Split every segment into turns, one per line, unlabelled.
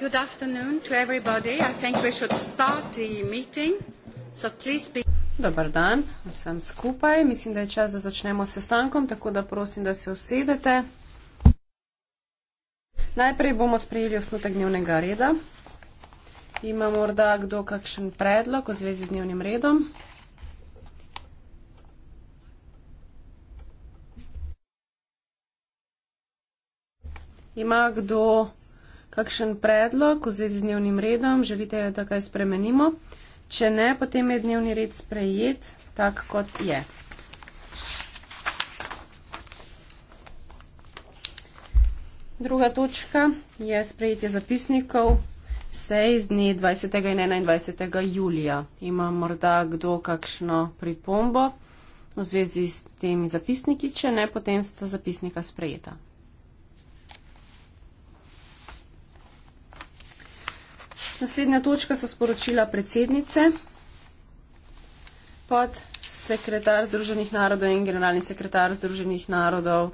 Good afternoon to everybody. I think we should start the meeting. So please be. Dobar
dan vsem skupaj. Mislim, da je čas, da začnemo s sestankom, tako da prosim, da se usedete. Najprej bomo sprejeli osnutek dnevnega reda. Ima morda kdo kakšen predlog v zvezi z dnevnim redom? Ima kdo kakšen predlog v zvezi z dnevnim redom, želite, da kaj spremenimo. Če ne, potem je dnevni red sprejet tak, kot je. Druga točka je sprejetje zapisnikov sej z dne 20. in 21. julija. Ima morda kdo kakšno pripombo v zvezi s temi zapisniki, če ne, potem sta zapisnika sprejeta. Naslednja točka so sporočila predsednice, pod sekretar Združenih narodov in generalni sekretar Združenih narodov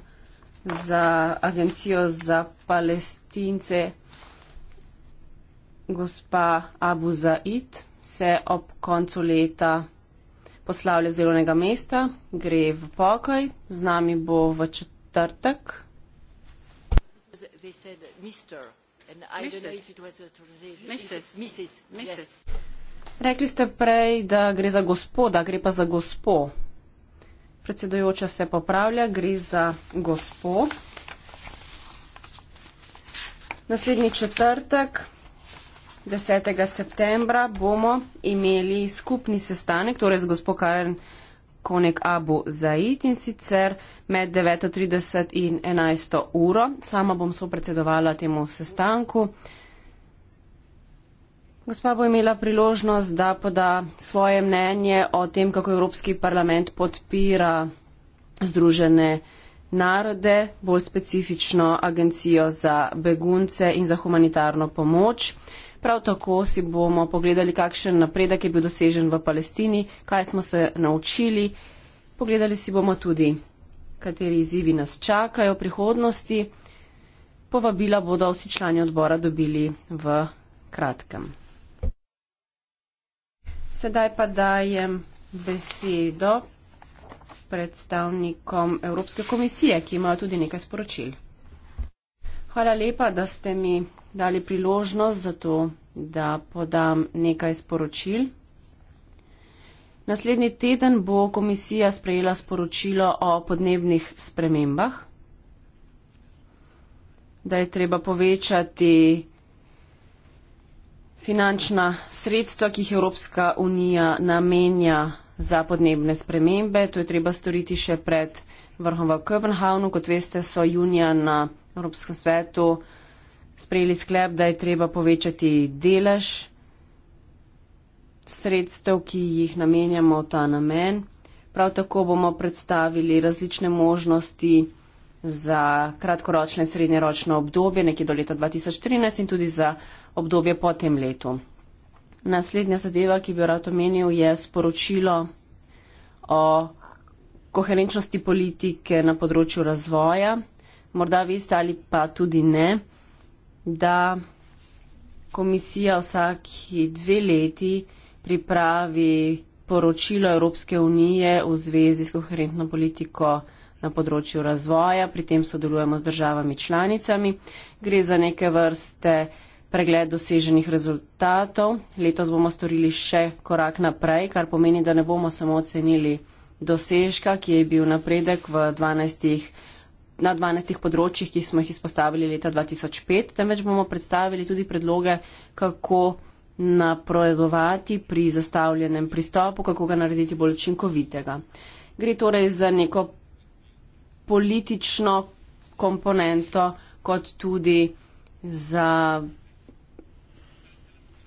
za agencijo za palestince, gospa Abu Zaid, se ob koncu leta poslavlja z delovnega mesta, gre v pokoj, z nami bo v četrtek.
They said, Mister.
Rekli ste prej, da gre za gospoda, gre pa za gospo. Predsedujoča se popravlja, gre za gospo. Naslednji četrtek, 10. septembra, bomo imeli skupni sestanek, torej z gospod Karen. Konek Abu Zaid in sicer med 9.30 in 11. uro. Sama bom so predsedovala temu sestanku. Gospa bo imela priložnost, da poda svoje mnenje o tem, kako Evropski parlament podpira Združene narode, bolj specifično Agencijo za begunce in za humanitarno pomoč. Prav tako si bomo pogledali, kakšen napredek je bil dosežen v Palestini, kaj smo se naučili. Pogledali si bomo tudi, kateri izzivi nas čakajo v prihodnosti. Povabila bodo vsi člani odbora dobili v kratkem. Sedaj pa dajem besedo predstavnikom Evropske komisije, ki imajo tudi nekaj sporočil. Hvala lepa, da ste mi dali priložnost za to, da podam nekaj sporočil. Naslednji teden bo komisija sprejela sporočilo o podnebnih spremembah, da je treba povečati finančna sredstva, ki jih Evropska unija namenja za podnebne spremembe. To je treba storiti še pred vrhom v Kopenhavnu. Kot veste, so junija na Evropskem svetu sprejeli sklep, da je treba povečati delež sredstev, ki jih namenjamo v ta namen. Prav tako bomo predstavili različne možnosti za kratkoročno in srednjeročno obdobje, nekje do leta 2013 in tudi za obdobje po tem letu. Naslednja zadeva, ki bi jo rad omenil, je sporočilo o koherenčnosti politike na področju razvoja. Morda veste ali pa tudi ne da komisija vsaki dve leti pripravi poročilo Evropske unije v zvezi s koherentno politiko na področju razvoja, pri tem sodelujemo z državami članicami. Gre za neke vrste pregled doseženih rezultatov. Letos bomo storili še korak naprej, kar pomeni, da ne bomo samo ocenili dosežka, ki je bil napredek v 12 na 12 področjih, ki smo jih izpostavili leta 2005, temveč bomo predstavili tudi predloge, kako napredovati pri zastavljenem pristopu, kako ga narediti bolj učinkovitega. Gre torej za neko politično komponento, kot tudi za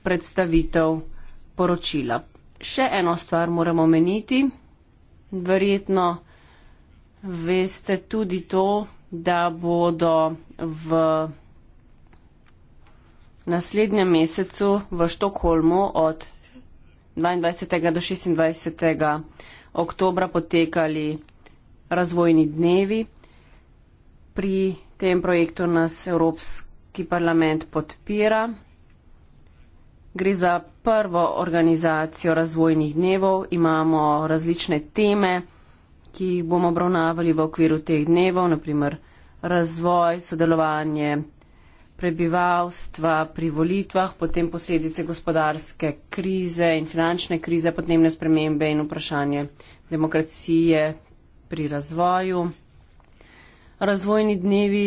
predstavitev poročila. Še eno stvar moramo omeniti. Verjetno veste tudi to, da bodo v naslednjem mesecu v Štokholmu od 22. do 26. oktobra potekali razvojni dnevi. Pri tem projektu nas Evropski parlament podpira. Gre za prvo organizacijo razvojnih dnevov, imamo različne teme ki jih bomo obravnavali v okviru teh dnevov, naprimer razvoj, sodelovanje prebivalstva pri volitvah, potem posledice gospodarske krize in finančne krize, podnebne spremembe in vprašanje demokracije pri razvoju. Razvojni dnevi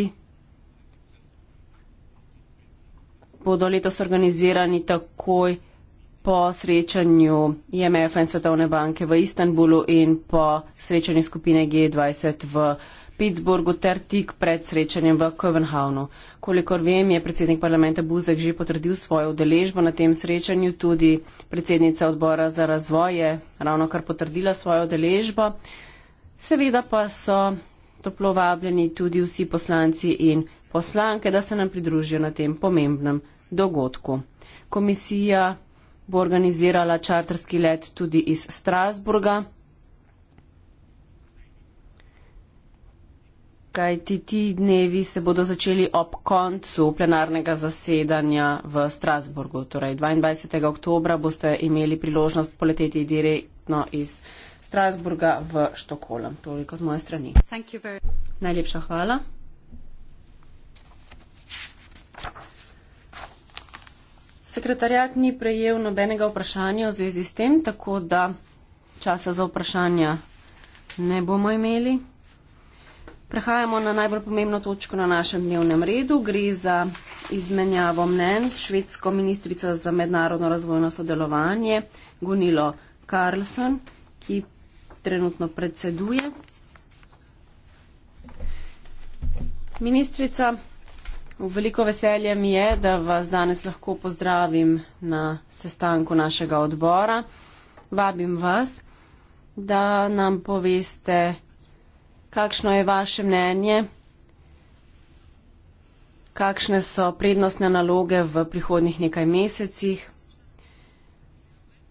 bodo letos organizirani takoj, po srečanju IMF-a in Svetovne banke v Istanbulu in po srečanju skupine G20 v Pittsburghu ter tik pred srečanjem v Kovenhavnu. Kolikor vem, je predsednik parlamenta Buzek že potrdil svojo udeležbo na tem srečanju, tudi predsednica odbora za razvoj je ravno kar potrdila svojo udeležbo. Seveda pa so toplo vabljeni tudi vsi poslanci in poslanke, da se nam pridružijo na tem pomembnem dogodku. Komisija bo organizirala čarterski let tudi iz Strasburga. Kaj ti ti dnevi se bodo začeli ob koncu plenarnega zasedanja v Strasburgu. Torej 22. oktober boste imeli priložnost poleteti direktno iz Strasburga v Štokolem. Toliko z moje strani. Najlepša hvala. Thank you. Sekretarjat ni prejel nobenega vprašanja v zvezi s tem, tako da časa za vprašanja ne bomo imeli. Prehajamo na najbolj pomembno točko na našem dnevnem redu. Gre za izmenjavo mnen s švedsko ministrico za mednarodno razvojno sodelovanje Gunilo Karlsson, ki trenutno predseduje. Ministrica, Veliko veselje mi je, da vas danes lahko pozdravim na sestanku našega odbora. Vabim vas, da nam poveste, kakšno je vaše mnenje, kakšne so prednostne naloge v prihodnih nekaj mesecih.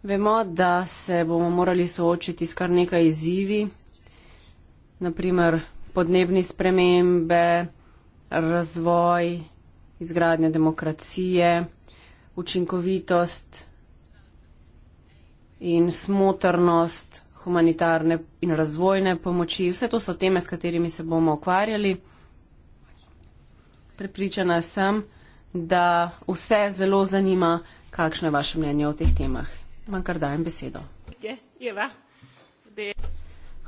Vemo, da se bomo morali soočiti s kar nekaj izzivi, naprimer podnebni spremembe, razvoj, izgradnja demokracije, učinkovitost in smotrnost humanitarne in razvojne pomoči. Vse to so teme, s katerimi se bomo ukvarjali. Pripričana sem, da vse zelo zanima, kakšno je vaše mnenje o teh temah. Manj kar dajem besedo.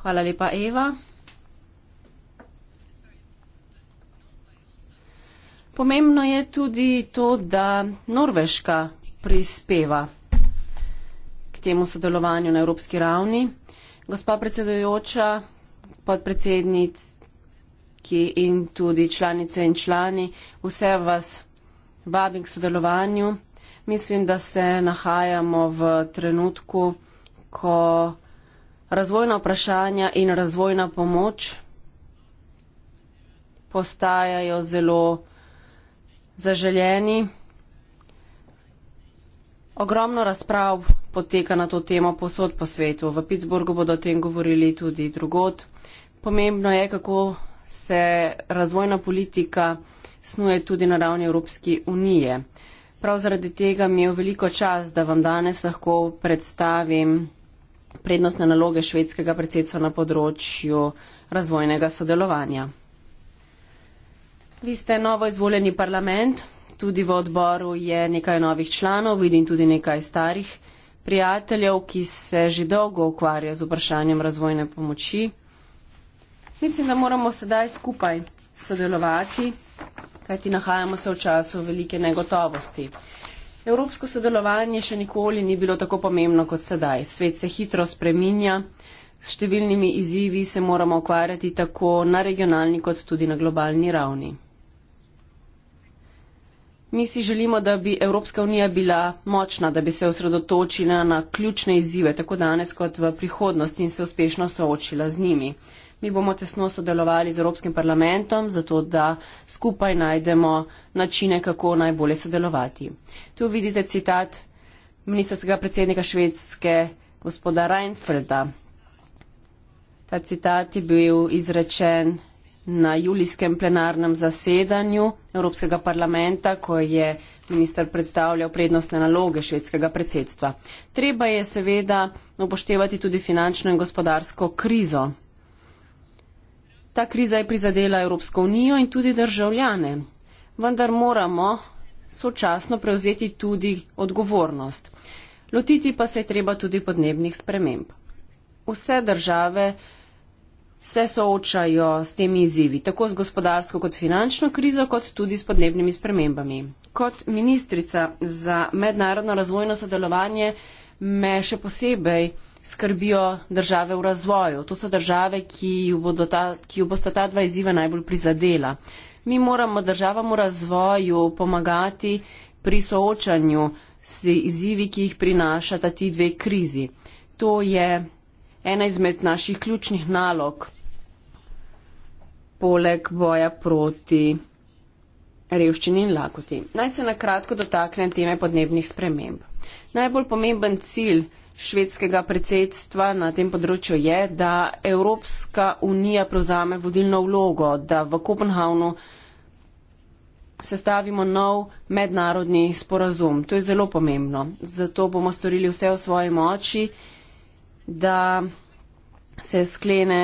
Hvala lepa, Eva. Pomembno je tudi to, da Norveška prispeva k temu sodelovanju na evropski ravni. Gospa predsedujoča, podpredsedniki in tudi članice in člani, vse vas vabim k sodelovanju. Mislim, da se nahajamo v trenutku, ko razvojna vprašanja in razvojna pomoč postajajo zelo zaželjeni. Ogromno razprav poteka na to temo posod po svetu. V Pittsburghu bodo o tem govorili tudi drugot. Pomembno je, kako se razvojna politika snuje tudi na ravni Evropske unije. Prav zaradi tega mi je veliko čas, da vam danes lahko predstavim prednostne naloge švedskega predsedstva na področju razvojnega sodelovanja. Vi ste novo izvoljeni parlament, tudi v odboru je nekaj novih članov, vidim tudi nekaj starih prijateljev, ki se že dolgo ukvarjajo z vprašanjem razvojne pomoči. Mislim, da moramo sedaj skupaj sodelovati, kajti nahajamo se v času velike negotovosti. Evropsko sodelovanje še nikoli ni bilo tako pomembno kot sedaj. Svet se hitro spreminja, s številnimi izzivi se moramo ukvarjati tako na regionalni kot tudi na globalni ravni. Mi si želimo, da bi Evropska unija bila močna, da bi se osredotočila na ključne izzive, tako danes kot v prihodnosti in se uspešno soočila z njimi. Mi bomo tesno sodelovali z Evropskim parlamentom, zato da skupaj najdemo načine, kako najbolje sodelovati. Tu vidite citat ministrskega predsednika švedske gospoda Reinfelda. Ta citat je bil izrečen na julijskem plenarnem zasedanju Evropskega parlamenta, ko je minister predstavljal prednostne naloge švedskega predsedstva. Treba je seveda upoštevati tudi finančno in gospodarsko krizo. Ta kriza je prizadela Evropsko unijo in tudi državljane, vendar moramo sočasno prevzeti tudi odgovornost. Lotiti pa se je treba tudi podnebnih sprememb. Vse države se soočajo s temi izzivi, tako z gospodarsko kot finančno krizo, kot tudi s podnebnimi spremembami. Kot ministrica za mednarodno razvojno sodelovanje me še posebej skrbijo države v razvoju. To so države, ki jo bosta ta dva izziva najbolj prizadela. Mi moramo državam v razvoju pomagati pri soočanju s izzivi, ki jih prinašata ti dve krizi. To je ena izmed naših ključnih nalog poleg boja proti revščini in lakoti. Naj se na kratko dotaknem teme podnebnih sprememb. Najbolj pomemben cilj švedskega predsedstva na tem področju je, da Evropska unija prevzame vodilno vlogo, da v Kopenhavnu sestavimo nov mednarodni sporazum. To je zelo pomembno. Zato bomo storili vse v svoji moči, da se sklene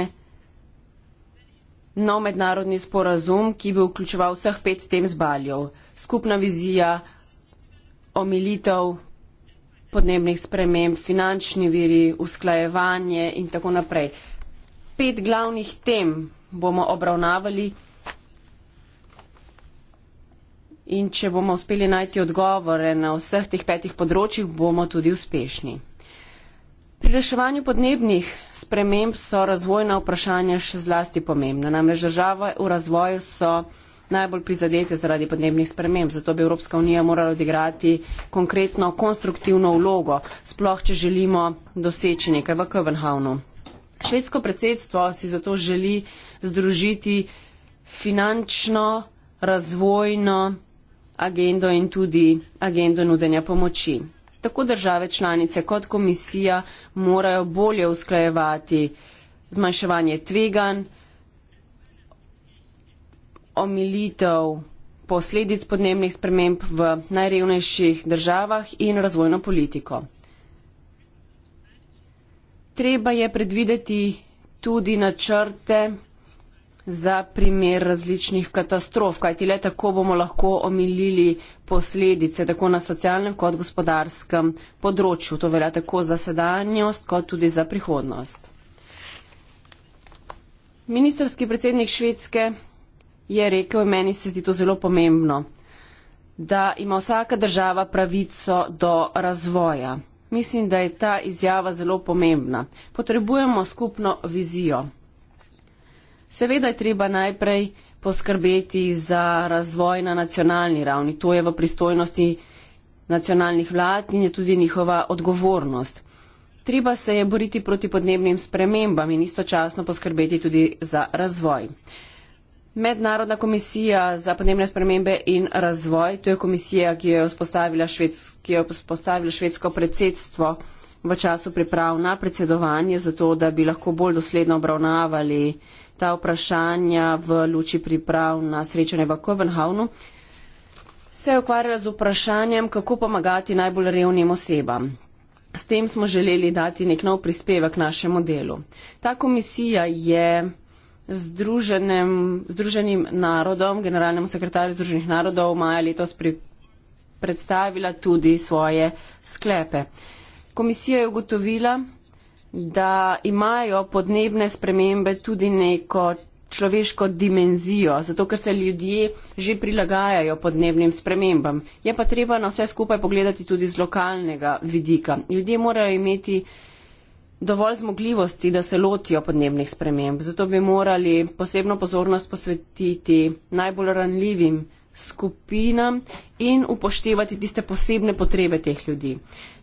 nov mednarodni sporazum, ki bi vključeval vseh pet tem zbaljev. Skupna vizija, omilitev podnebnih sprememb, finančni viri, usklajevanje in tako naprej. Pet glavnih tem bomo obravnavali in če bomo uspeli najti odgovore na vseh teh petih področjih, bomo tudi uspešni. Pri reševanju podnebnih sprememb so razvojna vprašanja še zlasti pomembna. Namreč države v razvoju so najbolj prizadete zaradi podnebnih sprememb, zato bi Evropska unija morala odigrati konkretno konstruktivno vlogo, sploh če želimo doseči nekaj v Kövenhavnu. Švedsko predsedstvo si zato želi združiti finančno, razvojno agendo in tudi agendo nudenja pomoči tako države članice kot komisija morajo bolje usklajevati zmanjševanje tvegan, omilitev posledic podnebnih sprememb v najrevnejših državah in razvojno politiko. Treba je predvideti tudi načrte za primer različnih katastrof, kajti le tako bomo lahko omilili posledice tako na socialnem kot gospodarskem področju. To velja tako za sedanjost kot tudi za prihodnost. Ministrski predsednik Švedske je rekel, meni se zdi to zelo pomembno, da ima vsaka država pravico do razvoja. Mislim, da je ta izjava zelo pomembna. Potrebujemo skupno vizijo. Seveda je treba najprej poskrbeti za razvoj na nacionalni ravni. To je v pristojnosti nacionalnih vlad in je tudi njihova odgovornost. Treba se je boriti proti podnebnim spremembam in istočasno poskrbeti tudi za razvoj. Mednarodna komisija za podnebne spremembe in razvoj, to je komisija, ki jo je vzpostavila, švec, ki jo je vzpostavila švedsko predsedstvo v času priprav na predsedovanje, zato da bi lahko bolj dosledno obravnavali ta vprašanja v luči priprav na srečanje v Kopenhavnu, se je ukvarjala z vprašanjem, kako pomagati najbolj revnim osebam. S tem smo želeli dati nek nov prispevek našemu delu. Ta komisija je Združenim narodom, generalnemu sekretarju Združenih narodov maja letos pri, predstavila tudi svoje sklepe. Komisija je ugotovila, da imajo podnebne spremembe tudi neko človeško dimenzijo, zato ker se ljudje že prilagajajo podnebnim spremembam. Je pa treba na vse skupaj pogledati tudi z lokalnega vidika. Ljudje morajo imeti dovolj zmogljivosti, da se lotijo podnebnih sprememb. Zato bi morali posebno pozornost posvetiti najbolj ranljivim skupinam in upoštevati tiste posebne potrebe teh ljudi.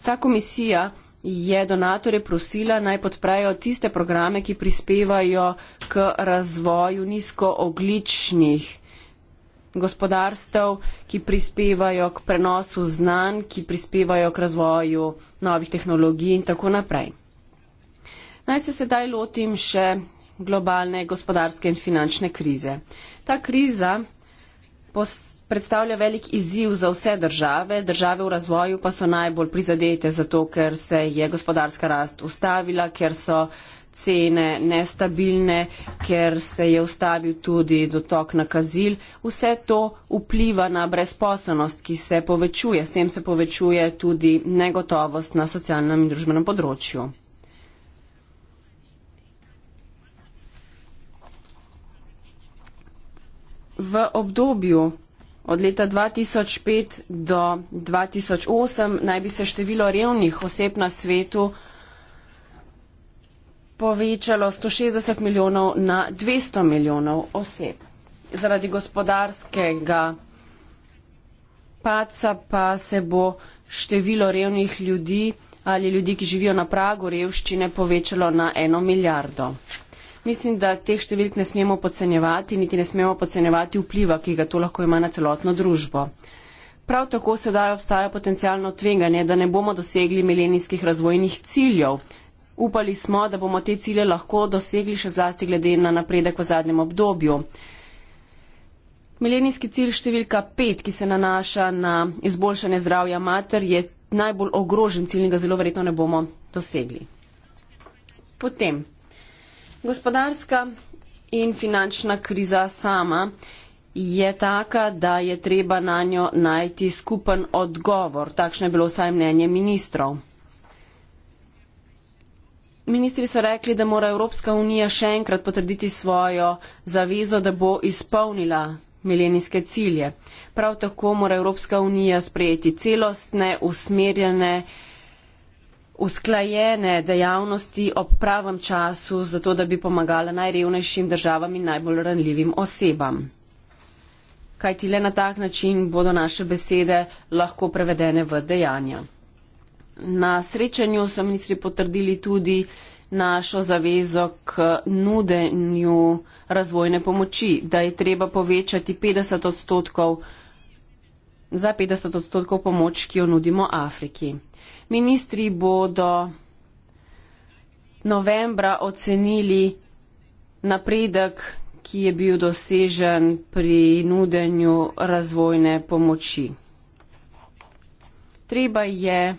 Ta komisija je donatorje prosila naj podprejo tiste programe, ki prispevajo k razvoju nizkoogličnih gospodarstv, ki prispevajo k prenosu znanj, ki prispevajo k razvoju novih tehnologij in tako naprej. Naj se sedaj lotim še globalne gospodarske in finančne krize. Ta kriza predstavlja velik izziv za vse države, države v razvoju pa so najbolj prizadete zato, ker se je gospodarska rast ustavila, ker so cene nestabilne, ker se je ustavil tudi dotok nakazil. Vse to vpliva na brezposobnost, ki se povečuje, s tem se povečuje tudi negotovost na socialnem in družbenem področju. V obdobju Od leta 2005 do 2008 naj bi se število revnih oseb na svetu povečalo 160 milijonov na 200 milijonov oseb. Zaradi gospodarskega paca pa se bo število revnih ljudi ali ljudi, ki živijo na pragu revščine, povečalo na eno milijardo. Mislim, da teh številk ne smemo podcenjevati, niti ne smemo podcenjevati vpliva, ki ga to lahko ima na celotno družbo. Prav tako sedaj obstaja potencijalno tveganje, da ne bomo dosegli milenijskih razvojnih ciljev. Upali smo, da bomo te cilje lahko dosegli še zlasti glede na napredek v zadnjem obdobju. Milenijski cilj številka 5, ki se nanaša na izboljšanje zdravja mater, je najbolj ogrožen cilj in ga zelo verjetno ne bomo dosegli. Potem. Gospodarska in finančna kriza sama je taka, da je treba na njo najti skupen odgovor. Takšno je bilo vsaj mnenje ministrov. Ministri so rekli, da mora Evropska unija še enkrat potrditi svojo zavezo, da bo izpolnila milenijske cilje. Prav tako mora Evropska unija sprejeti celostne, usmerjene, usklajene dejavnosti ob pravem času, zato da bi pomagala najrevnejšim državam in najbolj ranljivim osebam. Kaj ti le na tak način bodo naše besede lahko prevedene v dejanja. Na srečanju so ministri potrdili tudi našo zavezo k nudenju razvojne pomoči, da je treba povečati 50 odstotkov za 50 odstotkov pomoč, ki jo nudimo Afriki. Ministri bodo novembra ocenili napredek, ki je bil dosežen pri nudenju razvojne pomoči. Treba je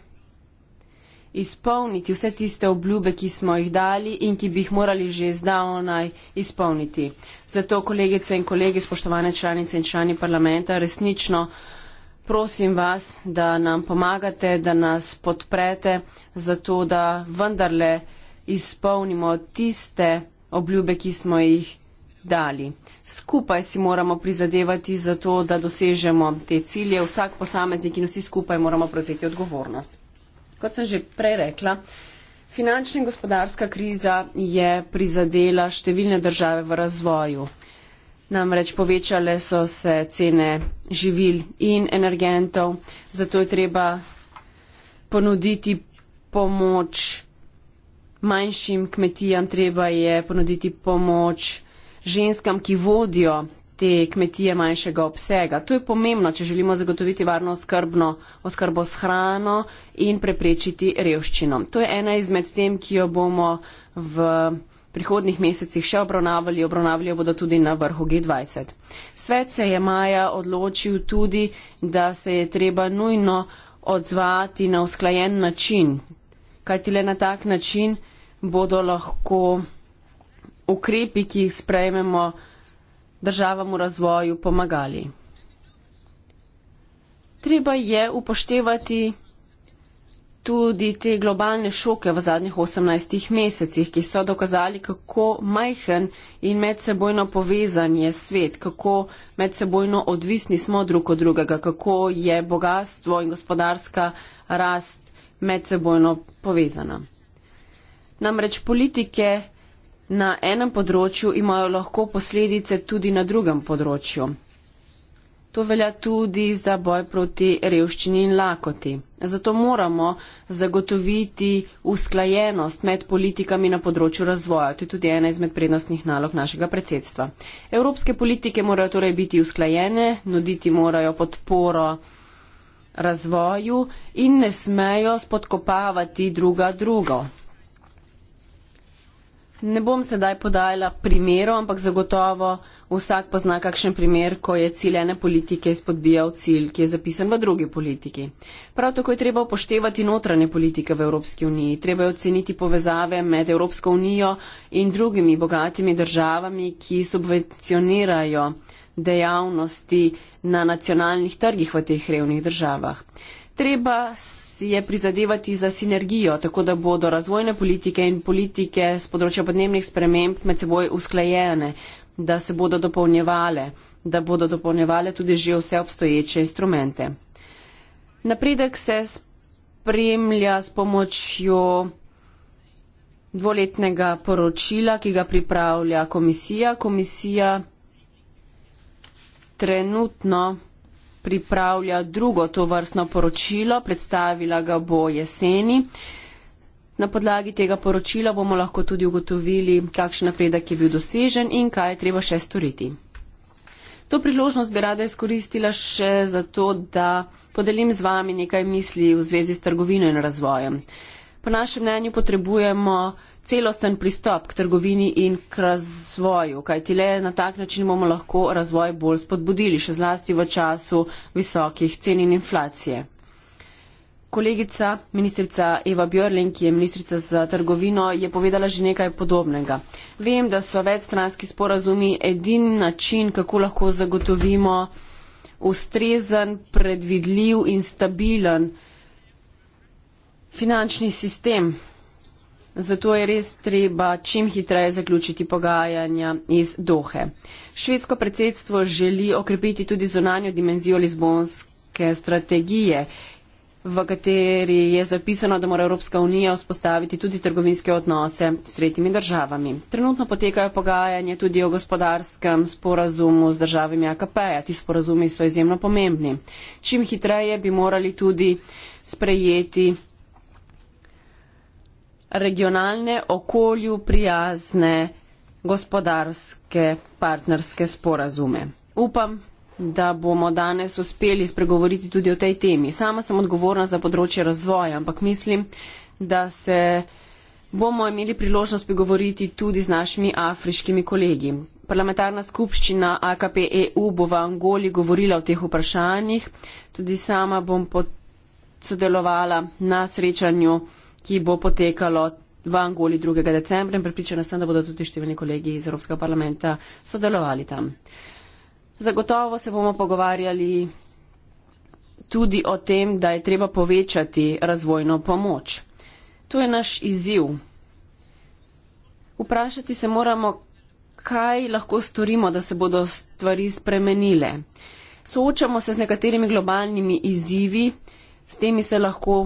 izpolniti vse tiste obljube, ki smo jih dali in ki bi jih morali že zdavnaj izpolniti. Zato, kolegice in kolegi, spoštovane članice in člani parlamenta, resnično prosim vas, da nam pomagate, da nas podprete, zato da vendarle izpolnimo tiste obljube, ki smo jih dali. Skupaj si moramo prizadevati za to, da dosežemo te cilje, vsak posameznik in vsi skupaj moramo prevzeti odgovornost. Kot sem že prej rekla, finančna in gospodarska kriza je prizadela številne države v razvoju. Namreč povečale so se cene živil in energentov, zato je treba ponuditi pomoč manjšim kmetijam, treba je ponuditi pomoč ženskam, ki vodijo te kmetije manjšega obsega. To je pomembno, če želimo zagotoviti varno skrbno oskrbo s hrano in preprečiti revščino. To je ena izmed tem, ki jo bomo v prihodnih mesecih še obravnavali, obravnavali bodo tudi na vrhu G20. Svet se je maja odločil tudi, da se je treba nujno odzvati na usklajen način, kajti le na tak način bodo lahko ukrepi, ki jih sprejmemo, državam v razvoju pomagali. Treba je upoštevati tudi te globalne šoke v zadnjih 18 mesecih, ki so dokazali, kako majhen in medsebojno povezan je svet, kako medsebojno odvisni smo drug od drugega, kako je bogatstvo in gospodarska rast medsebojno povezana. Namreč politike na enem področju imajo lahko posledice tudi na drugem področju. To velja tudi za boj proti revščini in lakoti. Zato moramo zagotoviti usklajenost med politikami na področju razvoja. To je tudi ena izmed prednostnih nalog našega predsedstva. Evropske politike morajo torej biti usklajene, nuditi morajo podporo razvoju in ne smejo spodkopavati druga drugo. Ne bom sedaj podajala primerov, ampak zagotovo vsak pozna kakšen primer, ko je cilj ene politike spodbijal cilj, ki je zapisan v drugi politiki. Prav tako je treba upoštevati notranje politike v Evropski uniji. Treba je oceniti povezave med Evropsko unijo in drugimi bogatimi državami, ki subvencionirajo dejavnosti na nacionalnih trgih v teh revnih državah. Treba je prizadevati za sinergijo, tako da bodo razvojne politike in politike z področja podnebnih sprememb med seboj usklajene, da se bodo dopolnjevale, da bodo dopolnjevale tudi že vse obstoječe instrumente. Napredek se spremlja s pomočjo dvoletnega poročila, ki ga pripravlja komisija. Komisija trenutno pripravlja drugo to vrstno poročilo, predstavila ga bo jeseni. Na podlagi tega poročila bomo lahko tudi ugotovili, kakšen napredek je bil dosežen in kaj je treba še storiti. To priložnost bi rada izkoristila še zato, da podelim z vami nekaj misli v zvezi s trgovino in razvojem. Po našem mnenju potrebujemo celosten pristop k trgovini in k razvoju, kajti le na tak način bomo lahko razvoj bolj spodbudili, še zlasti v času visokih cen in inflacije. Kolegica ministrica Eva Björling, ki je ministrica za trgovino, je povedala že nekaj podobnega. Vem, da so večstranski sporazumi edini način, kako lahko zagotovimo ustrezen, predvidljiv in stabilen finančni sistem zato je res treba čim hitreje zaključiti pogajanja iz Dohe. Švedsko predsedstvo želi okrepiti tudi zunanjo dimenzijo Lizbonske strategije v kateri je zapisano, da mora Evropska unija vzpostaviti tudi trgovinske odnose s tretjimi državami. Trenutno potekajo pogajanje tudi o gospodarskem sporazumu z državami AKP. -ja. Ti sporazumi so izjemno pomembni. Čim hitreje bi morali tudi sprejeti regionalne okolju prijazne gospodarske partnerske sporazume. Upam, da bomo danes uspeli spregovoriti tudi o tej temi. Sama sem odgovorna za področje razvoja, ampak mislim, da se bomo imeli priložnost pregovoriti tudi z našimi afriškimi kolegi. Parlamentarna skupščina AKP EU bo v Angoli govorila o teh vprašanjih. Tudi sama bom sodelovala na srečanju ki bo potekalo v Angoli 2. decembra in pripričana sem, da bodo tudi številni kolegi iz Evropskega parlamenta sodelovali tam. Zagotovo se bomo pogovarjali tudi o tem, da je treba povečati razvojno pomoč. To je naš izziv. Vprašati se moramo, kaj lahko storimo, da se bodo stvari spremenile. Soočamo se z nekaterimi globalnimi izzivi, s temi se lahko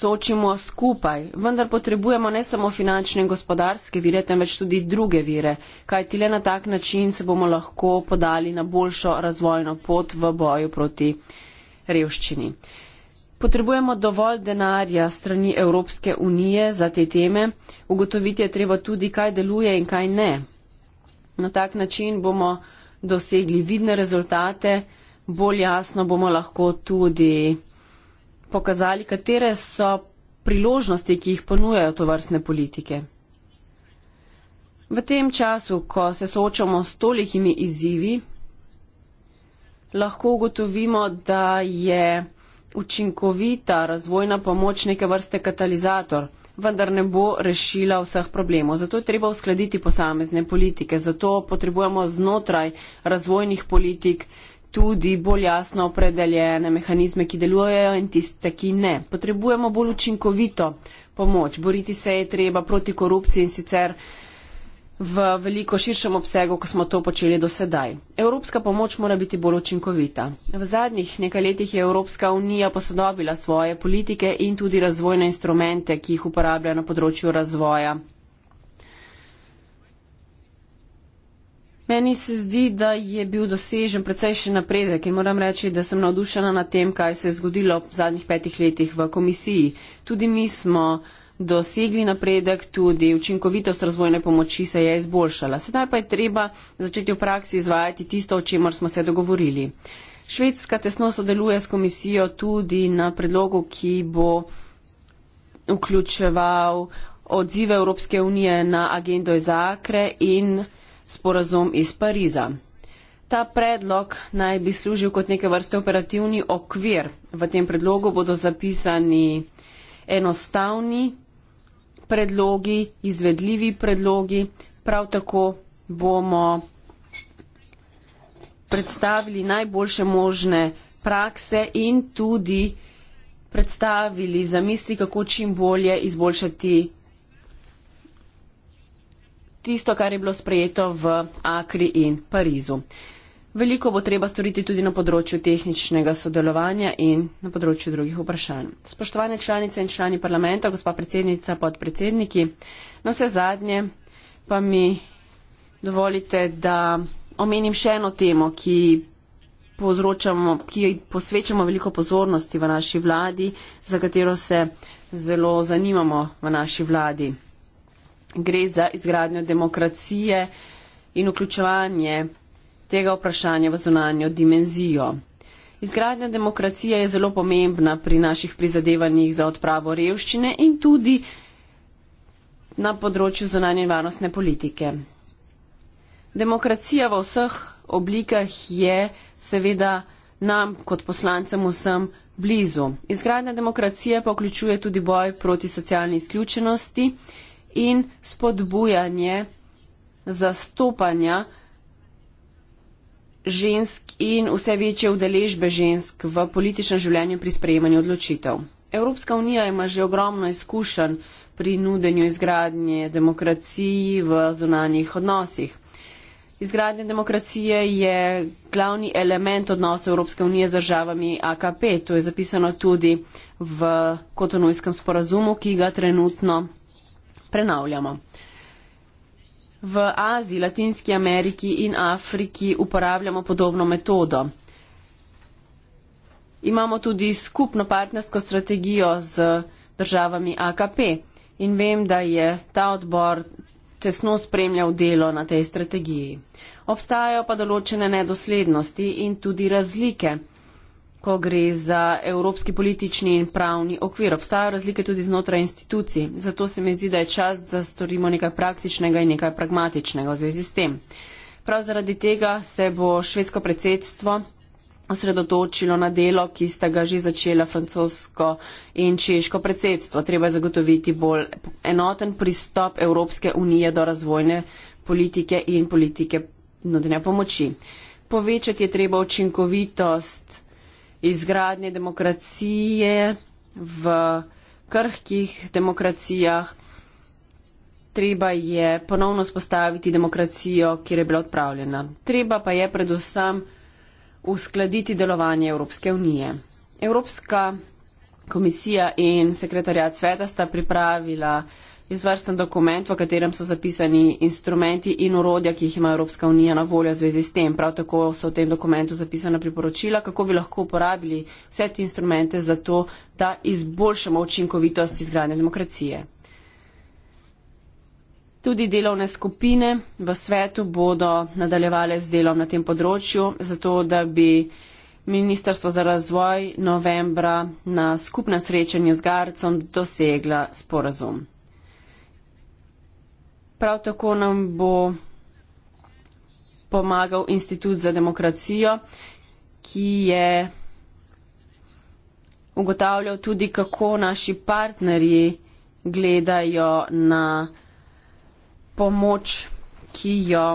soočimo skupaj, vendar potrebujemo ne samo finančne in gospodarske vire, temveč tudi druge vire, kajti le na tak način se bomo lahko podali na boljšo razvojno pot v boju proti revščini. Potrebujemo dovolj denarja strani Evropske unije za te teme, ugotoviti je treba tudi, kaj deluje in kaj ne. Na tak način bomo dosegli vidne rezultate, bolj jasno bomo lahko tudi pokazali, katere so priložnosti, ki jih ponujajo to vrstne politike. V tem času, ko se soočamo s tolikimi izzivi, lahko ugotovimo, da je učinkovita razvojna pomoč neke vrste katalizator, vendar ne bo rešila vseh problemov. Zato je treba uskladiti posamezne politike, zato potrebujemo znotraj razvojnih politik tudi bolj jasno opredeljene mehanizme, ki delujejo in tiste, ki ne. Potrebujemo bolj učinkovito pomoč. Boriti se je treba proti korupciji in sicer v veliko širšem obsegu, kot smo to počeli do sedaj. Evropska pomoč mora biti bolj učinkovita. V zadnjih nekaj letih je Evropska unija posodobila svoje politike in tudi razvojne instrumente, ki jih uporablja na področju razvoja Meni se zdi, da je bil dosežen precejšen napredek in moram reči, da sem navdušena nad tem, kaj se je zgodilo v zadnjih petih letih v komisiji. Tudi mi smo dosegli napredek, tudi učinkovitost razvojne pomoči se je izboljšala. Sedaj pa je treba začeti v praksi izvajati tisto, o čemer smo se dogovorili. Švedska tesno sodeluje s komisijo tudi na predlogu, ki bo vključeval odzive Evropske unije na agendo iz Akre in sporazum iz Pariza. Ta predlog naj bi služil kot neke vrste operativni okvir. V tem predlogu bodo zapisani enostavni predlogi, izvedljivi predlogi, prav tako bomo predstavili najboljše možne prakse in tudi predstavili zamisli, kako čim bolje izboljšati tisto, kar je bilo sprejeto v Akri in Parizu. Veliko bo treba storiti tudi na področju tehničnega sodelovanja in na področju drugih vprašanj. Spoštovane članice in člani parlamenta, gospa predsednica, podpredsedniki, na vse zadnje pa mi dovolite, da omenim še eno temo, ki ki posvečamo veliko pozornosti v naši vladi, za katero se zelo zanimamo v naši vladi gre za izgradnjo demokracije in vključevanje tega vprašanja v zunanjo dimenzijo. Izgradnja demokracije je zelo pomembna pri naših prizadevanjih za odpravo revščine in tudi na področju zunanje varnostne politike. Demokracija v vseh oblikah je seveda nam kot poslancem vsem blizu. Izgradnja demokracije pa vključuje tudi boj proti socialni izključenosti in spodbujanje zastopanja žensk in vse večje udeležbe žensk v političnem življenju pri sprejemanju odločitev. Evropska unija ima že ogromno izkušenj pri nudenju izgradnje demokraciji v zunanjih odnosih. Izgradnja demokracije je glavni element odnosa Evropske unije z državami AKP. To je zapisano tudi v kotonujskem sporazumu, ki ga trenutno prenavljamo. V Aziji, Latinski Ameriki in Afriki uporabljamo podobno metodo. Imamo tudi skupno partnersko strategijo z državami AKP in vem, da je ta odbor tesno spremljal delo na tej strategiji. Obstajajo pa določene nedoslednosti in tudi razlike ko gre za evropski politični in pravni okvir. Obstajajo razlike tudi znotraj institucij, zato se mi zdi, da je čas, da storimo nekaj praktičnega in nekaj pragmatičnega v zvezi s tem. Prav zaradi tega se bo švedsko predsedstvo osredotočilo na delo, ki sta ga že začela francosko in češko predsedstvo. Treba je zagotoviti bolj enoten pristop Evropske unije do razvojne politike in politike nudenja pomoči. Povečati je treba učinkovitost izgradnje demokracije v krhkih demokracijah. Treba je ponovno spostaviti demokracijo, kjer je bila odpravljena. Treba pa je predvsem uskladiti delovanje Evropske unije. Evropska komisija in sekretarjat sveta sta pripravila izvrsten dokument, v katerem so zapisani instrumenti in urodja, ki jih ima Evropska unija na voljo v zvezi s tem. Prav tako so v tem dokumentu zapisana priporočila, kako bi lahko uporabili vse te instrumente za to, da izboljšamo učinkovitost izgradnje demokracije. Tudi delovne skupine v svetu bodo nadaljevale z delom na tem področju, zato da bi Ministrstvo za razvoj novembra na skupnem srečanju z Garcom dosegla sporazum. Prav tako nam bo pomagal Institut za demokracijo, ki je ugotavljal tudi, kako naši partnerji gledajo na pomoč, ki jo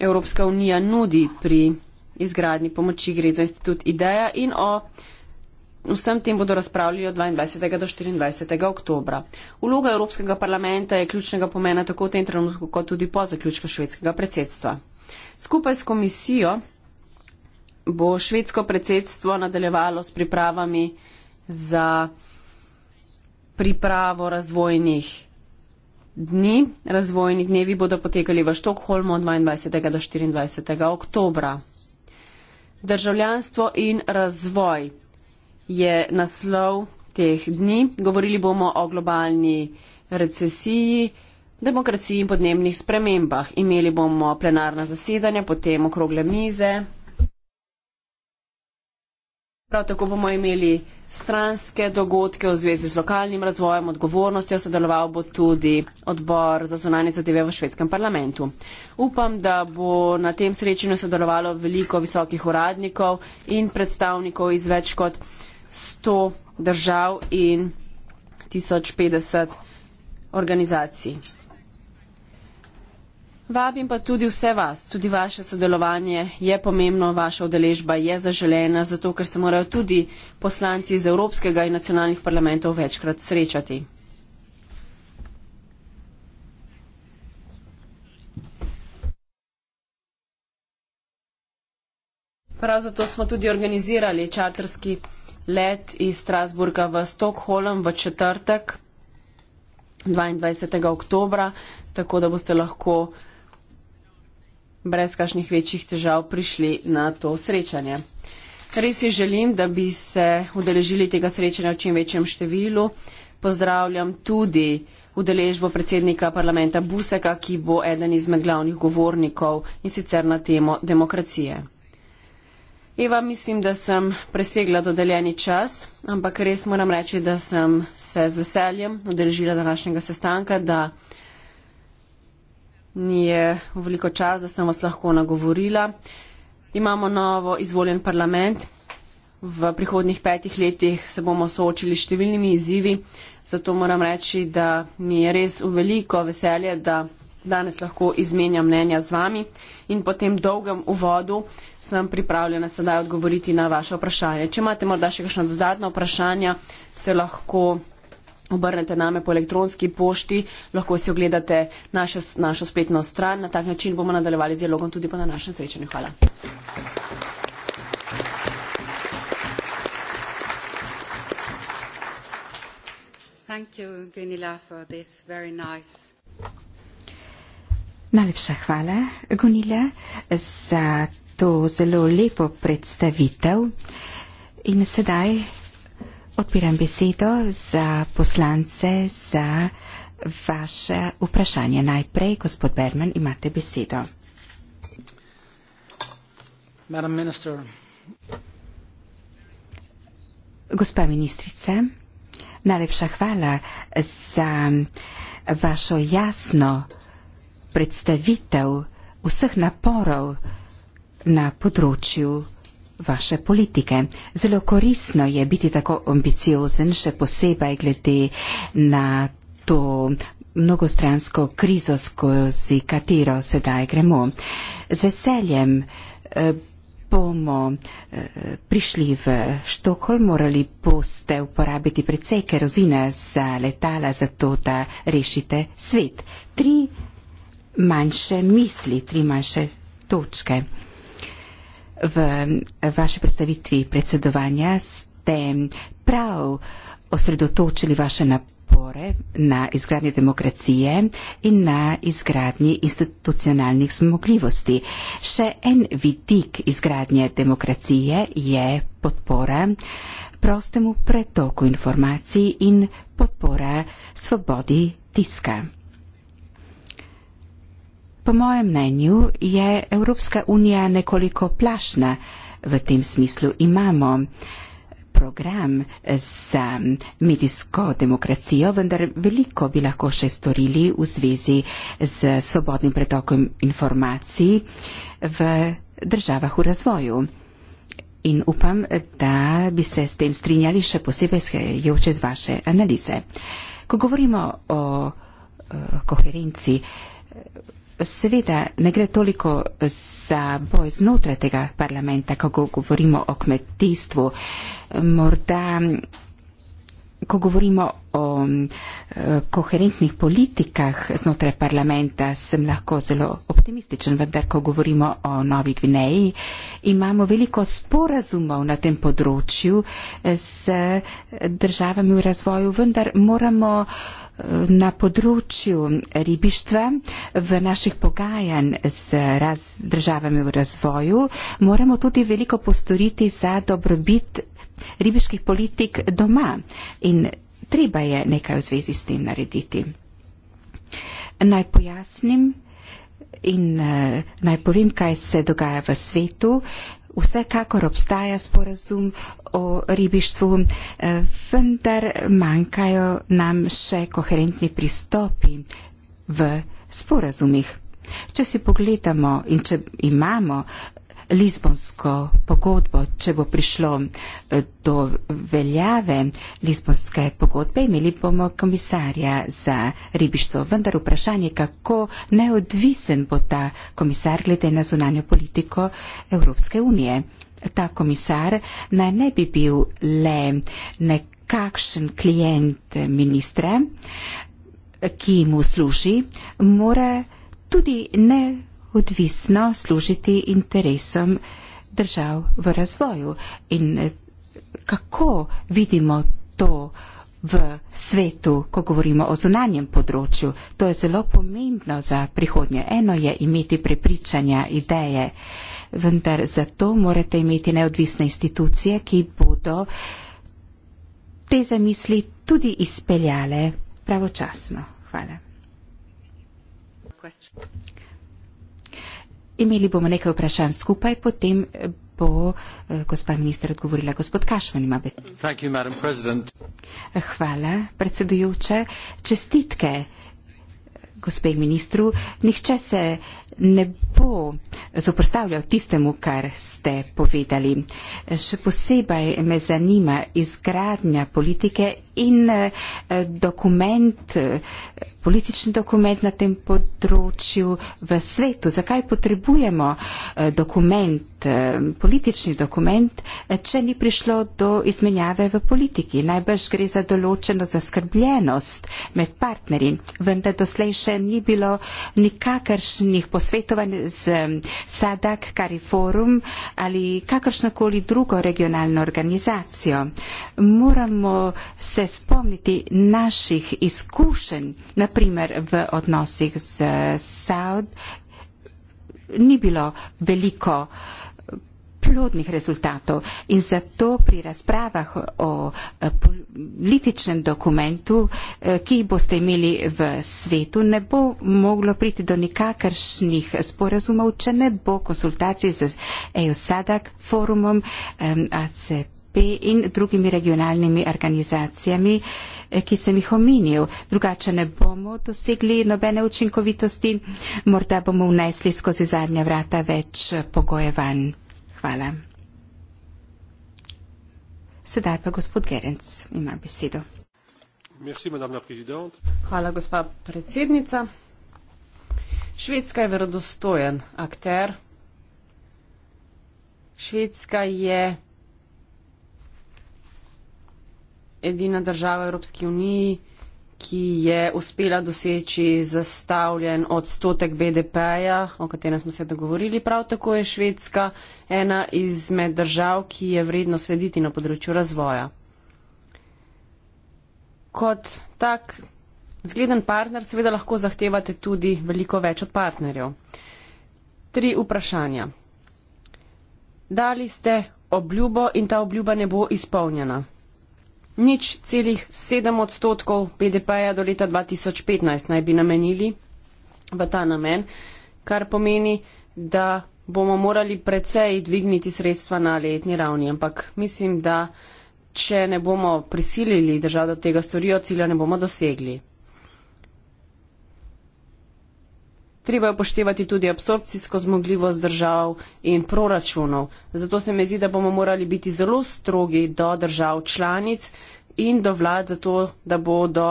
Evropska unija nudi pri izgradnji pomoči. Gre za Institut Ideja in o vsem tem bodo razpravljali od 22. do 24. oktobra. Vloga Evropskega parlamenta je ključnega pomena tako v tem trenutku, kot tudi po zaključku švedskega predsedstva. Skupaj s komisijo bo švedsko predsedstvo nadaljevalo s pripravami za pripravo razvojnih dni. Razvojni dnevi bodo potekali v Štokholmu od 22. do 24. oktobra. Državljanstvo in razvoj je naslov teh dni. Govorili bomo o globalni recesiji, demokraciji in podnebnih spremembah. Imeli bomo plenarna zasedanja, potem okrogle mize. Prav tako bomo imeli stranske dogodke v zvezi z lokalnim razvojem, odgovornostjo, sodeloval bo tudi odbor za zunanje zadeve v švedskem parlamentu. Upam, da bo na tem srečanju sodelovalo veliko visokih uradnikov in predstavnikov iz več kot sto držav in tisoč petdeset organizacij. Vabim pa tudi vse vas, tudi vaše sodelovanje je pomembno, vaša udeležba je zaželena, zato ker se morajo tudi poslanci iz Evropskega in nacionalnih parlamentov večkrat srečati. Prav zato smo tudi organizirali čarterski let iz Strasburga v Stokholm v četrtek 22. oktobra, tako da boste lahko brez kakšnih večjih težav prišli na to srečanje. Res si želim, da bi se udeležili tega srečanja v čim večjem številu. Pozdravljam tudi udeležbo predsednika parlamenta Buseka, ki bo eden izmed glavnih govornikov in sicer na temo demokracije. Eva, mislim, da sem presegla dodeljeni čas, ampak res moram reči, da sem se z veseljem odrežila današnjega sestanka, da ni je veliko čas, da sem vas lahko nagovorila. Imamo novo izvoljen parlament. V prihodnih petih letih se bomo soočili s številnimi izzivi, zato moram reči, da mi je res veliko veselje, da danes lahko izmenjam mnenja z vami in po tem dolgem uvodu sem pripravljena sedaj odgovoriti na vaše vprašanje. Če imate morda še kakšno dodatno vprašanje, se lahko obrnete name po elektronski pošti, lahko si ogledate naše, našo spletno stran. Na tak način bomo nadaljevali z dialogom tudi po današnjem srečanju. Hvala.
Thank you, Gunilla, for this very nice
Najlepša hvala, Gonila, za to zelo lepo predstavitev. In sedaj odpiram besedo za poslance za vaše vprašanje. Najprej, gospod Berman, imate besedo.
Madam minister.
Gospa ministrica, najlepša hvala za vašo jasno predstavitev vseh naporov na področju vaše politike. Zelo korisno je biti tako ambiciozen, še posebej glede na to mnogostransko krizo, skozi katero sedaj gremo. Z veseljem eh, bomo eh, prišli v Štokholm, morali boste uporabiti precej kerozina za letala, zato da rešite svet. Tri manjše misli, tri manjše točke. V vaši predstavitvi predsedovanja ste prav osredotočili vaše napore na izgradnji demokracije in na izgradnji institucionalnih zmogljivosti. Še en vidik izgradnje demokracije je podpora prostemu pretoku informacij in podpora svobodi tiska. Po mojem mnenju je Evropska unija nekoliko plašna v tem smislu. Imamo program za medijsko demokracijo, vendar veliko bi lahko še storili v zvezi z svobodnim pretokom informacij v državah v razvoju. In upam, da bi se s tem strinjali še posebej skajajoče z vaše analize. Ko govorimo o, o eh, koherenci, seveda ne gre toliko za boj znotraj tega parlamenta, kako govorimo o kmetijstvu. Morda, ko govorimo o eh, koherentnih politikah znotraj parlamenta, sem lahko zelo optimističen, vendar, ko govorimo o Novi Gvineji, imamo veliko sporazumov na tem področju eh, z državami v razvoju, vendar moramo na področju ribištva v naših pogajanj z raz, državami v razvoju moramo tudi veliko postoriti za dobrobit ribiških politik doma in treba je nekaj v zvezi s tem narediti. Naj pojasnim in uh, naj povem, kaj se dogaja v svetu vsekakor obstaja sporazum o ribištvu, eh, vendar manjkajo nam še koherentni pristopi v sporazumih. Če si pogledamo in če imamo Lizbonsko pogodbo, če bo prišlo eh, do veljave Lizbonske pogodbe, imeli bomo komisarja za ribištvo. Vendar vprašanje, kako neodvisen bo ta komisar glede na zunanjo politiko Evropske unije. Ta komisar naj ne bi bil le nekakšen klient ministra, ki mu služi, mora tudi ne odvisno služiti interesom držav v razvoju. In eh, kako vidimo to v svetu, ko govorimo o zunanjem področju, to je zelo pomembno za prihodnje. Eno je imeti prepričanja, ideje, vendar zato morate imeti neodvisne institucije, ki bodo te zamisli tudi izpeljale pravočasno. Hvala. Question imeli bomo nekaj vprašanj skupaj, potem eh, bo eh, gospa ministra odgovorila. Gospod Kašman ima
besedo.
Eh, hvala, predsedujoče. Čestitke gospej ministru. Nihče se ne bo zoprstavljal tistemu, kar ste povedali. Še posebej me zanima izgradnja politike in eh, dokument, eh, politični dokument na tem področju v svetu. Zakaj potrebujemo eh, dokument, politični dokument, če ni prišlo do izmenjave v politiki? Najbrž gre za določeno zaskrbljenost med partnerji, vendar doslej še ni bilo nikakršnih posledov posvetovanj z SADAK, Kariforum ali kakršnokoli drugo regionalno organizacijo. Moramo se spomniti naših izkušenj, naprimer v odnosih z eh, SAUD, ni bilo veliko uh, plodnih rezultatov in zato pri razpravah o eh, političnem dokumentu, eh, ki jih boste imeli v svetu, ne bo moglo priti do nikakršnih sporazumov, če ne bo konsultacij z EUSADAK forumom ACP in drugimi regionalnimi organizacijami, eh, ki sem jih omenil. Drugače ne bomo dosegli nobene učinkovitosti, morda bomo vnesli skozi zadnja vrata več pogojevanj. Hvala. Sedaj pa gospod Gerenc ima besedo. Merci, Hvala, gospa predsednica. Švedska je
verodostojen akter. Švedska je edina država v Evropski uniji, ki je uspela doseči zastavljen odstotek BDP-ja, o katerem smo se dogovorili. Prav tako je Švedska ena izmed držav, ki je vredno slediti na področju razvoja. Kot tak zgleden partner seveda lahko zahtevate tudi veliko več od partnerjev. Tri vprašanja. Dali ste obljubo in ta obljuba ne bo izpolnjena nič celih sedem odstotkov BDP-ja do leta 2015 naj bi namenili v ta namen, kar pomeni, da bomo morali precej dvigniti sredstva na letni ravni. Ampak mislim, da če ne bomo prisilili držav, da tega storijo, cilja ne bomo dosegli. treba je upoštevati tudi absorpcijsko zmogljivost držav in proračunov. Zato se mi zdi, da bomo morali biti zelo strogi do držav članic in do vlad, zato da bodo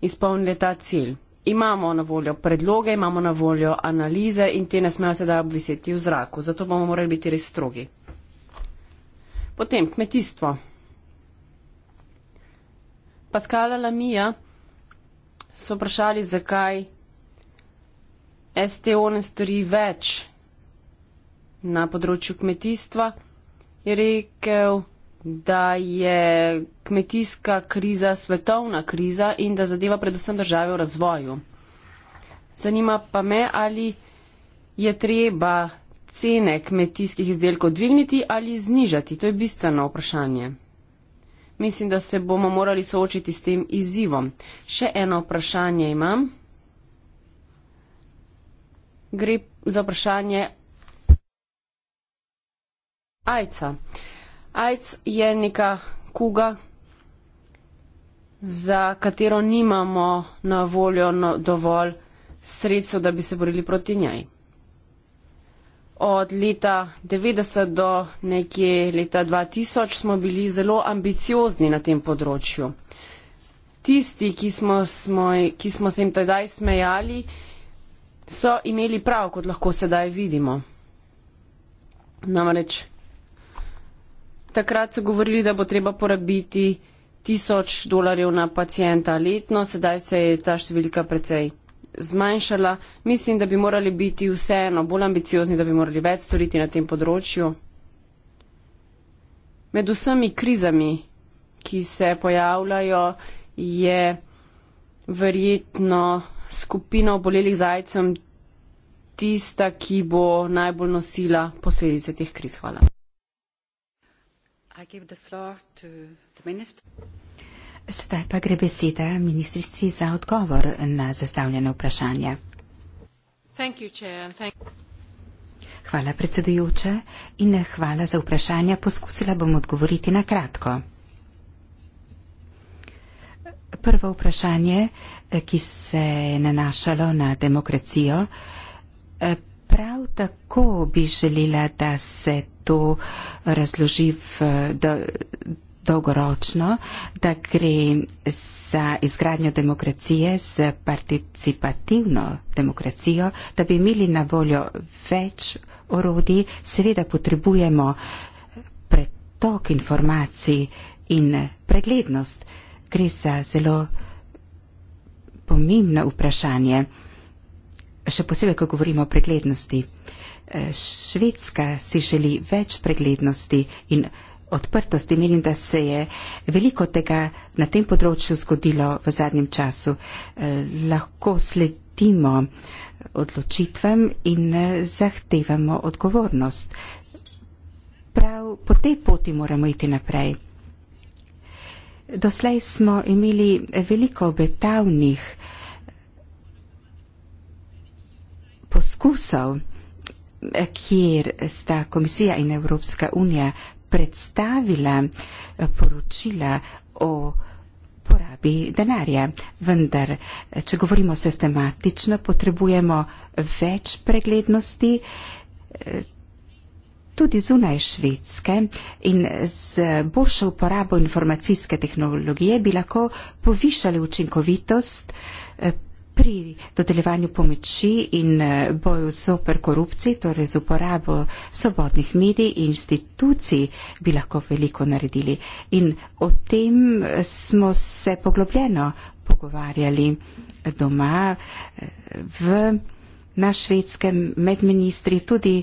izpolnili ta cilj. Imamo na voljo predloge, imamo na voljo analize in te ne smejo sedaj obviseti v zraku. Zato bomo morali biti res strogi. Potem kmetijstvo. Paskala Lamija so vprašali, zakaj STO ne stori več na področju kmetijstva, je rekel, da je kmetijska kriza svetovna kriza in da zadeva predvsem države v razvoju. Zanima pa me, ali je treba cene kmetijskih izdelkov dvigniti ali znižati. To je bistveno vprašanje. Mislim, da se bomo morali soočiti s tem izzivom. Še eno vprašanje imam. Gre za vprašanje AIDS-a. AIDS je neka kuga, za katero nimamo na voljo no, dovolj sredstev, da bi se borili proti njej. Od leta 90 do nekje leta 2000 smo bili zelo ambiciozni na tem področju. Tisti, ki smo, smo, ki smo se jim tedaj smejali, so imeli prav, kot lahko sedaj vidimo. Namreč takrat so govorili, da bo treba porabiti tisoč dolarjev na pacijenta letno, sedaj se je ta številka precej zmanjšala. Mislim, da bi morali biti vseeno bolj ambiciozni, da bi morali več storiti na tem področju. Med vsemi krizami, ki se pojavljajo, je verjetno skupina obolelih zajcem tista, ki bo najbolj nosila posledice teh kriz. Hvala.
Sedaj pa gre beseda ministrici za odgovor na zastavljeno vprašanje. Hvala, predsedujoče, in hvala za vprašanje. Poskusila bom odgovoriti na kratko. Prvo vprašanje ki se je nanašalo na demokracijo. E, prav tako bi želela, da se to razloži do, dolgoročno, da gre za izgradnjo demokracije s participativno demokracijo, da bi imeli na voljo več orodij. Seveda potrebujemo pretok informacij in preglednost. Gre za zelo pomembno vprašanje, še posebej, ko govorimo o preglednosti. Eh, Švedska si želi več preglednosti in odprtosti. Menim, da se je veliko tega na tem področju zgodilo v zadnjem času. Eh, Lahko sledimo odločitvam in eh, zahtevamo odgovornost. Prav po tej poti moramo iti naprej. Doslej smo imeli veliko obetavnih poskusov, eh, kjer sta komisija in Evropska unija predstavila eh, poročila o porabi denarja. Vendar, eh, če govorimo sistematično, potrebujemo več preglednosti tudi zunaj Švedske in z boljšo uporabo informacijske tehnologije bi lahko povišali učinkovitost pri dodeljevanju pomoči in eh, boju zoper korupciji, torej z uporabo svobodnih medij in institucij, bi lahko veliko naredili. In o tem eh, smo se poglobljeno pogovarjali doma eh, v na švedskem med ministri, tudi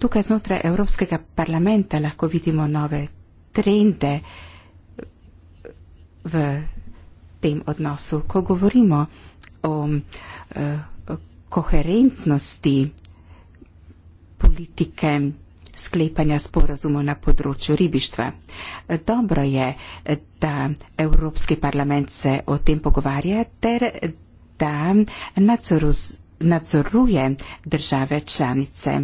tukaj znotraj Evropskega parlamenta lahko vidimo nove trende v tem odnosu, ko govorimo o eh, koherentnosti politike sklepanja sporazumov na področju ribištva. Dobro je, da Evropski parlament se o tem pogovarja ter da nadzoruje države članice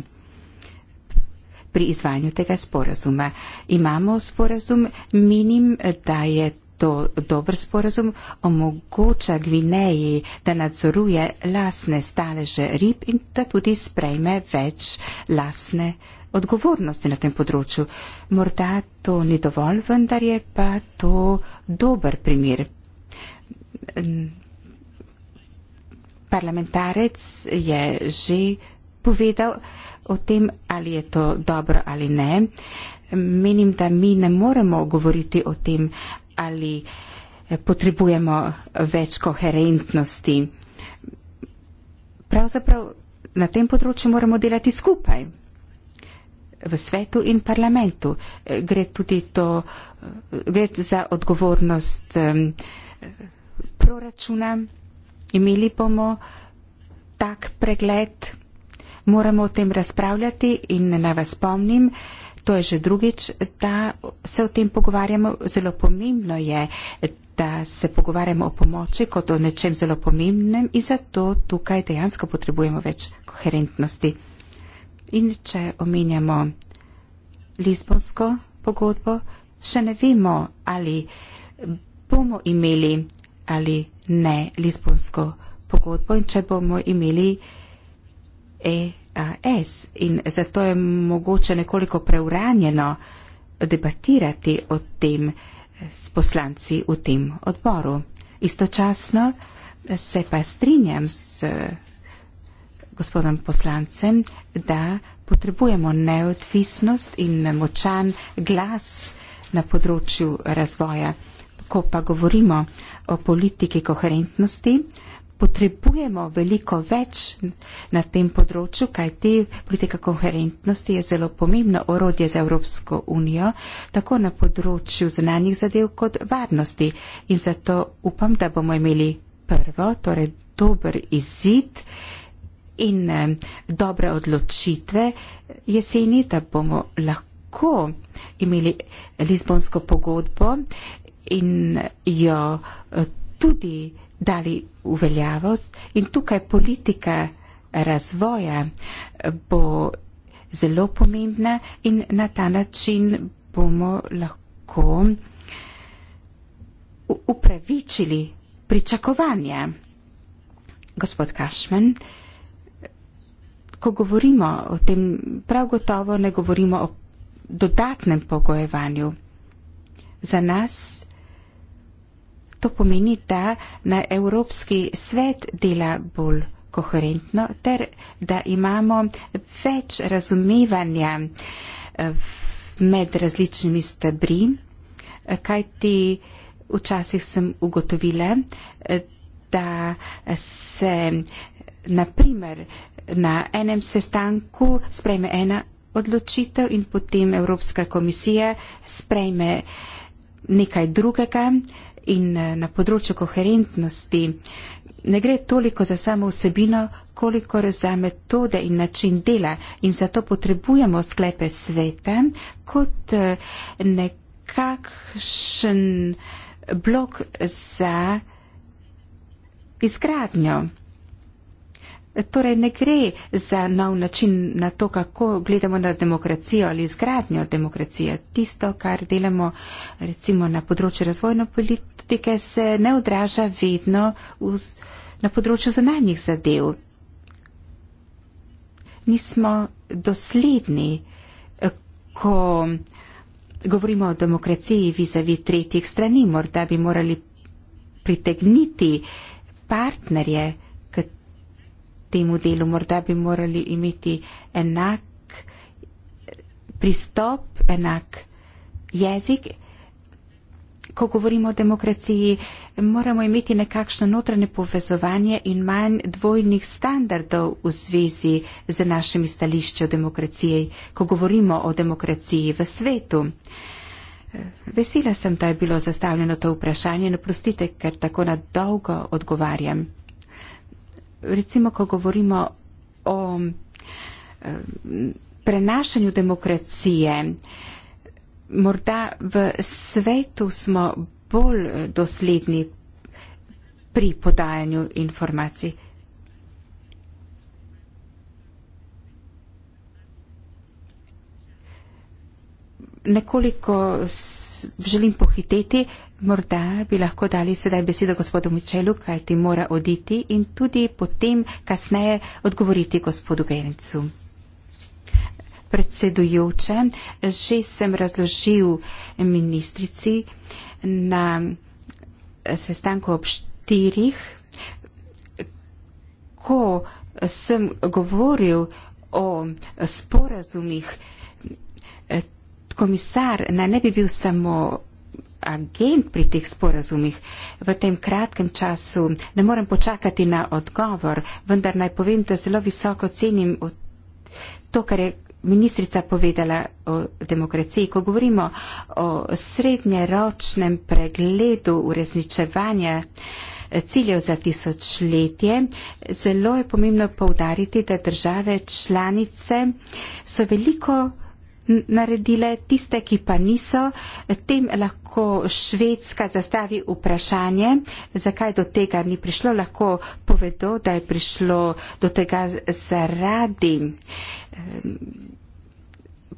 pri izvajanju tega sporazuma. Imamo sporazum, menim, da je to dober sporazum omogoča Gvineji, da nadzoruje lasne staleže rib in da tudi sprejme več lasne odgovornosti na tem področju. Morda to ni dovolj, vendar je pa to dober primer. Parlamentarec je že povedal o tem, ali je to dobro ali ne. Menim, da mi ne moremo govoriti o tem, ali eh, potrebujemo več koherentnosti. Pravzaprav na tem področju moramo delati skupaj v svetu in parlamentu. Eh, gre tudi to, eh, gre za odgovornost proračuna. Imeli bomo tak pregled, moramo o tem razpravljati in na vas spomnim, to je že drugič, da se o tem pogovarjamo. Zelo pomembno je, da se pogovarjamo o pomoči kot o nečem zelo pomembnem in zato tukaj dejansko potrebujemo več koherentnosti. In če omenjamo Lizbonsko pogodbo, še ne vemo, ali bomo imeli ali ne Lizbonsko pogodbo in če bomo imeli. E, S in zato je mogoče nekoliko preuranjeno debatirati o tem s poslanci v tem odboru. Istočasno se pa strinjam s gospodom poslancem, da potrebujemo neodvisnost in močan glas na področju razvoja. Ko pa govorimo o politiki koherentnosti, potrebujemo veliko več na tem področju, kajti politika koherentnosti je zelo pomembno orodje za Evropsko unijo, tako na področju znanih zadev kot varnosti. In zato upam, da bomo imeli prvo, torej dober izid in dobre odločitve jeseni, da bomo lahko imeli Lizbonsko pogodbo in jo eh, tudi dali v veljavost in tukaj politika razvoja bo zelo pomembna in na ta način bomo lahko upravičili pričakovanja. Gospod Kašman, ko govorimo o tem, prav gotovo ne govorimo o dodatnem pogojevanju. Za nas to pomeni, da na Evropski svet dela bolj koherentno ter da imamo več razumevanja eh, med različnimi stebri, eh, kajti včasih sem ugotovila, eh, da se naprimer na enem sestanku sprejme ena odločitev in potem Evropska komisija sprejme nekaj drugega, in eh, na področju koherentnosti ne gre toliko za samo vsebino, koliko za metode in način dela in zato potrebujemo sklepe sveta kot eh, nekakšen blok za izgradnjo. Torej ne gre za nov način na to, kako gledamo na demokracijo ali izgradnjo demokracije. Tisto, kar delamo recimo na področju razvojne politike, se ne odraža vedno vz, na področju zunanjih zadev. Nismo dosledni, eh, ko govorimo o demokraciji vizavi tretjih strani, morda bi morali pritegniti partnerje, temu delu. Morda bi morali imeti enak pristop, enak jezik. Ko govorimo o demokraciji, moramo imeti nekakšno notranje povezovanje in manj dvojnih standardov v zvezi z našimi stališči o demokraciji, ko govorimo o demokraciji v svetu. Vesela sem, da je bilo zastavljeno to vprašanje, naprostite, ker tako na dolgo odgovarjam recimo, ko govorimo o eh, prenašanju demokracije, morda v svetu smo bolj eh, dosledni pri podajanju informacij. Nekoliko želim pohiteti, Morda bi lahko dali sedaj besedo gospodu Mičelu, kaj ti mora oditi in tudi potem kasneje odgovoriti gospodu Gerencu. Predsedujoče, že sem razložil ministrici na sestanku ob štirih, ko sem govoril o sporazumih, komisar naj ne bi bil samo agent pri teh sporazumih v tem kratkem času, ne morem počakati na odgovor, vendar naj povem, da zelo visoko cenim to, kar je ministrica povedala o demokraciji. Ko govorimo o srednjeročnem pregledu urezničevanja eh, ciljev za tisočletje, zelo je pomembno povdariti, da države članice so veliko naredile, tiste, ki pa niso, tem lahko Švedska zastavi vprašanje, zakaj do tega ni prišlo. Lahko povedo, da je prišlo do tega zaradi eh,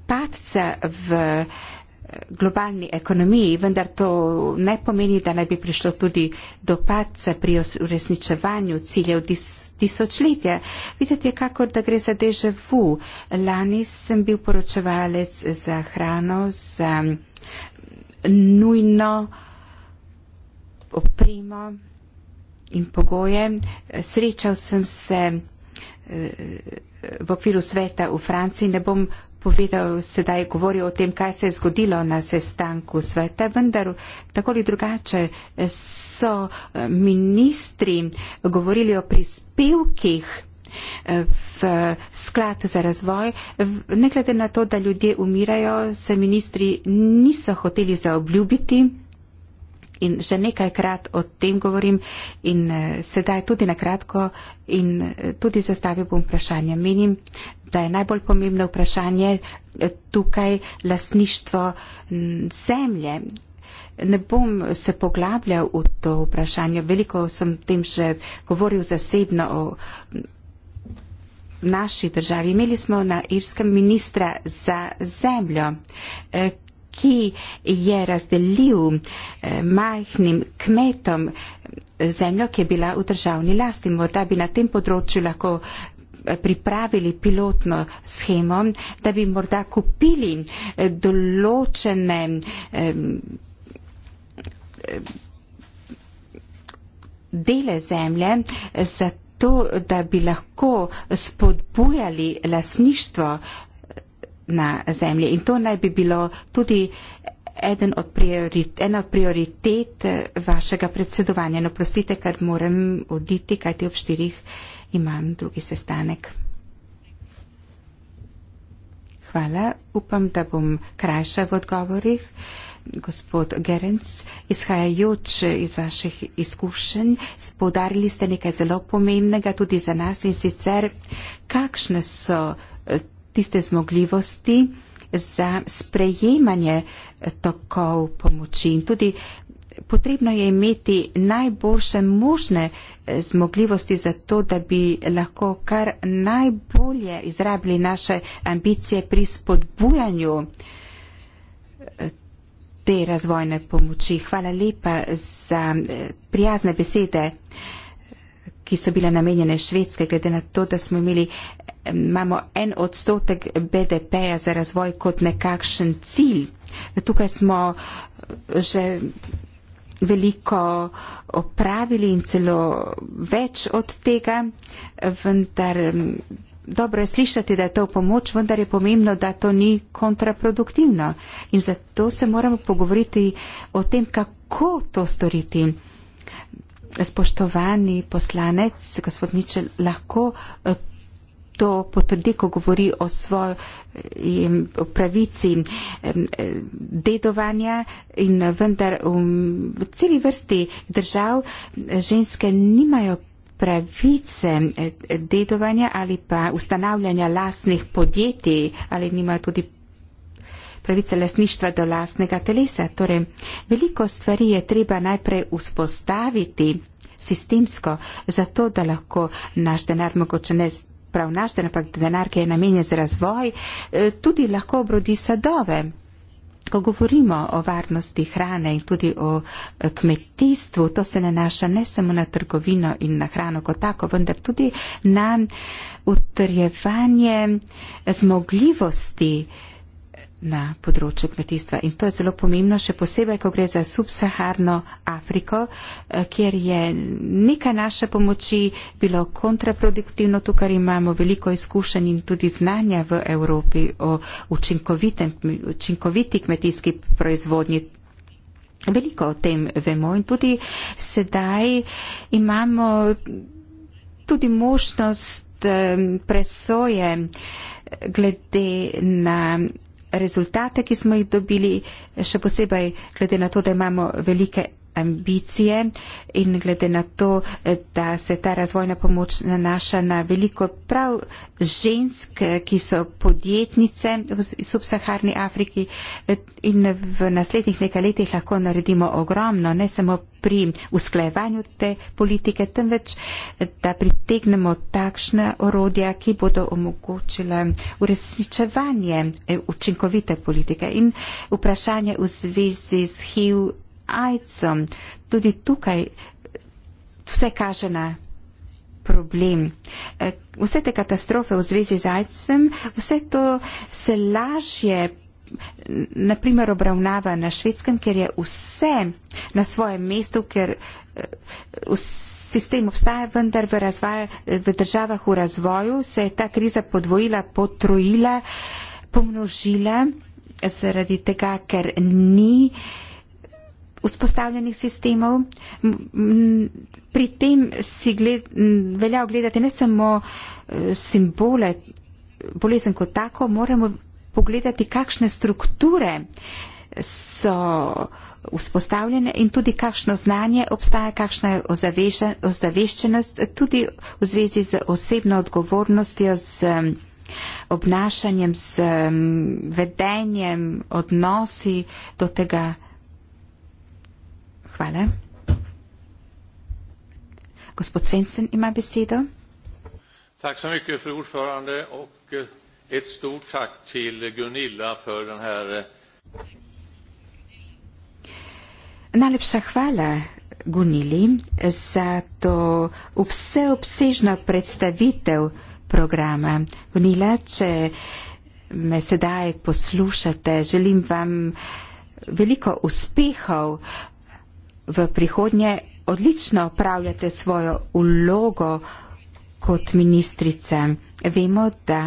padca v globalni ekonomiji, vendar to ne pomeni, da ne bi prišlo tudi do pace pri uresničevanju ciljev tisočletja. Videti je kakor, da gre za deja vu. Lani sem bil poročevalec za hrano, za nujno opremo in pogoje. Srečal sem se eh, v okviru sveta v Franciji, ne bom povedal, sedaj govoril o tem, kaj se je zgodilo na sestanku sveta, vendar tako ali drugače so eh, ministri govorili o prispevkih eh, v sklad za razvoj. Ne glede na to, da ljudje umirajo, se ministri niso hoteli zaobljubiti In že nekajkrat o tem govorim in eh, sedaj tudi na kratko in eh, tudi zastavil bom vprašanje. Menim, da je najbolj pomembno vprašanje eh, tukaj lastništvo zemlje. Ne bom se poglabljal v to vprašanje, veliko sem tem že govoril zasebno o naši državi. Imeli smo na Irskem ministra za zemljo ki je razdelil eh, majhnim kmetom eh, zemljo, ki je bila v državni lasti. Morda bi na tem področju lahko eh, pripravili pilotno schemo, da bi morda kupili določene dele zemlje za to, da bi lahko spodbujali lasništvo eh, na zemlji. In to naj bi bilo tudi eden od priorit, ena od prioritet eh, vašega predsedovanja. No, prostite, ker moram oditi, kajti ob štirih imam drugi sestanek. Hvala. Upam, da bom krajša v odgovorih. Gospod Gerenc, izhajajoč iz vaših izkušenj, spodarili ste nekaj zelo pomembnega tudi za nas in sicer, kakšne so eh, tiste zmogljivosti za sprejemanje tokov pomoči. In tudi potrebno je imeti najboljše možne eh, zmogljivosti za to, da bi lahko kar najbolje izrabili naše ambicije pri spodbujanju eh, te razvojne pomoči. Hvala lepa za eh, prijazne besede ki so bile namenjene švedske, glede na to, da smo imeli imamo en odstotek BDP-ja za razvoj kot nekakšen cilj. Tukaj smo eh, že veliko opravili in celo več od tega, vendar dobro je slišati, da je to pomoč, vendar je pomembno, da to ni kontraproduktivno. In zato se moramo pogovoriti o tem, kako to storiti spoštovani poslanec, gospod Mičel, lahko eh, to potrdi, ko govori o svoji pravici dedovanja in vendar um, v celi vrsti držav eh, ženske nimajo pravice eh, dedovanja ali pa ustanavljanja lastnih podjetij ali nimajo tudi pravice lasništva do lasnega telesa. Torej, veliko stvari je treba najprej vzpostaviti sistemsko, zato da lahko naš denar mogoče ne prav naš denar, ampak denar, ki je namenjen za razvoj, eh, tudi lahko obrodi sadove. Ko govorimo o varnosti hrane in tudi o eh, kmetijstvu, to se nanaša ne samo na trgovino in na hrano kot tako, vendar tudi na utrjevanje zmogljivosti eh, na področju kmetijstva. In to je zelo pomembno, še posebej, ko gre za subsaharno Afriko, eh, kjer je nekaj naše pomoči bilo kontraproduktivno, tukaj imamo veliko izkušenj in tudi znanja v Evropi o učinkoviti kmetijski proizvodnji. Veliko o tem vemo in tudi sedaj imamo tudi možnost eh, presoje glede na rezultate, ki smo jih dobili, še posebej glede na to, da imamo velike ambicije in glede na to, eh, da se ta razvojna pomoč nanaša na veliko prav žensk, eh, ki so podjetnice v subsaharni Afriki eh, in v naslednjih nekaj letih lahko naredimo ogromno, ne samo pri usklajevanju te politike, temveč, da pritegnemo takšna orodja, ki bodo omogočila uresničevanje učinkovite politike. In vprašanje v zvezi z HIV AIDS-om. Tudi tukaj vse kaže na problem. E, vse te katastrofe v zvezi z AIDS-om, vse to se lažje naprimer obravnava na švedskem, ker je vse na svojem mestu, ker e, sistem obstaja, vendar v, razvoju, v državah v razvoju se je ta kriza podvojila, potrojila, pomnožila zaradi tega, ker ni eh, vzpostavljenih sistemov. Pri tem si gled, velja ogledati ne samo e, simbole bolezen kot tako, moramo pogledati, kakšne strukture so vzpostavljene in tudi kakšno znanje obstaja, kakšna je ozaveščenost tudi v zvezi z osebno odgovornostjo, z obnašanjem, z vedenjem, odnosi do tega Hvala. Gospod Svensen ima besedo.
Tack så mycket, fru ordförande, och eh, ett stort tack till Gunilla för den här... Eh,
Najlepša hvala Gunili za to vseobsežno predstavitev programa. Gunila, če me sedaj poslušate, želim vam veliko uspehov v prihodnje odlično opravljate svojo ulogo kot ministrice. Vemo, da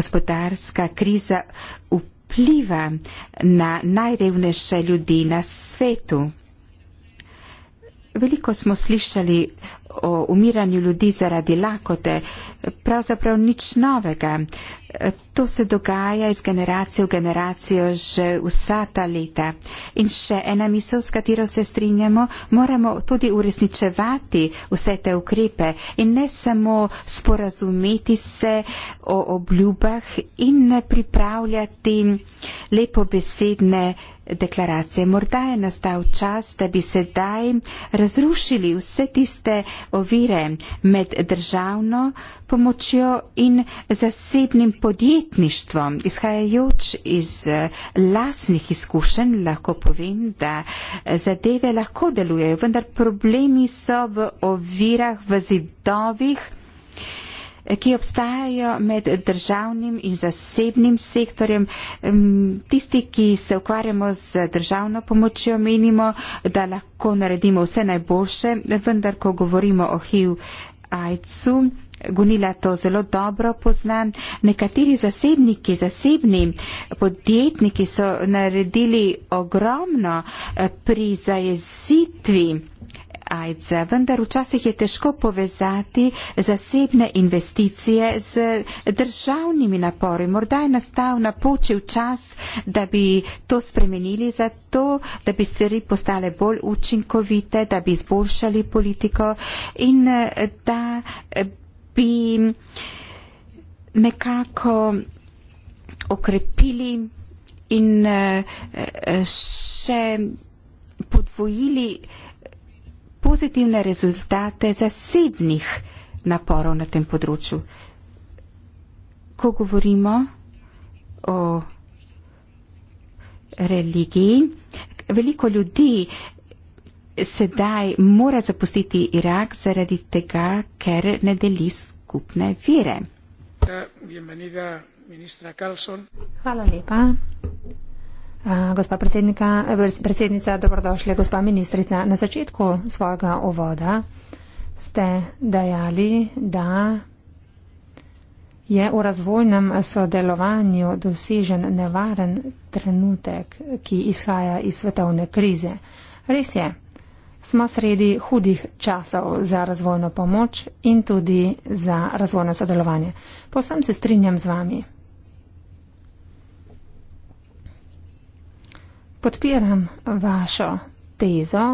gospodarska kriza vpliva na najrevnejše ljudi na svetu. Veliko smo slišali o umiranju ljudi zaradi lakote, pravzaprav nič novega. To se dogaja iz generacije v generacijo že vsa ta leta. In še ena misel, s katero se strinjamo, moramo tudi uresničevati vse te ukrepe in ne samo sporazumeti se o obljubah in pripravljati lepo besedne deklaracije. Morda je nastal čas, da bi sedaj razrušili vse tiste ovire med državno pomočjo in zasebnim podjetništvom. Izhajajoč iz eh, lasnih izkušenj lahko povem, da eh, zadeve lahko delujejo, vendar problemi so v ovirah, v zidovih ki obstajajo med državnim in zasebnim sektorjem. Tisti, ki se ukvarjamo z državno pomočjo, menimo, da lahko naredimo vse najboljše, vendar, ko govorimo o HIV, AIDS-u, Gunila to zelo dobro pozna. Nekateri zasebniki, zasebni podjetniki so naredili ogromno eh, pri zajezitvi AIDS, vendar včasih je težko povezati zasebne investicije z državnimi napori. Morda je nastal napočil čas, da bi to spremenili za to, da bi stvari postale bolj učinkovite, da bi izboljšali politiko in da bi nekako okrepili in še podvojili uh, pozitivne rezultate zasebnih naporov na tem področju. Ko govorimo o religiji, veliko ljudi sedaj mora zapustiti Irak zaradi tega, ker ne deli skupne vire. Hvala lepa. Gospa eh,
predsednica, dobrodošli, gospa ministrica. Na začetku svojega ovoda ste dejali, da je v razvojnem sodelovanju dosežen nevaren trenutek, ki izhaja iz svetovne krize. Res je, smo sredi hudih časov za razvojno pomoč in tudi za razvojno sodelovanje. Posem se strinjam z vami. Podpiram vašo tezo,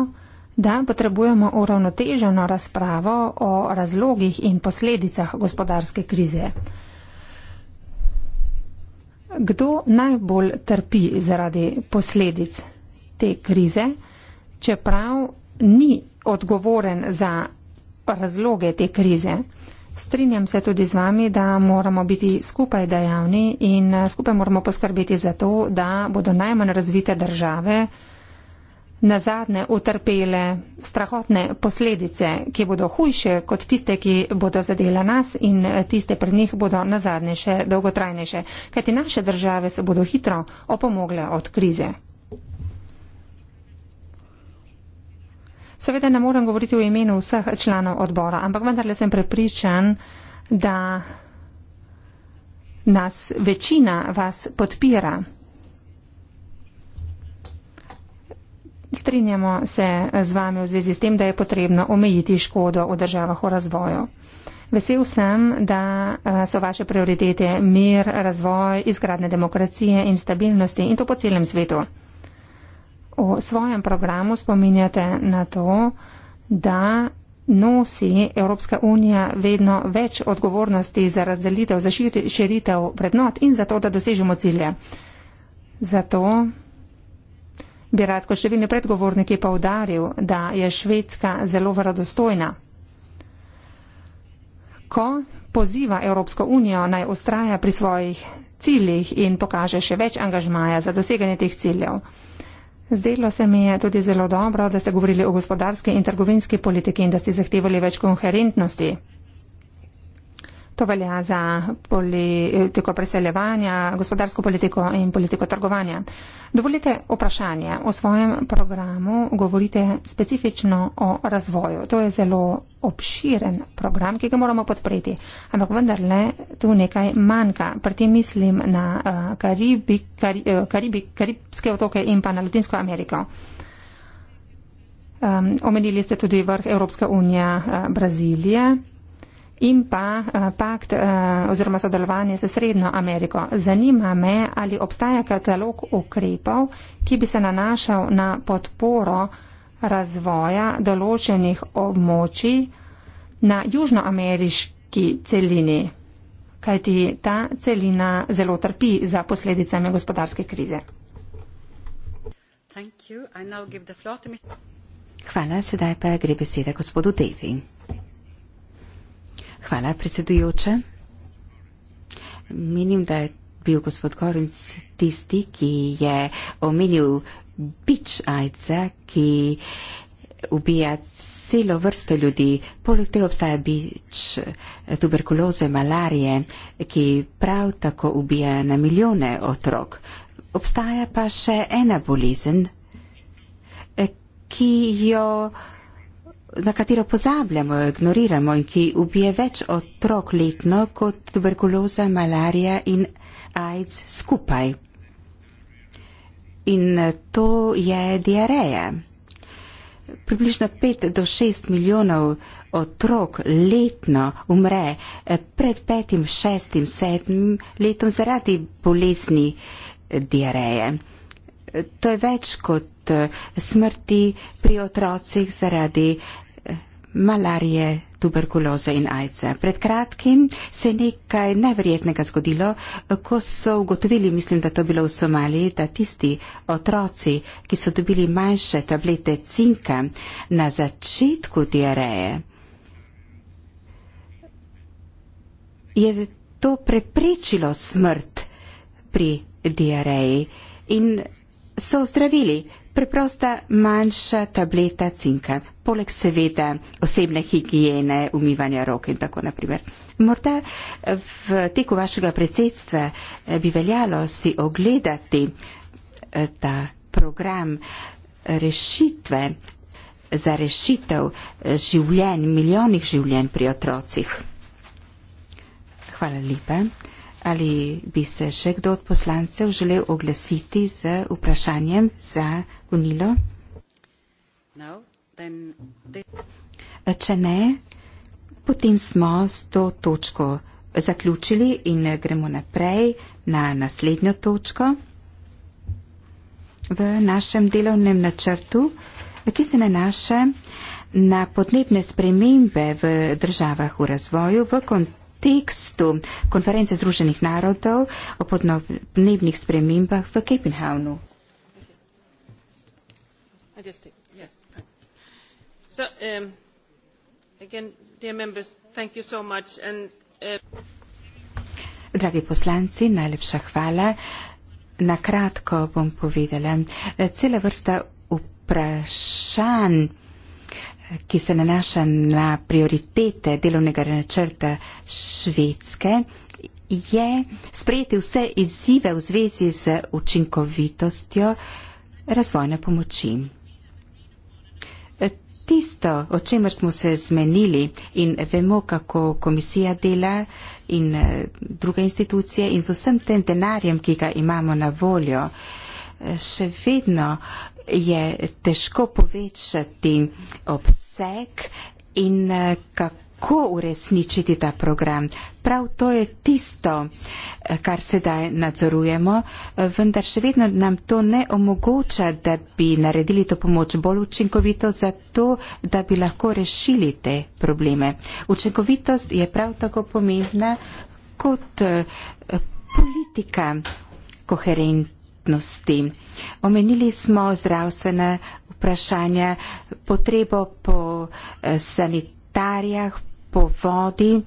da potrebujemo uravnoteženo razpravo o razlogih in posledicah gospodarske krize. Kdo najbolj trpi zaradi posledic te krize, čeprav ni odgovoren za razloge te krize? Strinjam se tudi z vami, da moramo biti skupaj dejavni in eh, skupaj moramo poskrbeti za to, da bodo najmanj razvite države nazadne utrpele strahotne posledice, ki bodo hujše kot tiste, ki bodo zadela nas in eh, tiste pred njih bodo nazadnejše, dolgotrajnejše, kajti naše države se bodo hitro opomogle od krize. Seveda ne morem govoriti v imenu vseh članov odbora, ampak vendarle sem prepričan, da nas večina vas podpira. Strinjamo se z vami v zvezi s tem, da je potrebno omejiti škodo v državah v razvoju. Vesel sem, da eh, so vaše prioritete mir, razvoj, izgradne demokracije in stabilnosti in to po celem svetu v svojem programu spominjate na to, da nosi Evropska unija vedno več odgovornosti za razdelitev, za širitev prednot in za to, da dosežemo cilje. Zato bi rad kot številni predgovorniki povdaril, da je Švedska zelo verodostojna. Ko poziva Evropsko unijo naj ustraja pri svojih ciljih in pokaže še več angažmaja za doseganje teh ciljev. Zdelo se mi je tudi zelo dobro, da ste govorili o gospodarski in trgovinski politiki in da ste zahtevali več konherentnosti. To velja za politiko preseljevanja, gospodarsko politiko in politiko trgovanja. Dovolite vprašanje. O svojem programu govorite specifično o razvoju. To je zelo obširen program, ki ga moramo podpreti. Ampak vendarle tu nekaj manjka. Pri tem mislim na eh, Karibi, eh, Karibi, Karibske otoke in pa na Latinsko Ameriko. Um, omenili ste tudi vrh Evropska unija, eh, Brazilija in pa eh, pakt eh, oziroma sodelovanje s Srednjo Ameriko. Zanima me, ali obstaja katalog ukrepov, ki bi se nanašal na podporo razvoja določenih območij na južnoameriški celini, kajti ta celina zelo trpi za posledicami gospodarske krize.
Hvala, sedaj pa gre beseda gospodu Devi. Hvala, predsedujoče. Menim, da je bil gospod Korinc tisti, ki je omenil bič ajca, ki ubija celo vrsto ljudi. Poleg tega obstaja bič eh, tuberkuloze, malarije, ki prav tako ubija na milijone otrok. Obstaja pa še ena bolezen, eh, ki jo na katero pozabljamo, ignoriramo in ki ubije več otrok letno kot tuberkuloza, malarija in AIDS skupaj. In eh, to je diareja. Približno 5 do 6 milijonov otrok letno umre eh, pred 5, 6, 7 letom zaradi bolezni eh, diareje. To je več kot smrti pri otrocih zaradi malarije, tuberkuloze in ajca. Pred kratkim se je nekaj neverjetnega zgodilo, ko so ugotovili, mislim, da to bilo v Somaliji, da tisti otroci, ki so dobili manjše tablete cinka na začetku diareje, je to preprečilo smrt pri diareji in so zdravili preproste manjše tablete cinka, poleg seveda osebne higiene, umivanja rok in tako naprej. Morda v teku vašega predsedstva eh, bi veljalo si ogledati eh, ta program rešitve za rešitev eh, življenj, milijonih življenj pri otrocih. Hvala lepa ali bi se še kdo od poslancev želel oglasiti z vprašanjem za gonilo?
No, then...
Če ne, potem smo s to točko zaključili in gremo naprej na naslednjo točko v našem delovnem načrtu, ki se nanaša na podnebne spremembe v državah v razvoju v kontekstu kontekstu konference Združenih narodov o podnebnih spremembah v Kepenhavnu.
Um, uh,
Dragi poslanci, najlepša hvala. Na kratko bom povedala, cela vrsta vprašanj ki se nanaša na prioritete delovnega načrta Švedske, je sprejeti vse izzive v zvezi z učinkovitostjo razvojne pomoči. Tisto, o čemer smo se zmenili in vemo, kako komisija dela in eh, druge institucije in z vsem tem denarjem, ki ga imamo na voljo, eh, še vedno je težko povečati obseg in eh, kako uresničiti ta program. Prav to je tisto, eh, kar sedaj nadzorujemo, eh, vendar še vedno nam to ne omogoča, da bi naredili to pomoč bolj učinkovito, zato da bi lahko rešili te probleme. Učinkovitost je prav tako pomembna kot politika koherentnosti skupnosti. Omenili smo zdravstvene vprašanja, potrebo po eh, sanitarjah, po vodi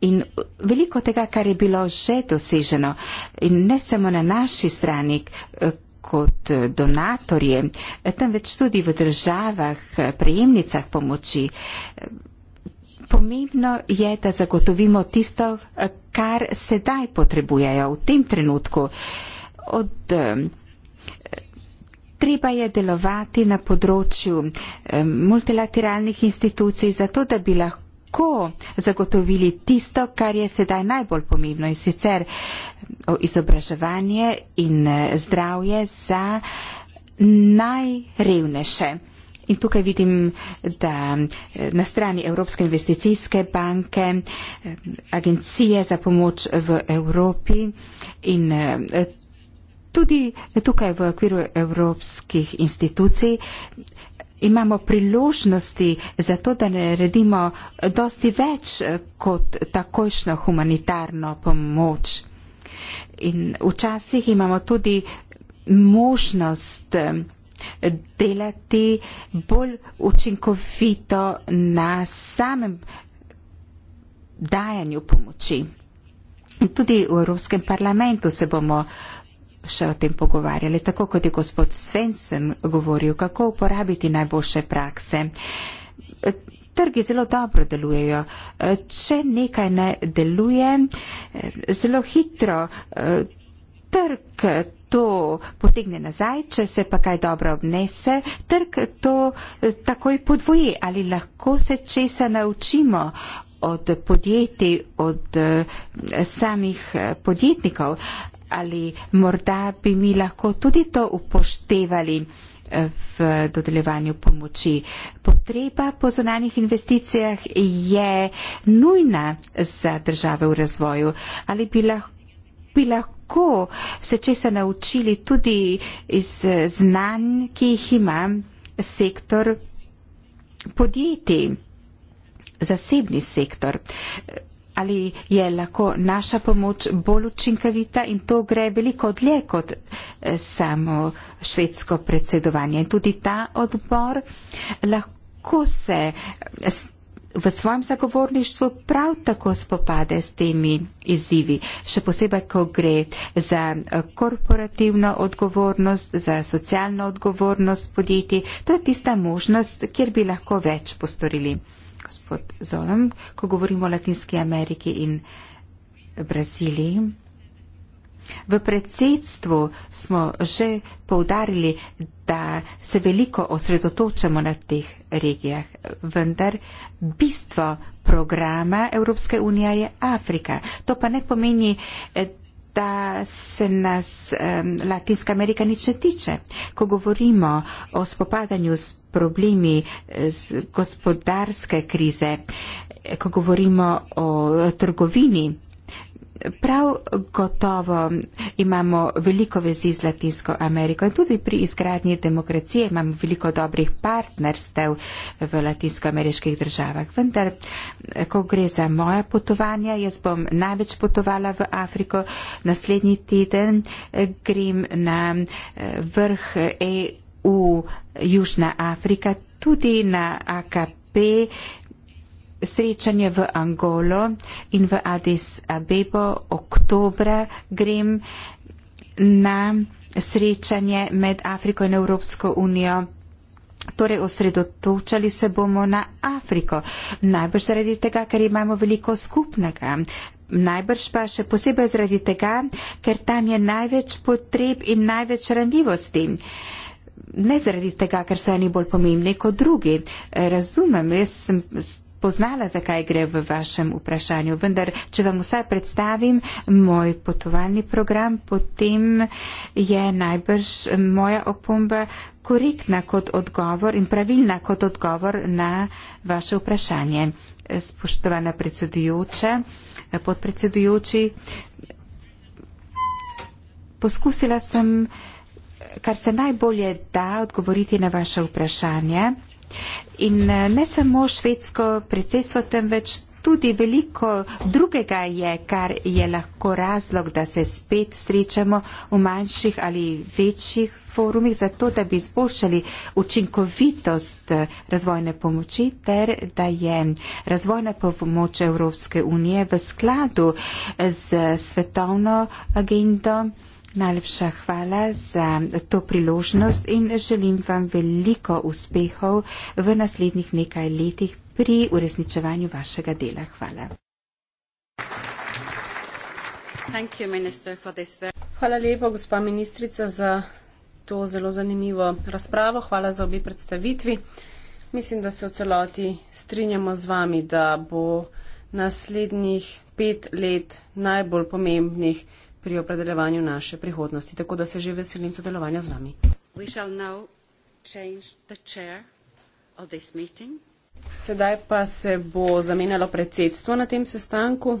in veliko tega, kar je bilo že doseženo. In ne samo na naši strani eh, kot eh, donatorje, temveč tudi v državah, prejemnicah pomoči pomembno je, da zagotovimo tisto, kar sedaj potrebujejo v tem trenutku. Od, treba je delovati na področju multilateralnih institucij, zato da bi lahko zagotovili tisto, kar je sedaj najbolj pomembno in sicer izobraževanje in eh, zdravje za najrevnejše. In tukaj vidim, da eh, na strani Evropske investicijske banke, eh, agencije za pomoč v Evropi in eh, tudi tukaj v okviru evropskih institucij imamo priložnosti za to, da naredimo dosti več kot takošno humanitarno pomoč. In včasih imamo tudi možnost delati bolj učinkovito na samem dajanju pomoči. Tudi v Evropskem parlamentu se bomo še o tem pogovarjali, tako kot je gospod Svensen govoril, kako uporabiti najboljše prakse. Trgi zelo dobro delujejo. Če nekaj ne deluje, zelo hitro eh, trg to potegne nazaj, če se pa kaj dobro obnese, trg to eh, takoj podvoji. Ali lahko se česa naučimo od podjetij, od eh, samih eh, podjetnikov? Ali morda bi mi lahko tudi to upoštevali v dodeljevanju pomoči? Potreba po zonanih investicijah je nujna za države v razvoju. Ali bi lahko bi lahko lahko se česa naučili tudi iz znanj, ki jih ima sektor podjetij, zasebni sektor. Ali je lahko naša pomoč bolj učinkovita in to gre veliko dlje kot eh, samo švedsko predsedovanje. In tudi ta odbor lahko se v svojem zagovorništvu prav tako spopade s temi izzivi, še posebej, ko gre za eh, korporativno odgovornost, za socialno odgovornost podjetij. To je tista možnost, kjer bi lahko več postorili. Gospod Zolom, ko govorimo o Latinski Ameriki in Braziliji. V predsedstvu smo že povdarili, da se veliko osredotočamo na teh regijah, vendar bistvo programa Evropske unije je Afrika. To pa ne pomeni, da se nas um, Latinska Amerika nič ne tiče. Ko govorimo o spopadanju s problemi eh, z gospodarske krize, eh, ko govorimo o trgovini, Prav gotovo imamo veliko vezi z Latinsko Ameriko in tudi pri izgradnji demokracije imamo veliko dobrih partnerstev v latinskoameriških državah. Vendar, ko gre za moja potovanja, jaz bom največ potovala v Afriko. Naslednji teden grem na eh, vrh EU Južna Afrika, tudi na AKP srečanje v Angolo in v Addis Abebo. Oktobra grem na srečanje med Afriko in Evropsko unijo. Torej, osredotočali se bomo na Afriko. Najbrž zaradi tega, ker imamo veliko skupnega. Najbrž pa še posebej zaradi tega, ker tam je največ potreb in največ ranljivosti. Ne zaradi tega, ker so eni bolj pomembni kot drugi. Razumem, jaz sem spoznala, zakaj gre v vašem vprašanju. Vendar, če vam vsaj predstavim moj potovalni program, potem je najbrž moja opomba korektna kot odgovor in pravilna kot odgovor na vaše vprašanje. Spoštovana predsedujoča, podpredsedujoči, poskusila sem, kar se najbolje da, odgovoriti na vaše vprašanje. In eh, ne samo švedsko predsedstvo, temveč tudi veliko drugega je, kar je lahko razlog, da se spet srečamo v manjših ali večjih forumih, zato da bi izboljšali učinkovitost eh, razvojne pomoči, ter da je razvojna pomoč Evropske unije v skladu z eh, svetovno agendo. Najlepša hvala za to priložnost in želim vam veliko uspehov v naslednjih nekaj letih pri uresničevanju vašega dela. Hvala.
Hvala lepa, gospa ministrica, za to zelo zanimivo razpravo. Hvala za obi predstavitvi. Mislim, da se v celoti strinjamo z vami, da bo naslednjih pet let najbolj pomembnih pri opredeljevanju naše prihodnosti. Tako da se že veselim sodelovanja z vami. Sedaj pa se bo zamenjalo predsedstvo na tem sestanku.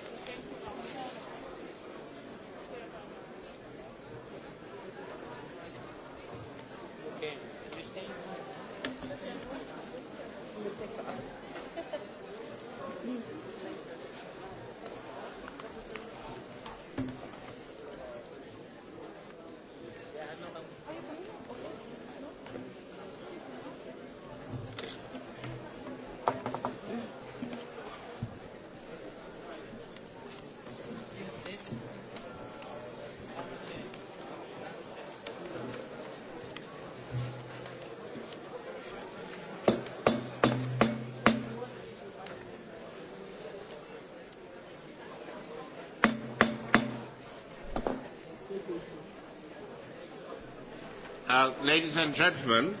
ladies and gentlemen.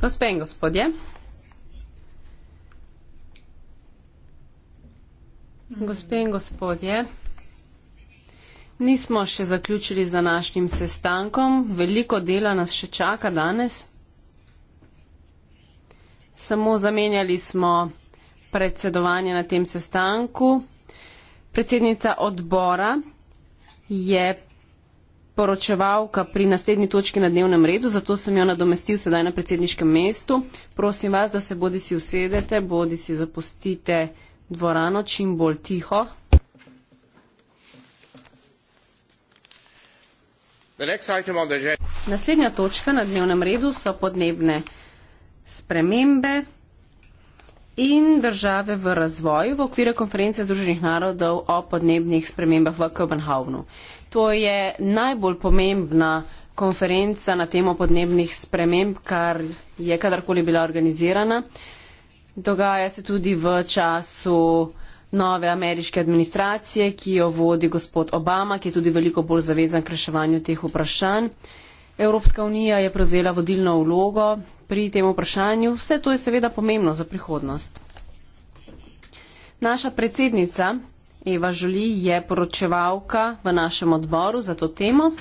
Gospe in gospodje. Gospe in gospodje. Nismo še zaključili z današnjim sestankom. Veliko dela nas še čaka danes. Samo zamenjali smo predsedovanje na tem sestanku. Predsednica odbora je poročevalka pri naslednji točki na dnevnem redu, zato sem jo nadomestil sedaj na predsedniškem mestu. Prosim vas, da se bodi si usedete, bodi si zapustite dvorano čim bolj tiho. Naslednja točka na dnevnem redu so podnebne spremembe in države v razvoju v okviru konference Združenih narodov o podnebnih spremembah v Kopenhavnu. To je najbolj pomembna konferenca na temo podnebnih sprememb, kar je kadarkoli bila organizirana. Dogaja se tudi v času nove ameriške administracije, ki jo vodi gospod Obama, ki je tudi veliko bolj zavezan k reševanju teh vprašanj. Evropska unija je prevzela vodilno vlogo pri tem vprašanju. Vse to je seveda pomembno za prihodnost. Naša predsednica Eva Žuli je poročevalka v našem odboru za to temo.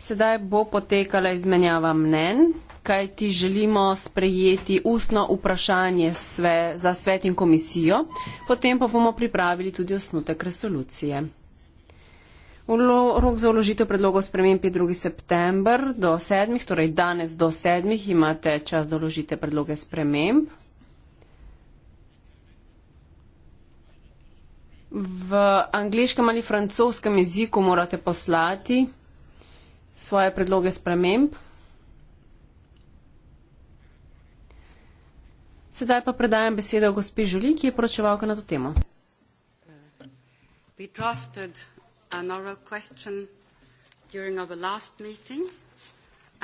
Sedaj bo potekala izmenjava mnen, kaj ti želimo sprejeti ustno vprašanje sve, za svet in komisijo, potem pa bomo pripravili tudi osnutek resolucije. Ulo, rok za uložitev predlogov sprememb je 2. september do 7. torej danes do 7. imate čas, da uložite predloge sprememb. v angliškem ali francoskem jeziku morate poslati svoje predloge sprememb. Sedaj pa predajam besedo gospi Žuli, ki je poročevalka na to temo.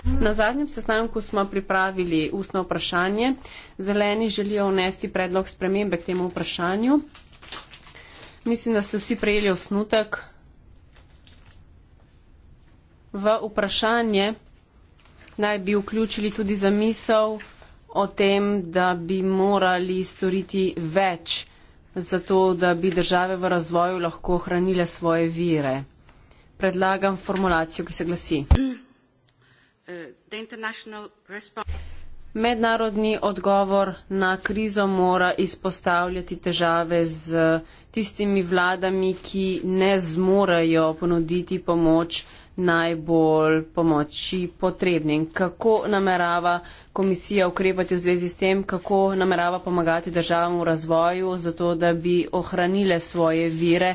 Na zadnjem sestanku smo pripravili ustno vprašanje. Zeleni želijo vnesti predlog spremembe k temu vprašanju. Mislim, da ste vsi prejeli osnutek. V vprašanje naj bi vključili tudi zamisel o tem, da bi morali storiti več za to, da bi države v razvoju lahko ohranile svoje vire. Predlagam formulacijo, ki se glasi. Mednarodni odgovor na krizo mora izpostavljati težave z tistimi vladami, ki ne zmorajo ponuditi pomoč najbolj pomoči potrebnim. Kako namerava komisija ukrepati v zvezi s tem, kako namerava pomagati državam v razvoju, zato da bi ohranile svoje vire,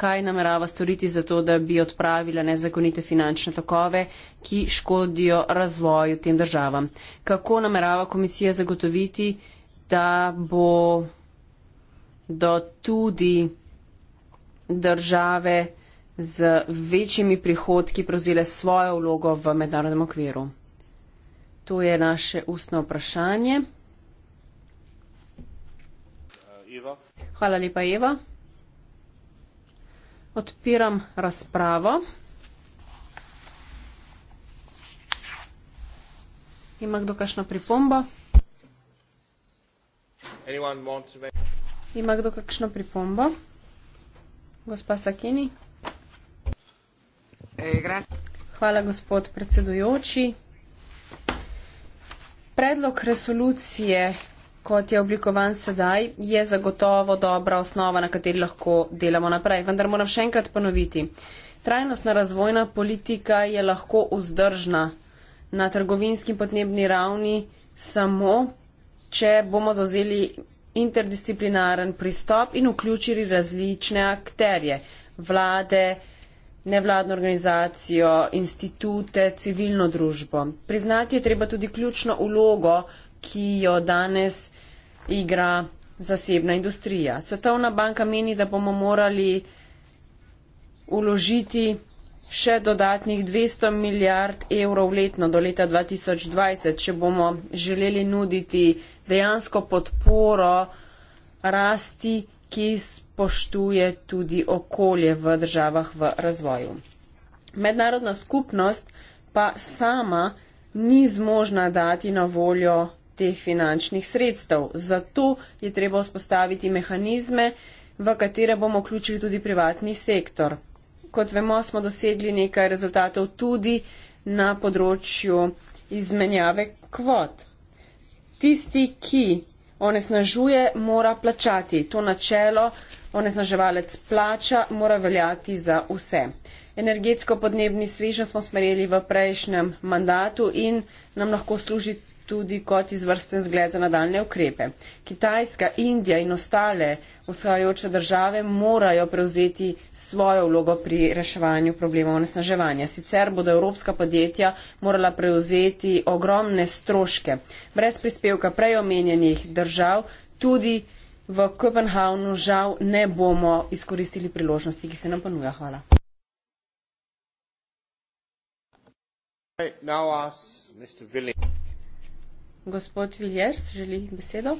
kaj namerava storiti zato, da bi odpravila nezakonite finančne tokove, ki škodijo razvoju tem državam. Kako namerava komisija zagotoviti, da bo da tudi države z večjimi prihodki prevzele svojo vlogo v mednarodnem okviru. To je naše ustno vprašanje. Hvala lepa, Eva. Odpiram razpravo. Ima kdo kakšno pripombo? Ima kdo kakšno pripombo? Gospa Sakini? Hvala, gospod predsedujoči. Predlog resolucije, kot je oblikovan sedaj, je zagotovo dobra osnova, na kateri lahko delamo naprej. Vendar moram še enkrat ponoviti. Trajnostna razvojna politika je lahko vzdržna na trgovinski in podnebni ravni samo, če bomo zauzeli interdisciplinaren pristop in vključili različne akterje, vlade, nevladno organizacijo, institute, civilno družbo. Priznati je treba tudi ključno ulogo, ki jo danes igra zasebna industrija. Svetovna banka meni, da bomo morali uložiti še dodatnih 200 milijard evrov letno do leta 2020, če bomo želeli nuditi dejansko podporo rasti, ki spoštuje tudi okolje v državah v razvoju. Mednarodna skupnost pa sama ni zmožna dati na voljo teh finančnih sredstev. Zato je treba vzpostaviti mehanizme, v katere bomo vključili tudi privatni sektor kot vemo, smo dosegli nekaj rezultatov tudi na področju izmenjave kvot. Tisti, ki onesnažuje, mora plačati. To načelo onesnaževalec plača mora veljati za vse. Energetsko podnebni svežen smo smereli v prejšnjem mandatu in nam lahko služi tudi kot izvrsten zgled za nadaljne ukrepe. Kitajska, Indija in ostale vzhajajoče države morajo prevzeti svojo vlogo pri reševanju problemov onesnaževanja. Sicer bodo evropska podjetja morala prevzeti ogromne stroške. Brez prispevka prejomenjenih držav tudi v Kopenhavnu žal ne bomo izkoristili priložnosti, ki se nam ponuja. Hvala.
Right, now us, Mr. Villain.
Gospod Viljers želi besedo.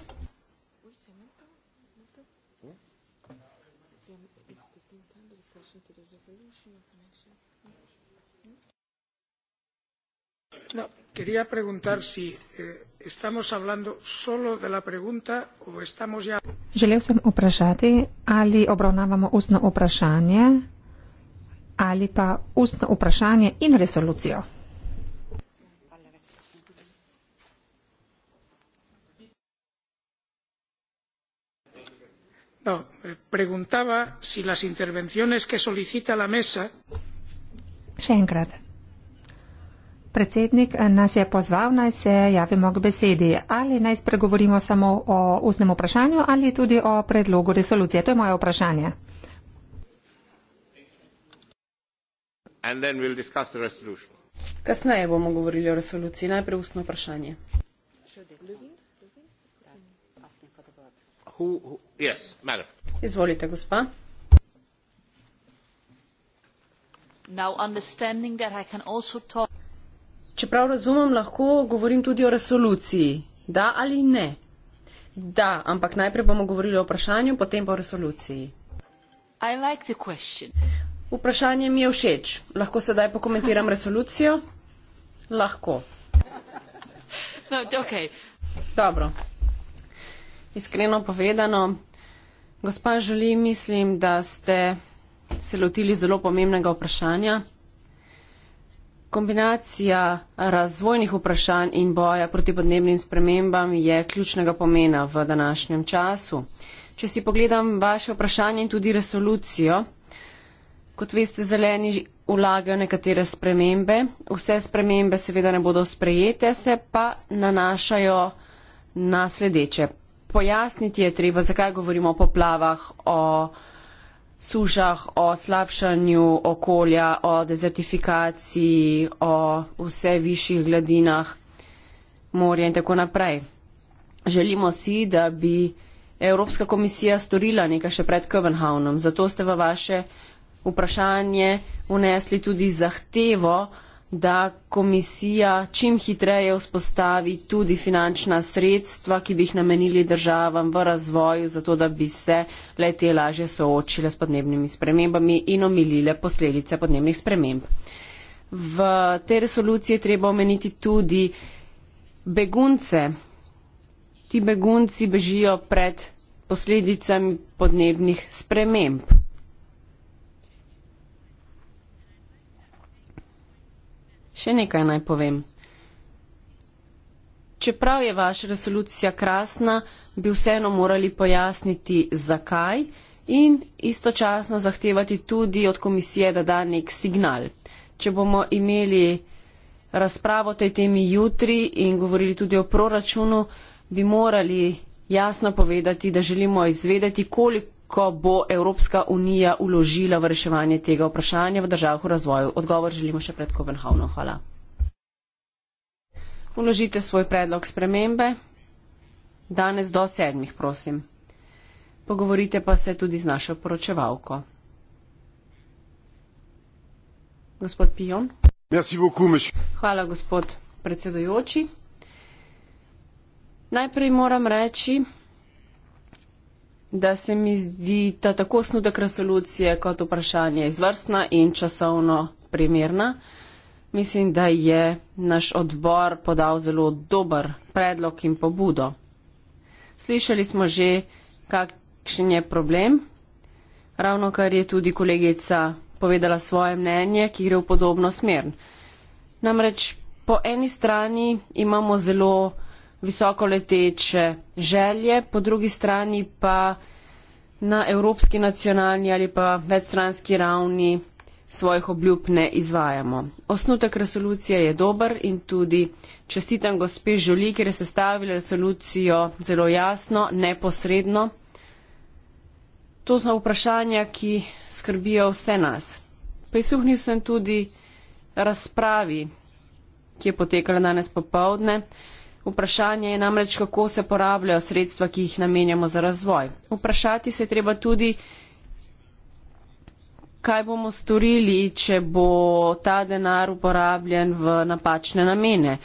No, quería preguntar si eh, estamos hablando
solo de la pregunta o estamos ya. Želel sem vprašati, ali obravnavamo ustno vprašanje ali pa ustno vprašanje in resolucijo. Eh, preguntaba si las intervenciones que solicita la mesa Še enkrat. Predsednik eh, nas je pozval, naj se javimo k besedi. Ali naj spregovorimo samo o ustnem vprašanju ali tudi o predlogu resolucije? To je moje vprašanje.
We'll
Kasneje bomo govorili o resoluciji. Najprej ustno vprašanje.
Who, who, yes,
Izvolite, gospa. Čeprav razumem, lahko govorim tudi o resoluciji. Da ali ne? Da, ampak najprej bomo govorili o vprašanju, potem pa o resoluciji. Like Vprašanje mi je všeč. Lahko sedaj pokomentiram resolucijo? Lahko. No, okay. Dobro. Iskreno povedano, Gospa Žuli, mislim, da ste se lotili zelo pomembnega vprašanja. Kombinacija razvojnih vprašanj in boja proti podnebnim spremembam je ključnega pomena v današnjem času. Če si pogledam vaše vprašanje in tudi resolucijo, kot veste, zeleni vlagajo nekatere spremembe. Vse spremembe seveda ne bodo sprejete, se pa nanašajo na sledeče pojasniti je treba, zakaj govorimo o poplavah, o sušah, o slabšanju okolja, o dezertifikaciji, o vse višjih gladinah morja in tako naprej. Želimo si, da bi Evropska komisija storila nekaj še pred Kopenhavnom. Zato ste v vaše vprašanje unesli tudi zahtevo, da komisija čim hitreje vzpostavi tudi finančna sredstva, ki bi jih namenili državam v razvoju, zato da bi se le te lažje soočile s podnebnimi spremembami in omilile posledice podnebnih sprememb. V tej resoluciji je treba omeniti tudi begunce. Ti begunci bežijo pred posledicami podnebnih sprememb. Še nekaj naj povem. Čeprav je vaša resolucija krasna, bi vseeno morali pojasniti, zakaj in istočasno zahtevati tudi od komisije, da da nek signal. Če bomo imeli razpravo o tej temi jutri in govorili tudi o proračunu, bi morali jasno povedati, da želimo izvedeti, koliko ko bo Evropska unija uložila v reševanje tega vprašanja v državah v razvoju. Odgovor želimo še pred Kopenhavnom. Hvala. Uložite svoj predlog spremembe. Danes do sedmih, prosim. Pogovorite pa se tudi z našo poročevalko. Gospod Pion. Hvala, gospod predsedojoči. Najprej moram reči, da se mi zdi ta tako snudek resolucije kot vprašanje izvrstna in časovno primerna. Mislim, da je naš odbor podal zelo dober predlog in pobudo. Slišali smo že, kakšen je problem. Ravno kar je tudi kolegica povedala svoje mnenje, ki gre v podobno smer. Namreč po eni strani imamo zelo visokoleteče želje, po drugi strani pa na evropski nacionalni ali pa večstranski ravni svojih obljub ne izvajamo. Osnutek resolucije je dober in tudi čestitam gospe Žoli, ki je sestavila resolucijo zelo jasno, neposredno. To so vprašanja, ki skrbijo vse nas. Prisluhnil sem tudi razpravi, ki je potekala danes popovdne. Vprašanje je namreč, kako se porabljajo sredstva, ki jih namenjamo za razvoj. Vprašati se je treba tudi, kaj bomo storili, če bo ta denar uporabljen v napačne namene.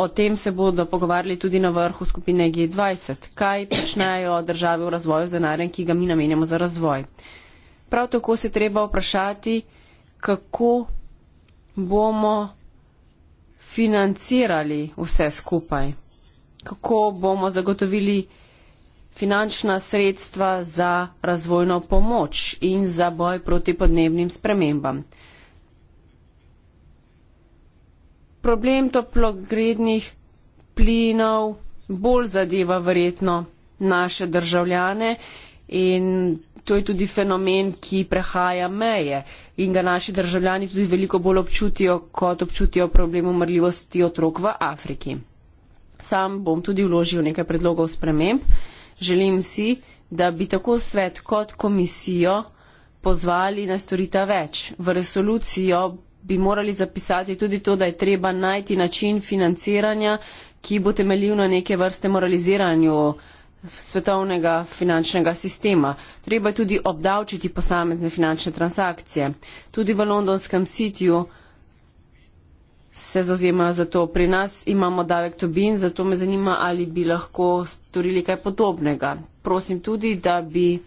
O tem se bodo pogovarjali tudi na vrhu skupine G20. Kaj počnejo države v razvoju z denarjem, ki ga mi namenjamo za razvoj? Prav tako se treba vprašati, kako bomo financirali vse skupaj kako bomo zagotovili finančna sredstva za razvojno pomoč in za boj proti podnebnim spremembam. Problem toplogrednih plinov bolj zadeva verjetno naše državljane in to je tudi fenomen, ki prehaja meje in ga naši državljani tudi veliko bolj občutijo, kot občutijo problem umrljivosti otrok v Afriki. Sam bom tudi vložil nekaj predlogov sprememb. Želim si, da bi tako svet kot komisijo pozvali na storita več. V resolucijo bi morali zapisati tudi to, da je treba najti način financiranja, ki bo temeljil na neke vrste moraliziranju svetovnega finančnega sistema. Treba je tudi obdavčiti posamezne finančne transakcije. Tudi v londonskem sitju se zauzemajo za to. Pri nas imamo davek Tobin, zato me zanima, ali bi lahko storili kaj podobnega. Prosim tudi, da bi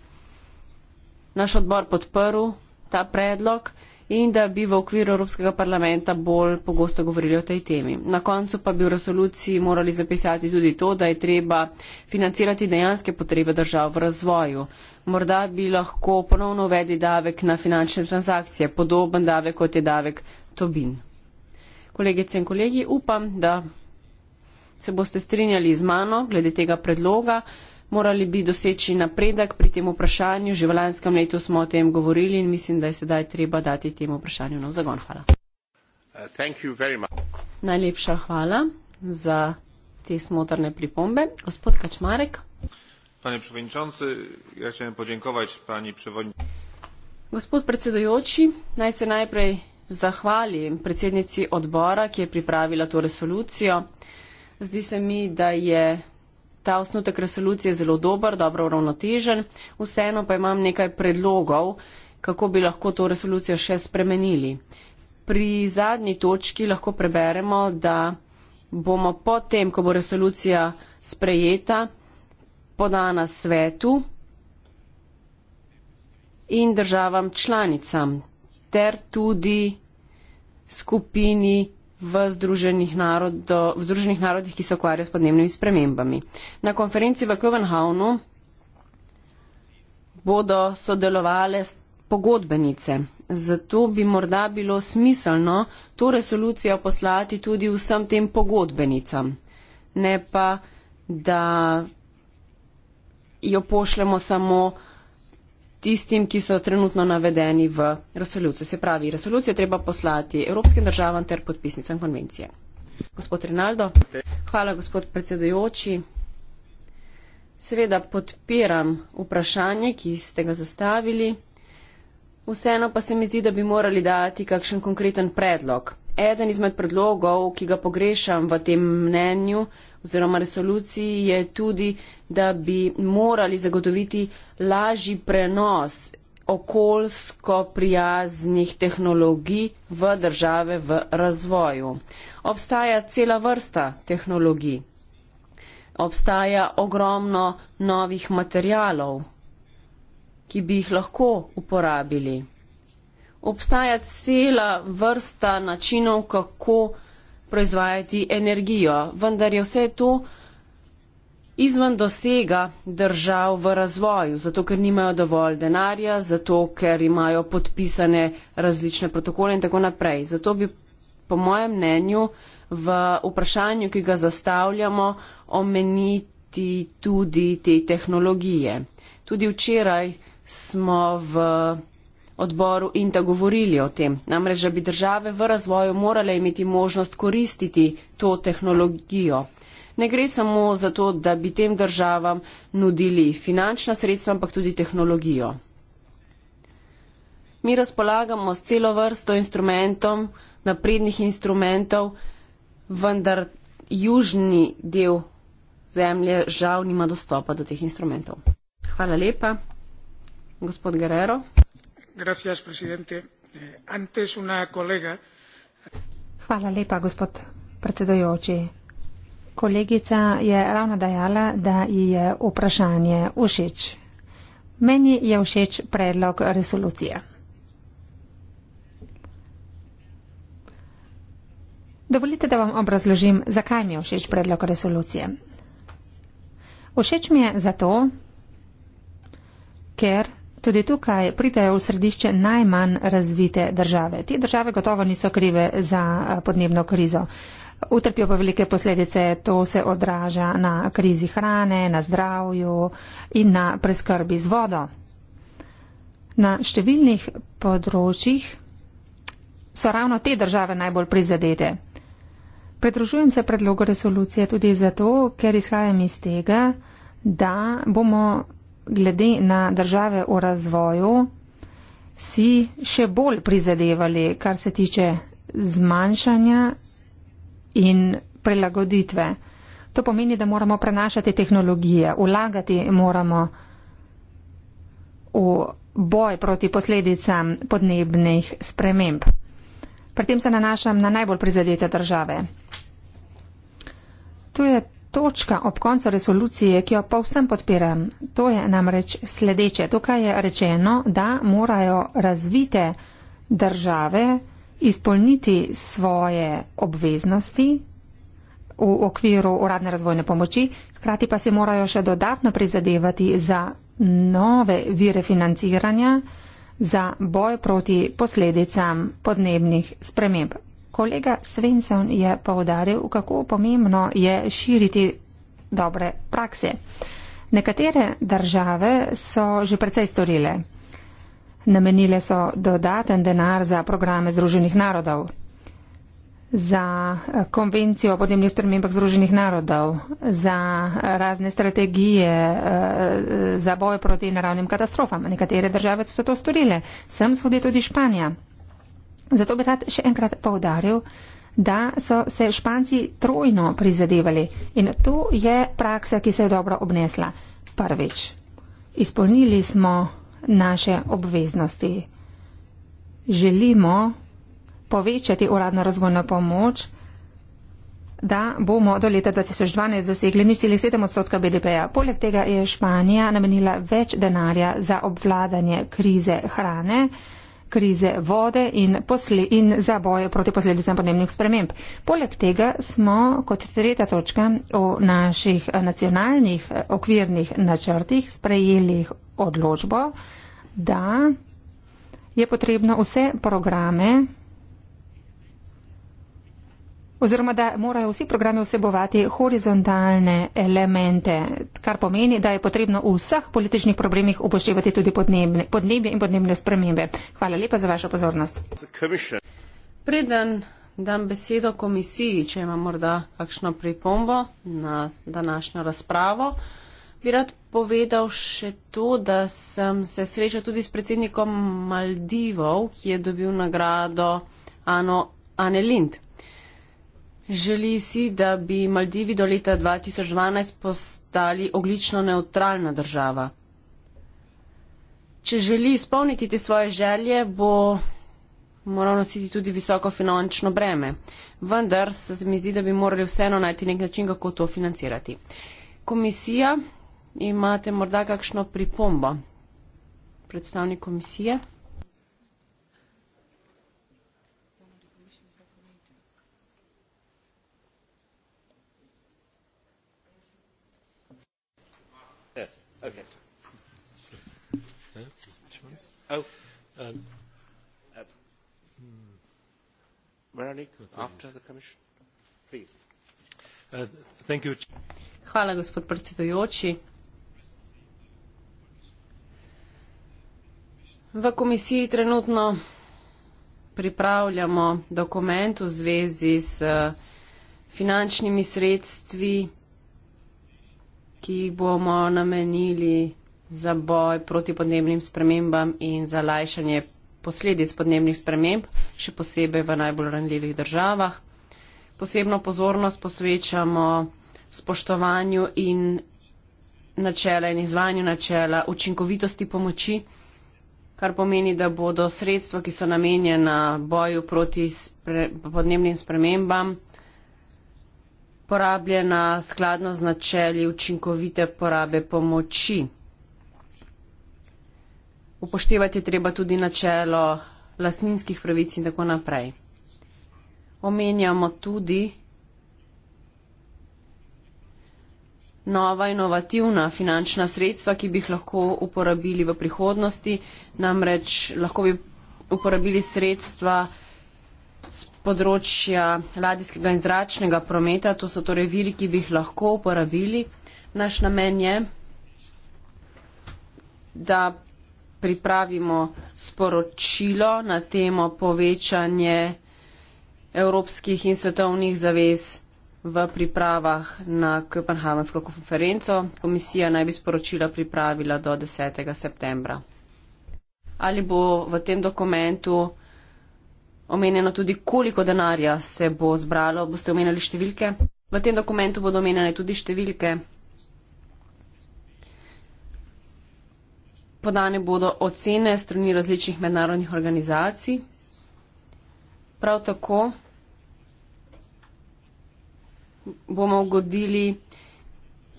naš odbor podprl ta predlog in da bi v okviru Evropskega parlamenta bolj pogosto govorili o tej temi. Na koncu pa bi v resoluciji morali zapisati tudi to, da je treba financirati dejanske potrebe držav v razvoju. Morda bi lahko ponovno uvedli davek na finančne transakcije, podoben davek kot je davek Tobin. Kolegice in kolegi, upam, da se boste strinjali z mano glede tega predloga. Morali bi doseči napredek pri tem vprašanju. Že v lanskem letu smo o tem govorili in mislim, da je sedaj treba dati temu vprašanju nov zagon. Hvala.
Uh,
Najlepša hvala za te smotrne pripombe. Gospod Kačmarek.
Ja pani predsedujoči, ja želim podjenkovati pani predsedujoči.
Gospod predsedujoči, naj se najprej zahvali predsednici odbora, ki je pripravila to resolucijo. Zdi se mi, da je ta osnutek resolucije zelo dober, dobro uravnotežen, vseeno pa imam nekaj predlogov, kako bi lahko to resolucijo še spremenili. Pri zadnji točki lahko preberemo, da bomo potem, ko bo resolucija sprejeta, podana svetu in državam članicam ter tudi skupini v Združenih, narodo, v Združenih narodih, ki se ukvarjajo s podnebnimi spremembami. Na konferenci v Kovenhavnu bodo sodelovale pogodbenice. Zato bi morda bilo smiselno to resolucijo poslati tudi vsem tem pogodbenicam, ne pa, da jo pošljemo samo tistim, ki so trenutno navedeni v resoluciji. Se pravi, resolucijo treba poslati evropskim državam ter podpisnicam konvencije. Gospod Rinaldo, hvala gospod predsedujoči. Seveda podpiram vprašanje, ki ste ga zastavili. Vseeno pa se mi zdi, da bi morali dati kakšen konkreten predlog. Eden izmed predlogov, ki ga pogrešam v tem mnenju oziroma resoluciji, je tudi, da bi morali zagotoviti lažji prenos okoljsko prijaznih tehnologij v države v razvoju. Obstaja cela vrsta tehnologij. Obstaja ogromno novih materialov, ki bi jih lahko uporabili obstaja cela vrsta načinov, kako proizvajati energijo. Vendar je vse to izven dosega držav v razvoju, zato ker nimajo dovolj denarja, zato ker imajo podpisane različne protokole in tako naprej. Zato bi po mojem mnenju v vprašanju, ki ga zastavljamo, omeniti tudi te tehnologije. Tudi včeraj smo v odboru in da govorili o tem. Namreč, da bi države v razvoju morale imeti možnost koristiti to tehnologijo. Ne gre samo za to, da bi tem državam nudili finančna sredstva, ampak tudi tehnologijo. Mi razpolagamo s celo vrsto instrumentov, naprednih instrumentov, vendar južni del zemlje žal nima dostopa do teh instrumentov. Hvala lepa, gospod Guerrero.
Eh,
gospod predsedujoči kolegica je ravno dejala da ji je vprašanje všeč meni je všeč predlog resolucije Dovolite, da vam obrazložim, zakaj mi je všeč predlog resolucije. Všeč mi je zato, ker Tudi tukaj pridejo v središče najmanj razvite države. Te države gotovo niso krive za eh, podnebno krizo. Utrpijo pa velike posledice, to se odraža na krizi hrane, na zdravju in na preskrbi z vodo. Na številnih področjih so ravno te države najbolj prizadete. Pridružujem se predlogu resolucije tudi zato, ker izhajam iz tega, da bomo glede na države v razvoju, si še bolj prizadevali, kar se tiče zmanjšanja in prilagoditve. To pomeni, da moramo prenašati tehnologije, ulagati moramo v boj proti posledicam podnebnih sprememb. Pri tem se nanašam na najbolj prizadete države. Tu je točka ob koncu rezolucije, ki jo povsem podpiram. To je namreč sledeče. Tukaj je rečeno, da morajo razvite države izpolniti svoje obveznosti v okviru uradne razvojne pomoči, hkrati pa se morajo še dodatno prizadevati za nove vire financiranja za boj proti posledicam podnebnih sprememb. Kolega Svensson je povdaril, kako pomembno je širiti dobre prakse. Nekatere države so že precej storile. Namenile so dodaten denar za programe Združenih narodov, za konvencijo o podnebnih spremembah Združenih narodov, za razne strategije, eh, za boj proti naravnim katastrofam. Nekatere države so to storile. Sem shodi tudi Španija. Zato bi rad še enkrat povdaril, da so se Španci trojno prizadevali in to je praksa, ki se je dobro obnesla. Prvič, izpolnili smo naše obveznosti. Želimo povečati uradno razvojno pomoč, da bomo do leta 2012 dosegli 0,7 odstotka BDP-ja. Poleg tega je Španija namenila več denarja za obvladanje krize hrane krize vode in, posle, in za boje proti posledicam podnebnih sprememb. Poleg tega smo kot tretja točka o naših eh, nacionalnih eh, okvirnih načrtih sprejeli odločbo, da je potrebno vse programe oziroma da morajo vsi programi vsebovati horizontalne elemente, kar pomeni, da je potrebno v vseh političnih problemih upoštevati tudi podnebne, podnebje in podnebne spremembe.
Hvala lepa za vašo pozornost. Preden dam besedo komisiji, če ima morda kakšno pripombo na današnjo razpravo, bi rad povedal še to, da sem se srečal tudi s predsednikom Maldivov, ki je dobil nagrado Ano Anne Lind. Želi si, da bi Maldivi do leta 2012 postali oglično neutralna država. Če želi izpolniti te svoje želje, bo moral nositi tudi visoko finančno breme. Vendar se mi zdi, da bi morali vseeno najti nek način, kako to financirati. Komisija, imate morda kakšno pripombo? Predstavnik komisije.
Um, uh, hmm. uh,
Hvala, gospod predsedujoči. V komisiji trenutno pripravljamo dokument v zvezi s uh, finančnimi sredstvi, ki jih bomo namenili za boj proti podnebnim spremembam in za lajšanje posledic podnebnih sprememb, še posebej v najbolj ranljivih državah. Posebno pozornost posvečamo spoštovanju in načela in izvanju načela učinkovitosti pomoči, kar pomeni, da bodo sredstva, ki so namenjena boju proti spre, podnebnim spremembam, porabljena skladno z načeli učinkovite porabe pomoči upoštevati je treba tudi načelo lastninskih pravic in tako naprej. Omenjamo tudi nova inovativna finančna sredstva, ki bi jih lahko uporabili v prihodnosti, namreč lahko bi uporabili sredstva z področja ladijskega in zračnega prometa, to so torej viri, ki bi jih lahko uporabili. Naš namen je, da pripravimo sporočilo na temo povečanje evropskih in svetovnih zavez v pripravah na Kopenhavnsko konferenco. Komisija naj bi sporočila pripravila do 10. septembra. Ali bo v tem dokumentu omenjeno tudi, koliko denarja se bo zbralo? Boste omenjali številke? V tem dokumentu bodo omenjene tudi številke, podane bodo ocene strani različnih mednarodnih organizacij. Prav tako bomo ugodili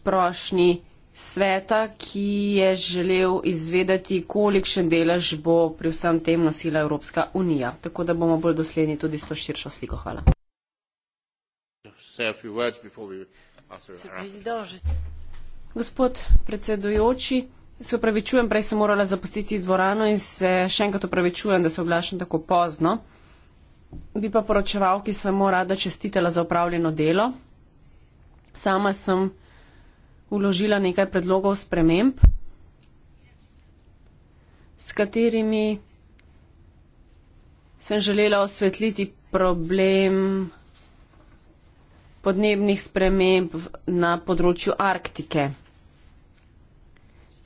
prošnji sveta, ki je želel izvedeti, kolikšen delež bo pri vsem tem nosila Evropska unija. Tako da bomo bolj dosledni tudi s to širšo sliko. Hvala. Gospod predsedujoči, Se upravičujem, prej sem morala zapustiti dvorano in se še enkrat upravičujem, da se oglašam tako pozno. Bi pa poročevalki samo rada čestitela za opravljeno delo. Sama sem uložila nekaj predlogov sprememb, s katerimi sem želela osvetliti problem podnebnih sprememb na področju Arktike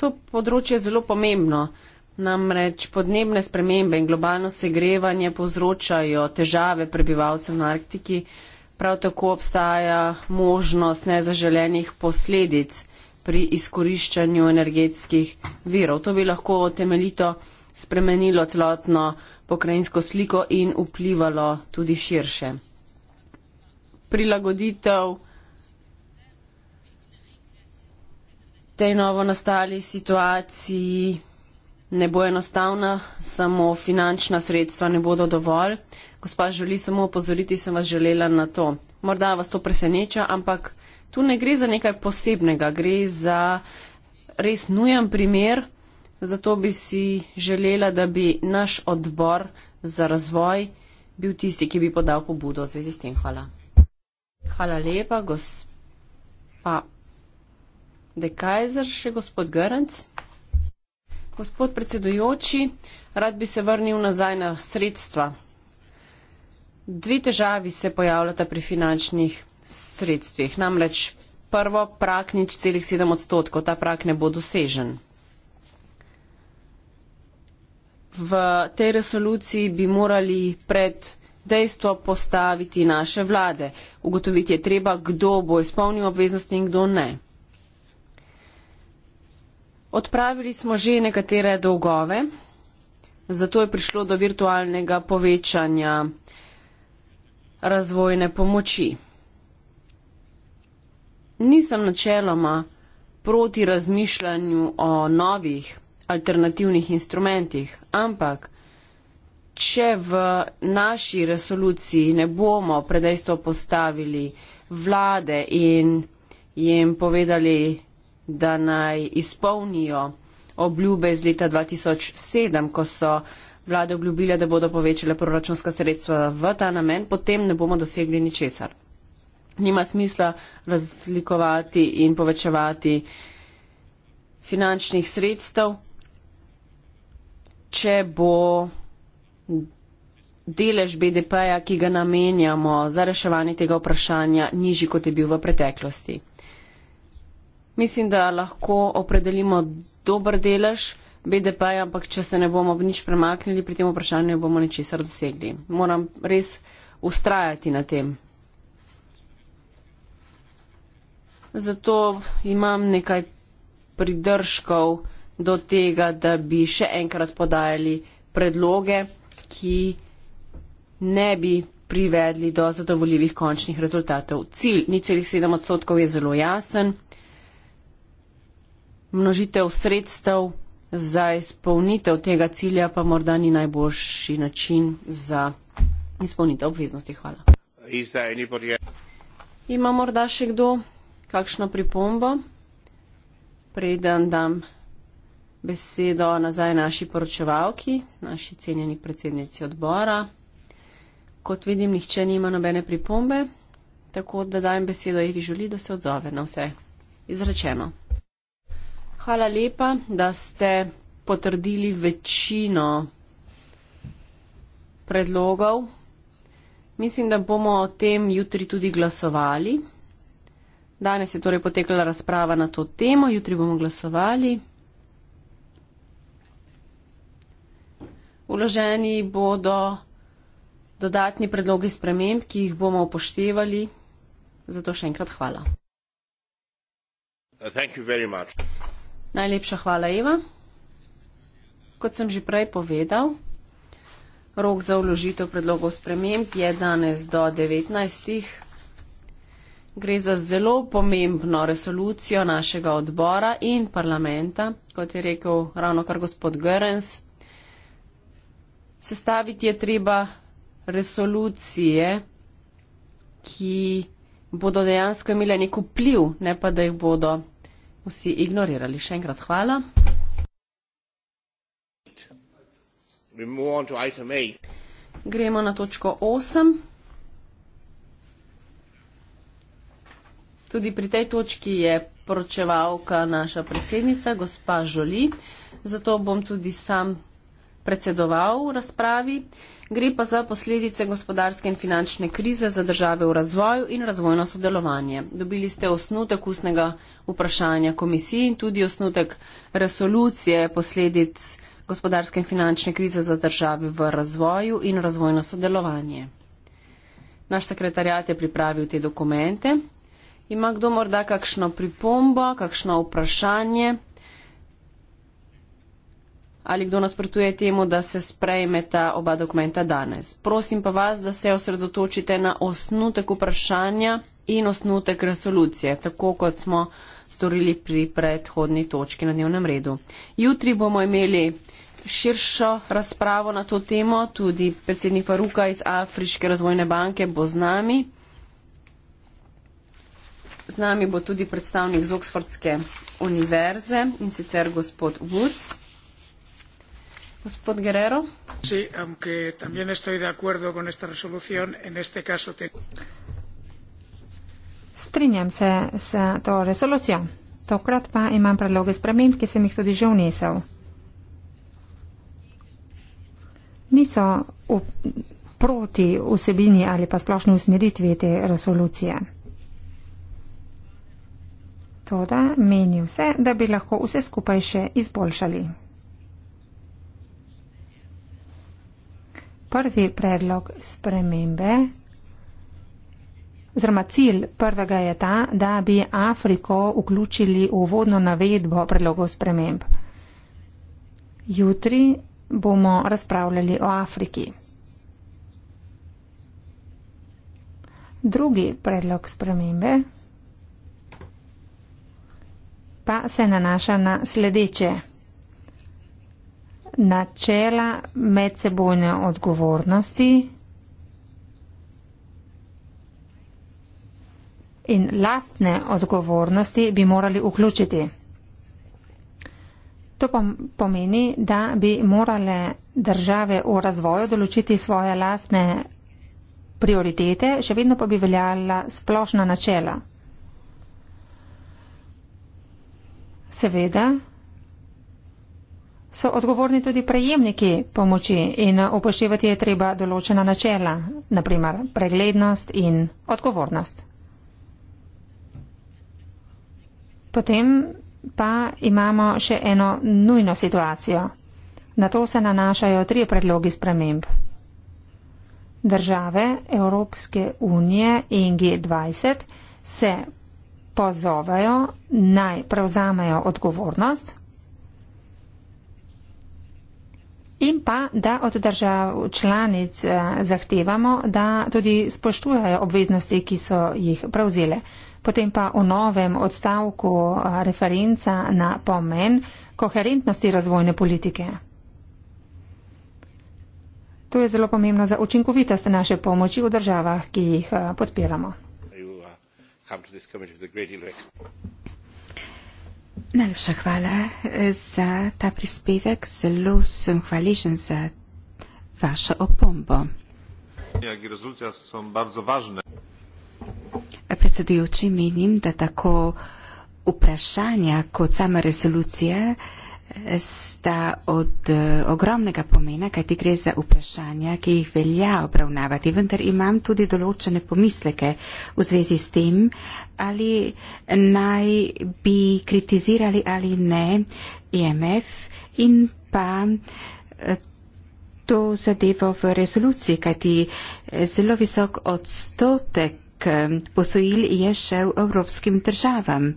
to področje zelo pomembno. Namreč podnebne spremembe in globalno segrevanje povzročajo težave prebivalcev na Arktiki, prav tako obstaja možnost nezaželenih posledic pri izkoriščanju energetskih virov. To bi lahko temeljito spremenilo celotno pokrajinsko sliko in vplivalo tudi širše. Prilagoditev tej novo nastali situaciji ne bo enostavna, samo finančna sredstva ne bodo dovolj. Gospa želi samo opozoriti, sem vas želela na to. Morda vas to preseneča, ampak tu ne gre za nekaj posebnega, gre za res nujen primer, zato bi si želela, da bi naš odbor za razvoj bil tisti, ki bi podal pobudo v zvezi s tem. Hvala. Hvala lepa, gospa de Kajzer, še gospod Grenc. Gospod predsedujoči, rad bi se vrnil nazaj na sredstva. Dve težavi se pojavljata pri finančnih sredstvih. Namreč prvo, prak nič celih sedem odstotkov, ta prak ne bo dosežen. V tej resoluciji bi morali pred dejstvo postaviti naše vlade. Ugotoviti je treba, kdo bo izpolnil obveznosti in kdo ne. Odpravili smo že nekatere dolgove, zato je prišlo do virtualnega povečanja razvojne pomoči. Nisem načeloma proti razmišljanju o novih alternativnih instrumentih, ampak če v naši resoluciji ne bomo predajstvo postavili vlade in jim povedali, da naj izpolnijo obljube iz leta 2007, ko so vlade obljubile, da bodo povečale proračunska sredstva v ta namen, potem ne bomo dosegli ničesar. Nima smisla razlikovati in povečevati finančnih sredstev, če bo delež BDP-ja, ki ga namenjamo za reševanje tega vprašanja, nižji, kot je bil v preteklosti. Mislim, da lahko opredelimo dober delež BDP, ampak če se ne bomo nič premaknili pri tem vprašanju, bomo ničesar dosegli. Moram res ustrajati na tem. Zato imam nekaj pridržkov do tega, da bi še enkrat podajali predloge, ki ne bi privedli do zadovoljivih končnih rezultatov. Cilj ni celih sedem odstotkov je zelo jasen množitev sredstev za izpolnitev tega cilja pa morda ni najboljši način za izpolnitev obveznosti. Hvala. Ima morda še kdo kakšno pripombo? Preden dam besedo nazaj naši poročevalki, naši cenjeni predsednici odbora. Kot vidim, nihče nima nobene pripombe, tako da dajem besedo Evi Žuli, da se odzove na vse izrečeno hvala lepa, da ste potrdili večino predlogov. Mislim, da bomo o tem jutri tudi glasovali. Danes je torej potekala razprava na to temo, jutri bomo glasovali. Uloženi bodo dodatni predlogi sprememb, ki jih bomo upoštevali. Zato še enkrat hvala.
Uh, thank you very much.
Najlepša hvala, Eva. Kot sem že prej povedal, rok za vložitev predlogov sprememb je danes do 19. Gre za zelo pomembno resolucijo našega odbora in parlamenta, kot je rekel ravno kar gospod Görens. Sestaviti je treba resolucije, ki bodo dejansko imele nek vpliv, ne pa da jih bodo vsi ignorirali. Še enkrat hvala. Gremo na točko 8. Tudi pri tej točki je poročevalka naša predsednica, gospa Žoli, zato bom tudi sam predsedoval v razpravi gre pa za posledice gospodarske in finančne krize za države v razvoju in razvojno sodelovanje. Dobili ste osnutek ustnega vprašanja komisiji in tudi osnutek resolucije posledic gospodarske in finančne krize za države v razvoju in razvojno sodelovanje. Naš sekretarjat je pripravil te dokumente. Ima kdo morda kakšno pripombo, kakšno vprašanje? ali kdo nasprotuje temu, da se sprejme ta oba dokumenta danes. Prosim pa vas, da se osredotočite na osnutek vprašanja in osnutek resolucije, tako kot smo storili pri predhodni točki na dnevnem redu. Jutri bomo imeli širšo razpravo na to temo, tudi predsednik Faruka iz Afriške razvojne banke bo z nami. Z nami bo tudi predstavnik z Oksfordske univerze in sicer gospod Woods. Gospod Guerrero.
Sí, aunque también estoy de acuerdo con esta resolución, en este caso te... Strinjam se s to resolucijo. Tokrat pa imam predloge sprememb, ki sem jih tudi že vnesel. Niso v, proti vsebini ali pa splošni usmeritvi te resolucije. Toda menijo se, da bi lahko vse skupaj še izboljšali. prvi predlog spremembe, oziroma cilj prvega je ta, da bi Afriko vključili v vodno navedbo predlogov sprememb. Jutri bomo razpravljali o Afriki. Drugi predlog spremembe pa se nanaša na sledeče načela medsebojne odgovornosti in lastne odgovornosti bi morali vključiti. To pomeni, da bi morale države v razvoju določiti svoje lastne prioritete, še vedno pa bi veljala splošna načela. Seveda, so odgovorni tudi prejemniki pomoči in upoštevati je treba določena načela, naprimer preglednost in odgovornost. Potem pa imamo še eno nujno situacijo. Na to se nanašajo tri predlogi sprememb. Države Evropske unije in G20 se pozovejo naj prevzamejo odgovornost In pa, da od držav članic eh, zahtevamo, da tudi spoštujajo obveznosti, ki so jih prevzele. Potem pa o novem odstavku eh, referenca na pomen koherentnosti razvojne politike. To je zelo pomembno za učinkovitost naše pomoči v državah, ki jih eh, podpiramo.
Uh,
Najlepša hvala eh, za ta prispevek. Zelo sem hvaležen za vašo opombo. Predsedujoči, menim, da tako vprašanja kot sama resolucija sta od eh, ogromnega pomena, kajti gre za vprašanja, ki jih velja obravnavati, vendar imam tudi določene pomisleke v zvezi s tem, ali naj bi kritizirali ali ne IMF e in pa eh, to zadevo v resoluciji, kajti eh, zelo visok odstotek posojil je šel evropskim državam.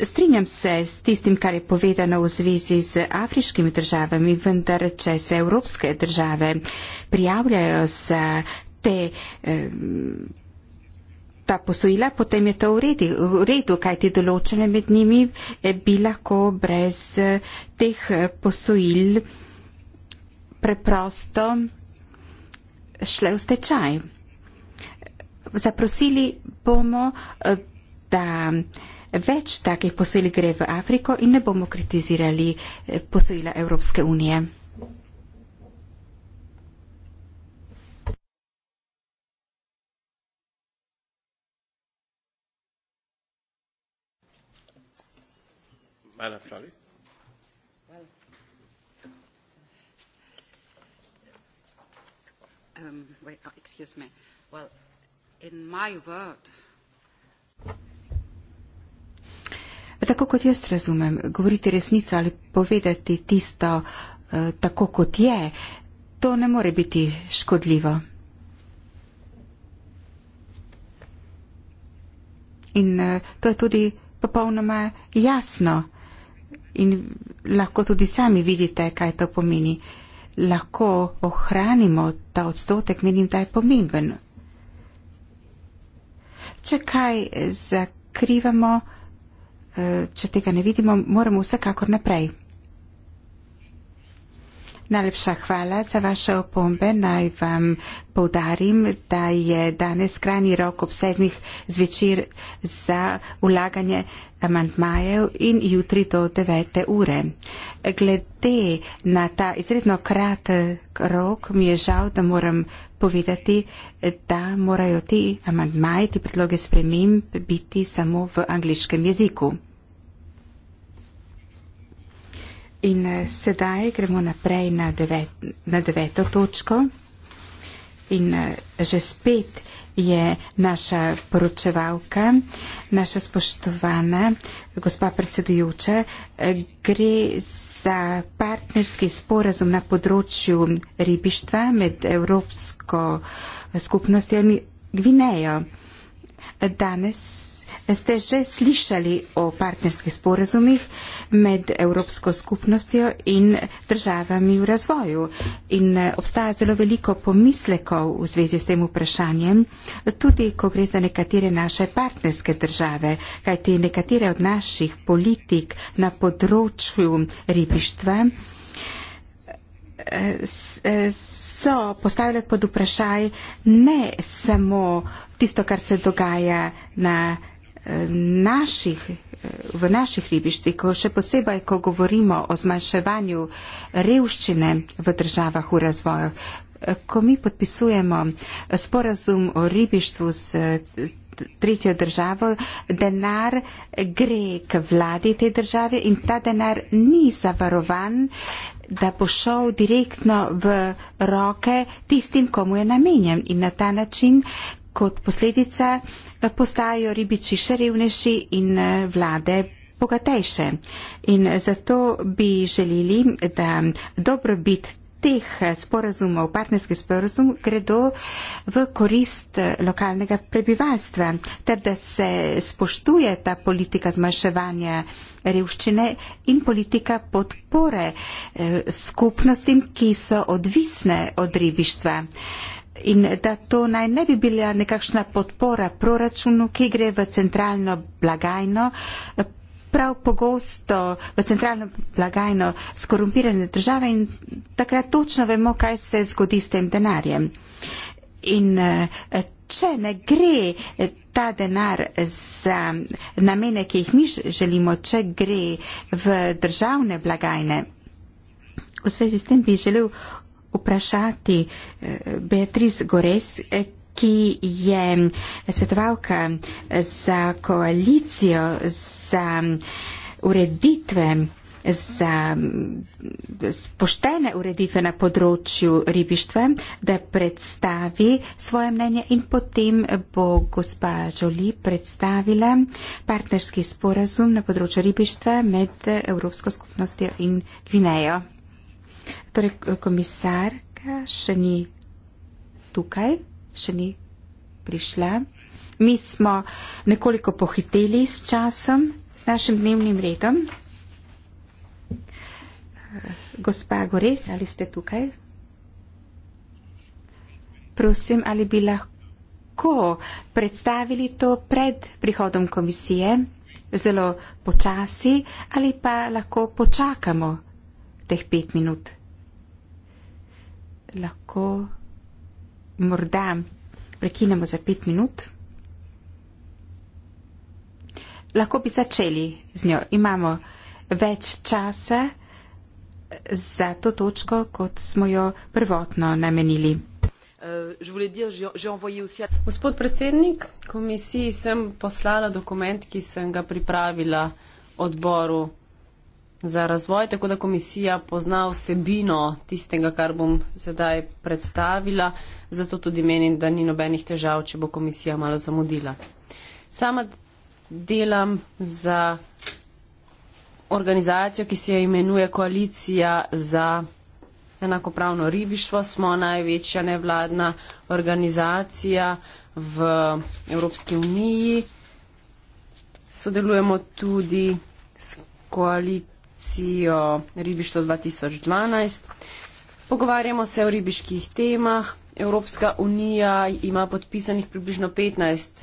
Strinjam se s tistim, kar je povedano v zvezi z afriškimi državami, vendar če se evropske države prijavljajo za te. Eh, Ta posojila potem je to v redu, redu kaj ti določene med njimi eh, bi lahko brez eh, teh eh, posojil preprosto šle v stečaj. Zaprosili bomo, da. Več takih posojil gre v Afriko in ne bomo kritizirali eh, posojila Evropske unije.
Um, wait, oh, excuse me. Well, in my world,
tako kot jaz razumem, govoriti resnico ali povedati tisto eh, tako, kot je, to ne more biti škodljivo. In eh, to je tudi popolnoma jasno. In lahko tudi sami vidite, kaj to pomeni. Lahko ohranimo ta odstotek, menim, da je pomemben. Če kaj zakrivamo, Eh, če tega ne vidimo, moramo vsekakor naprej. Najlepša hvala za vaše opombe. Naj vam povdarim, da je danes krajni rok ob sedmih zvečer za ulaganje amantmajev in jutri do devete ure. Glede na ta izredno kratek rok mi je žal, da moram povedati, da morajo ti amantmaji, ti predloge spremem biti samo v angliškem jeziku. In eh, sedaj gremo naprej na, devet, na deveto točko. In eh, že spet je naša poročevalka, naša spoštovana gospa predsedujoča, eh, gre za partnerski sporazum na področju ribištva med Evropsko skupnostjo in Gvinejo. Danes Ste že slišali o partnerskih sporazumih med Evropsko skupnostjo in državami v razvoju in eh, obstaja zelo veliko pomislekov v zvezi s tem vprašanjem, tudi ko gre za nekatere naše partnerske države, kajti nekatere od naših politik na področju ribištva eh, eh, so postavile pod vprašaj ne samo tisto, kar se dogaja na naših, v naših ribištvih, ko še posebej, ko govorimo o zmanjševanju revščine v državah v razvoju, ko mi podpisujemo sporazum o ribištvu s tretjo državo, denar gre k vladi te države in ta denar ni zavarovan, da bo šel direktno v roke tistim, komu je namenjen. In na ta način, kot posledice eh, postajajo ribiči še revnejši in eh, vlade bogatejše. In eh, zato bi želeli, da dobrobit teh sporazumov, partnerskih sporazum, gredo v korist lokalnega prebivalstva, ter da se spoštuje ta politika zmanjševanja revščine in politika podpore skupnostim, ki so odvisne od ribištva in da to naj ne bi bila nekakšna podpora proračunu, ki gre v centralno blagajno. Prav pogosto v centralno blagajno skorumpirane države in takrat točno vemo, kaj se zgodi s tem denarjem. In eh, če ne gre eh, ta denar za namene, ki jih mi želimo, če gre v državne blagajne, v zvezi s tem bi želel vprašati eh, Beatriz Gores, eh, ki je svetovalka za koalicijo za mm, ureditve za mm, poštene ureditve na področju ribištva, da predstavi svoje mnenje in potem bo gospa Žoli predstavila partnerski sporazum na področju ribištva med Evropsko skupnostjo in Gvinejo. Torej, komisarka še ni tukaj, še ni prišla. Mi smo nekoliko pohiteli s časom, s našim dnevnim redom. Gospa Gores, ali ste tukaj? Prosim, ali bi lahko predstavili to pred prihodom komisije, zelo počasi, ali pa lahko počakamo teh pet minut. Lahko morda prekinemo za pet minut. Lahko bi začeli z njo. Imamo več časa za to točko, kot smo jo prvotno namenili.
Eh, Gospod predsednik, komisiji sem poslala dokument, ki sem ga pripravila odboru za razvoj, tako da komisija pozna vsebino tistega, kar bom sedaj predstavila. Zato tudi menim, da ni nobenih težav, če bo komisija malo zamudila. Sama delam za organizacijo, ki se imenuje Koalicija za enakopravno ribištvo. Smo največja nevladna organizacija v Evropski uniji. Sodelujemo tudi s koalicijo edicijo Ribištvo 2012. Pogovarjamo se o ribiških temah. Evropska unija ima podpisanih približno 15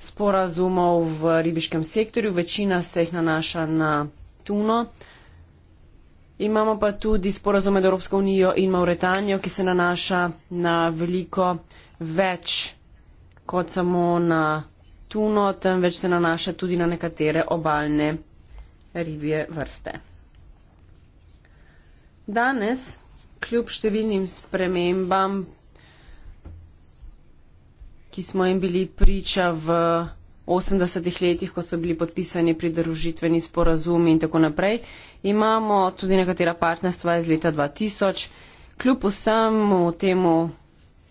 sporazumov v ribiškem sektorju, večina se jih nanaša na tuno. Imamo pa tudi sporazum med Evropsko unijo in Mauretanijo, ki se nanaša na veliko več kot samo na tuno, temveč se nanaša tudi na nekatere obaljne ribje vrste. Danes, kljub številnim spremembam, ki smo jim bili priča v 80-ih letih, ko so bili podpisani pridružitveni sporazumi in tako naprej, imamo tudi nekatera partnerstva iz leta 2000. Kljub vsemu temu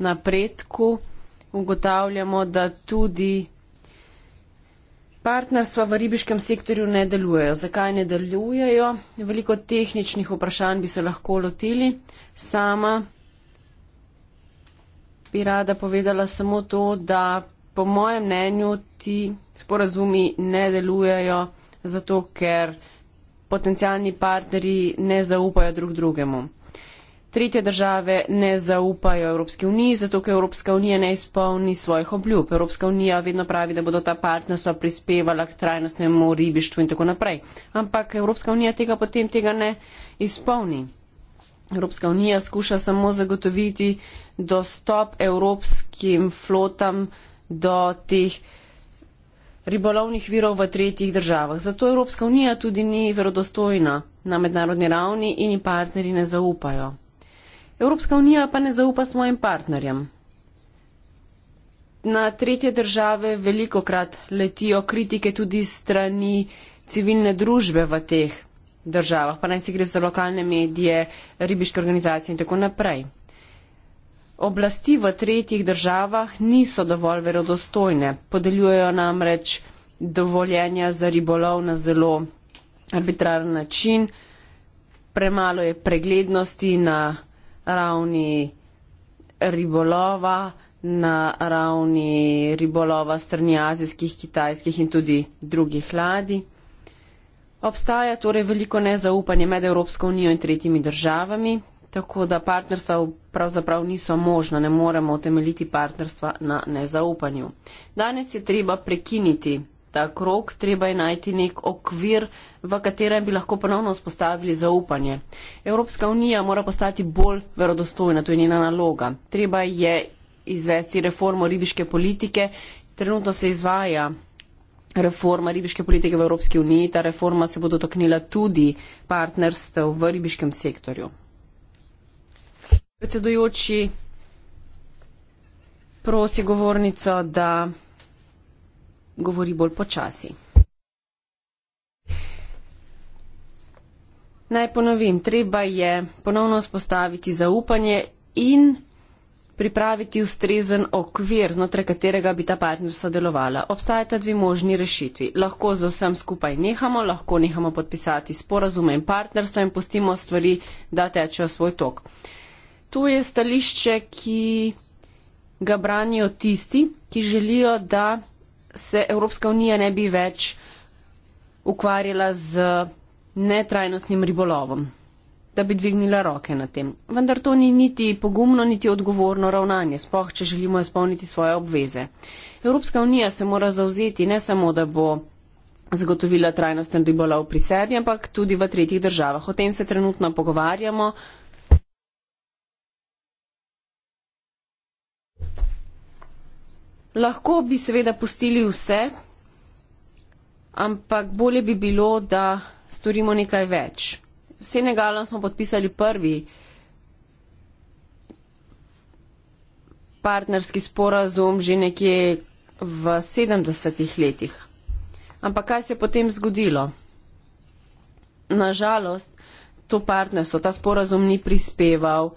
napredku ugotavljamo, da tudi partnerstva v ribiškem sektorju ne delujejo. Zakaj ne delujejo? Veliko tehničnih vprašanj bi se lahko lotili. Sama bi rada povedala samo to, da po mojem mnenju ti sporazumi ne delujejo, zato ker potencijalni partnerji ne zaupajo drug drugemu tretje države ne zaupajo Evropski uniji, zato ker Evropska unija ne izpolni svojih obljub. Evropska unija vedno pravi, da bodo ta partnerstva prispevala k trajnostnemu ribištvu in tako naprej. Ampak Evropska unija tega potem tega ne izpolni. Evropska unija skuša samo zagotoviti dostop evropskim flotam do teh ribolovnih virov v tretjih državah. Zato Evropska unija tudi ni verodostojna na mednarodni ravni in ji partneri ne zaupajo. Evropska unija pa ne zaupa svojim partnerjem. Na tretje države veliko krat letijo kritike tudi strani civilne družbe v teh državah, pa naj si gre za lokalne medije, ribiške organizacije in tako naprej. Oblasti v tretjih državah niso dovolj verodostojne, podeljujejo namreč dovoljenja za ribolov na zelo arbitraren način, premalo je preglednosti na ravni ribolova, na ravni ribolova strani azijskih, kitajskih in tudi drugih ladi. Obstaja torej veliko nezaupanje med Evropsko unijo in tretjimi državami, tako da partnerstva pravzaprav niso možna, ne moremo utemeljiti partnerstva na nezaupanju. Danes je treba prekiniti ta krok, treba je najti nek okvir, v katerem bi lahko ponovno vzpostavili zaupanje. Evropska unija mora postati bolj verodostojna, to je njena naloga. Treba je izvesti reformo ribiške politike, trenutno se izvaja reforma ribiške politike v Evropski uniji, ta reforma se bo dotaknila tudi partnerstv v ribiškem sektorju. Predsedujoči, prosi govornico, da govori bolj počasi. Naj ponovim, treba je ponovno spostaviti zaupanje in pripraviti ustrezen okvir, znotraj katerega bi ta partnerstva delovala. Obstajata dve možni rešitvi. Lahko z vsem skupaj nehamo, lahko nehamo podpisati sporazume in partnerstva in pustimo stvari, da tečejo svoj tok. Tu je stališče, ki ga branijo tisti, ki želijo, da se Evropska unija ne bi več ukvarjala z netrajnostnim ribolovom, da bi dvignila roke na tem. Vendar to ni niti pogumno, niti odgovorno ravnanje, spoh, če želimo izpolniti svoje obveze. Evropska unija se mora zauzeti ne samo, da bo zagotovila trajnosten ribolov pri sebi, ampak tudi v tretjih državah. O tem se trenutno pogovarjamo. Lahko bi seveda pustili vse, ampak bolje bi bilo, da storimo nekaj več. Senegalom smo podpisali prvi partnerski sporazum že nekje v 70-ih letih. Ampak kaj se je potem zgodilo? Nažalost, to partnerstvo, ta sporazum ni prispeval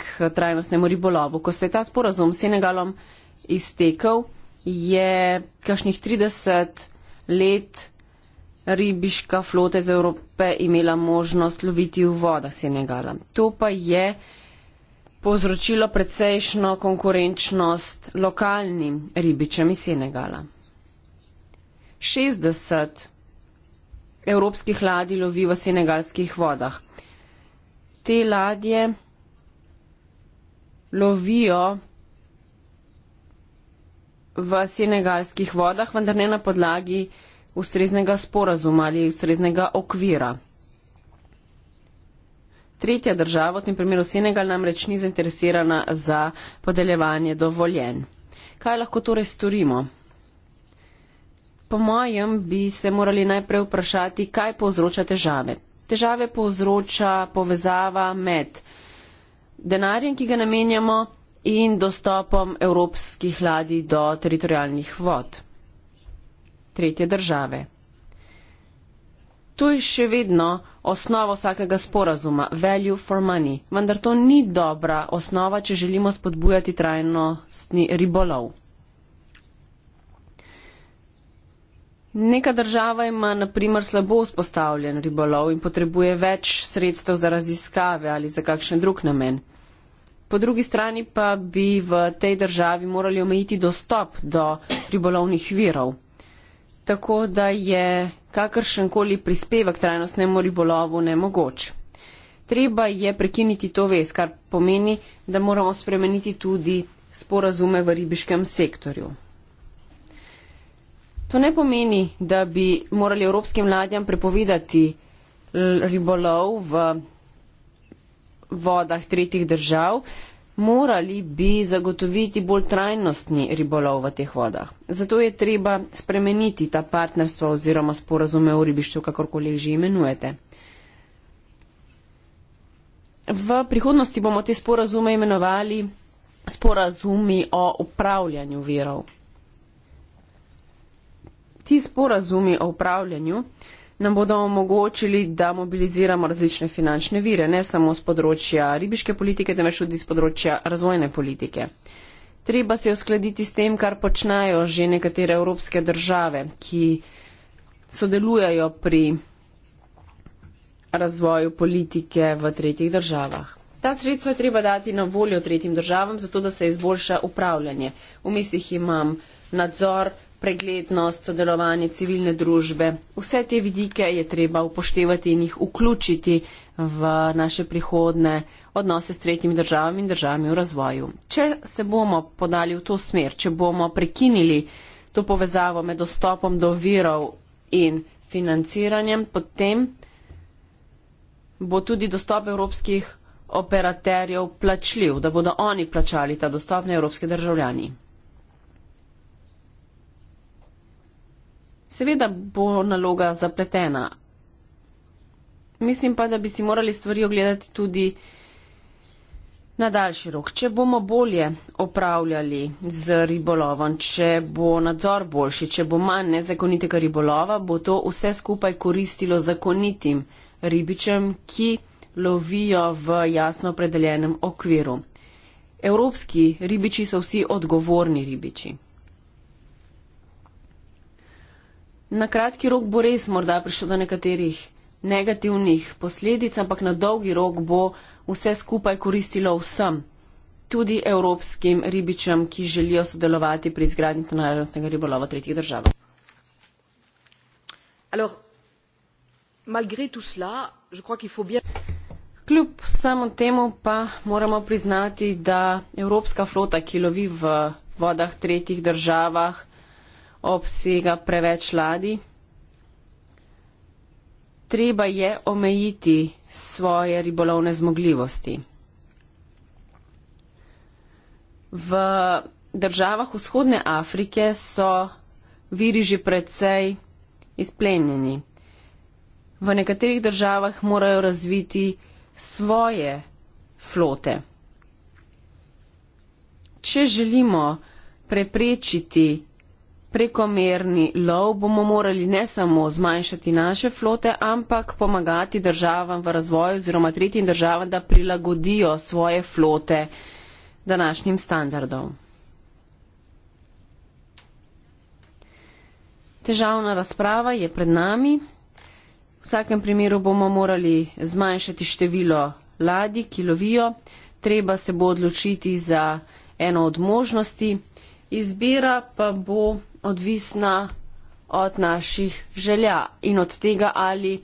k trajnostnemu ribolovu. Ko se je ta sporazum s Senegalom iztekel, je kakšnih 30 let ribiška flota iz Evrope imela možnost loviti v vodah Senegala. To pa je povzročilo precejšno konkurenčnost lokalnim ribičem iz Senegala. 60 evropskih ladij lovi v senegalskih vodah. Te ladje lovijo v senegalskih vodah, vendar ne na podlagi ustreznega sporazuma ali ustreznega okvira. Tretja država, v tem primeru Senegal, namreč ni zainteresirana za podeljevanje dovoljen. Kaj lahko torej storimo? Po mojem bi se morali najprej vprašati, kaj povzroča težave. Težave povzroča povezava med denarjem, ki ga namenjamo, in dostopom evropskih ladij do teritorijalnih vod. Tretje države. Tu je še vedno osnova vsakega sporazuma, value for money, vendar to ni dobra osnova, če želimo spodbujati trajnostni ribolov. Neka država ima naprimer slabo vzpostavljen ribolov in potrebuje več sredstev za raziskave ali za kakšen drug namen. Po drugi strani pa bi v tej državi morali omejiti dostop do ribolovnih virov. Tako da je kakršenkoli prispevek trajnostnemu ribolovu nemogoč. Treba je prekiniti to vez, kar pomeni, da moramo spremeniti tudi sporazume v ribiškem sektorju. To ne pomeni, da bi morali evropskim ladjam prepovedati ribolov v vodah tretjih držav, morali bi zagotoviti bolj trajnostni ribolov v teh vodah. Zato je treba spremeniti ta partnerstva oziroma sporazume o ribištvu, kakorkoli jih že imenujete. V prihodnosti bomo te sporazume imenovali sporazumi o upravljanju virov. Ti sporazumi o upravljanju nam bodo omogočili, da mobiliziramo različne finančne vire, ne samo z področja ribiške politike, temveč tudi z področja razvojne politike. Treba se uskladiti s tem, kar počnajo že nekatere evropske države, ki sodelujajo pri razvoju politike v tretjih državah. Ta sredstva je treba dati na voljo tretjim državam, zato da se izboljša upravljanje. V mislih imam nadzor, preglednost, sodelovanje civilne družbe. Vse te vidike je treba upoštevati in jih vključiti v naše prihodne odnose s tretjimi državami in državami v razvoju. Če se bomo podali v to smer, če bomo prekinili to povezavo med dostopom do virov in financiranjem, potem bo tudi dostop evropskih operaterjev plačljiv, da bodo oni plačali ta dostop na evropske državljani. Seveda bo naloga zapletena. Mislim pa, da bi si morali stvari ogledati tudi na daljši rok. Če bomo bolje opravljali z ribolovom, če bo nadzor boljši, če bo manj nezakonitega ribolova, bo to vse skupaj koristilo zakonitim ribičem, ki lovijo v jasno opredeljenem okviru. Evropski ribiči so vsi odgovorni ribiči. Na kratki rok bo res morda prišlo do nekaterih negativnih posledic, ampak na dolgi rok bo vse skupaj koristilo vsem, tudi evropskim ribičem, ki želijo sodelovati pri izgradnji tonarjenostnega ribolova tretjih držav. Kljub samo temu pa moramo priznati, da evropska flota, ki lovi v vodah tretjih državah, obsega preveč ladi. Treba je omejiti svoje ribolovne zmogljivosti. V državah vzhodne Afrike so viri že precej izplenjeni. V nekaterih državah morajo razviti svoje flote. Če želimo preprečiti prekomerni lov, bomo morali ne samo zmanjšati naše flote, ampak pomagati državam v razvoju oziroma tretjim državam, da prilagodijo svoje flote današnjim standardom. Težavna razprava je pred nami. V vsakem primeru bomo morali zmanjšati število ladi, ki lovijo. Treba se bo odločiti za eno od možnosti izbira pa bo odvisna od naših želja in od tega, ali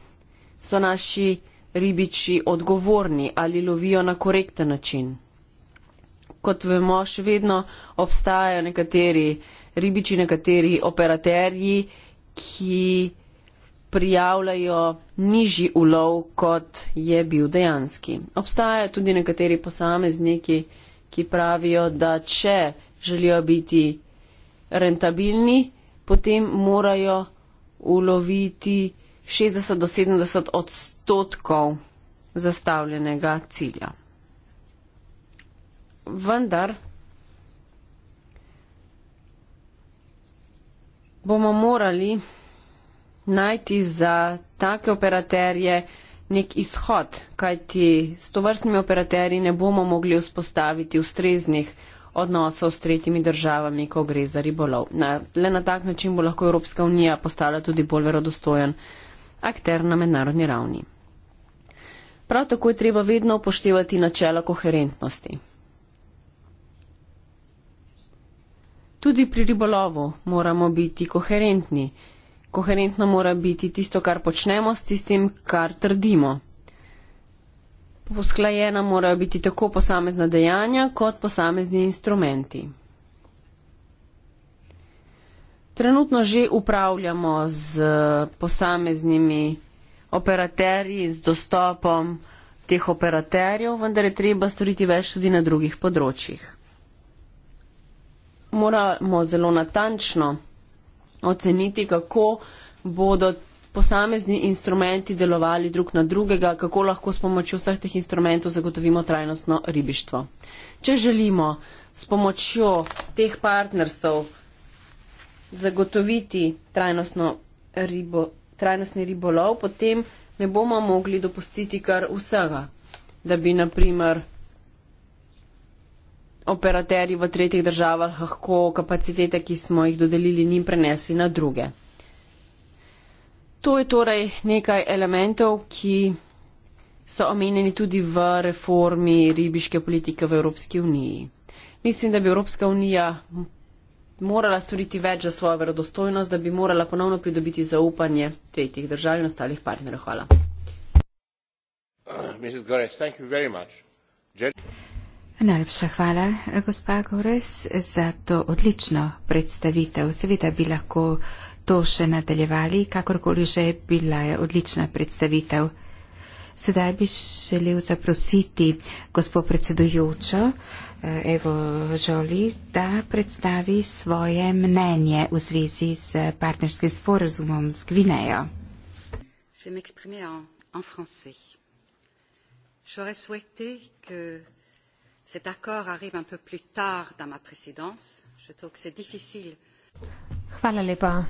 so naši ribiči odgovorni, ali lovijo na korekten način. Kot vemo, še vedno obstajajo nekateri ribiči, nekateri operaterji, ki prijavljajo nižji ulov, kot je bil dejanski. Obstajajo tudi nekateri posamezniki, ki pravijo, da če želijo biti rentabilni, potem morajo uloviti 60 do 70 odstotkov zastavljenega cilja. Vendar bomo morali najti za take operaterje nek izhod, kajti s tovrstnimi operaterji ne bomo mogli vzpostaviti ustreznih odnosov s tretjimi državami, ko gre za ribolov. Na, le na tak način bo lahko Evropska unija postala tudi bolj verodostojen akter na mednarodni ravni. Prav tako je treba vedno upoštevati načela koherentnosti. Tudi pri ribolovu moramo biti koherentni. Koherentno mora biti tisto, kar počnemo s tistim, kar trdimo usklajena morajo biti tako posamezna dejanja kot posamezni instrumenti. Trenutno že upravljamo z posameznimi operaterji, z dostopom teh operaterjev, vendar je treba storiti več tudi na drugih področjih. Moramo zelo natančno oceniti, kako bodo posamezni instrumenti delovali drug na drugega, kako lahko s pomočjo vseh teh instrumentov zagotovimo trajnostno ribištvo. Če želimo s pomočjo teh partnerstv zagotoviti ribo, trajnostni ribolov, potem ne bomo mogli dopustiti kar vsega, da bi naprimer operaterji v tretjih državah lahko kapacitete, ki smo jih dodelili, njim prenesli na druge. To je torej nekaj elementov, ki so omenjeni tudi v reformi ribiške politike v Evropski uniji. Mislim, da bi Evropska unija morala storiti več za svojo verodostojnost, da bi morala ponovno pridobiti zaupanje tretjih držav in ostalih partnerjev.
Hvala. Uh,
Najlepša hvala, gospa Gores, za to odlično predstavitev. Seveda bi lahko to še nadaljevali, kakorkoli že bila je odlična predstavitev. Sedaj bi želel zaprositi gospod predsedujočo eh, Evo Žoli, da predstavi svoje mnenje v zvezi s partnerskim sporozumom z Gvinejo.
J'aurais souhaité que cet accord arrive un peu plus tard dans ma présidence. Je trouve que c'est difficile.
Hvala lepa.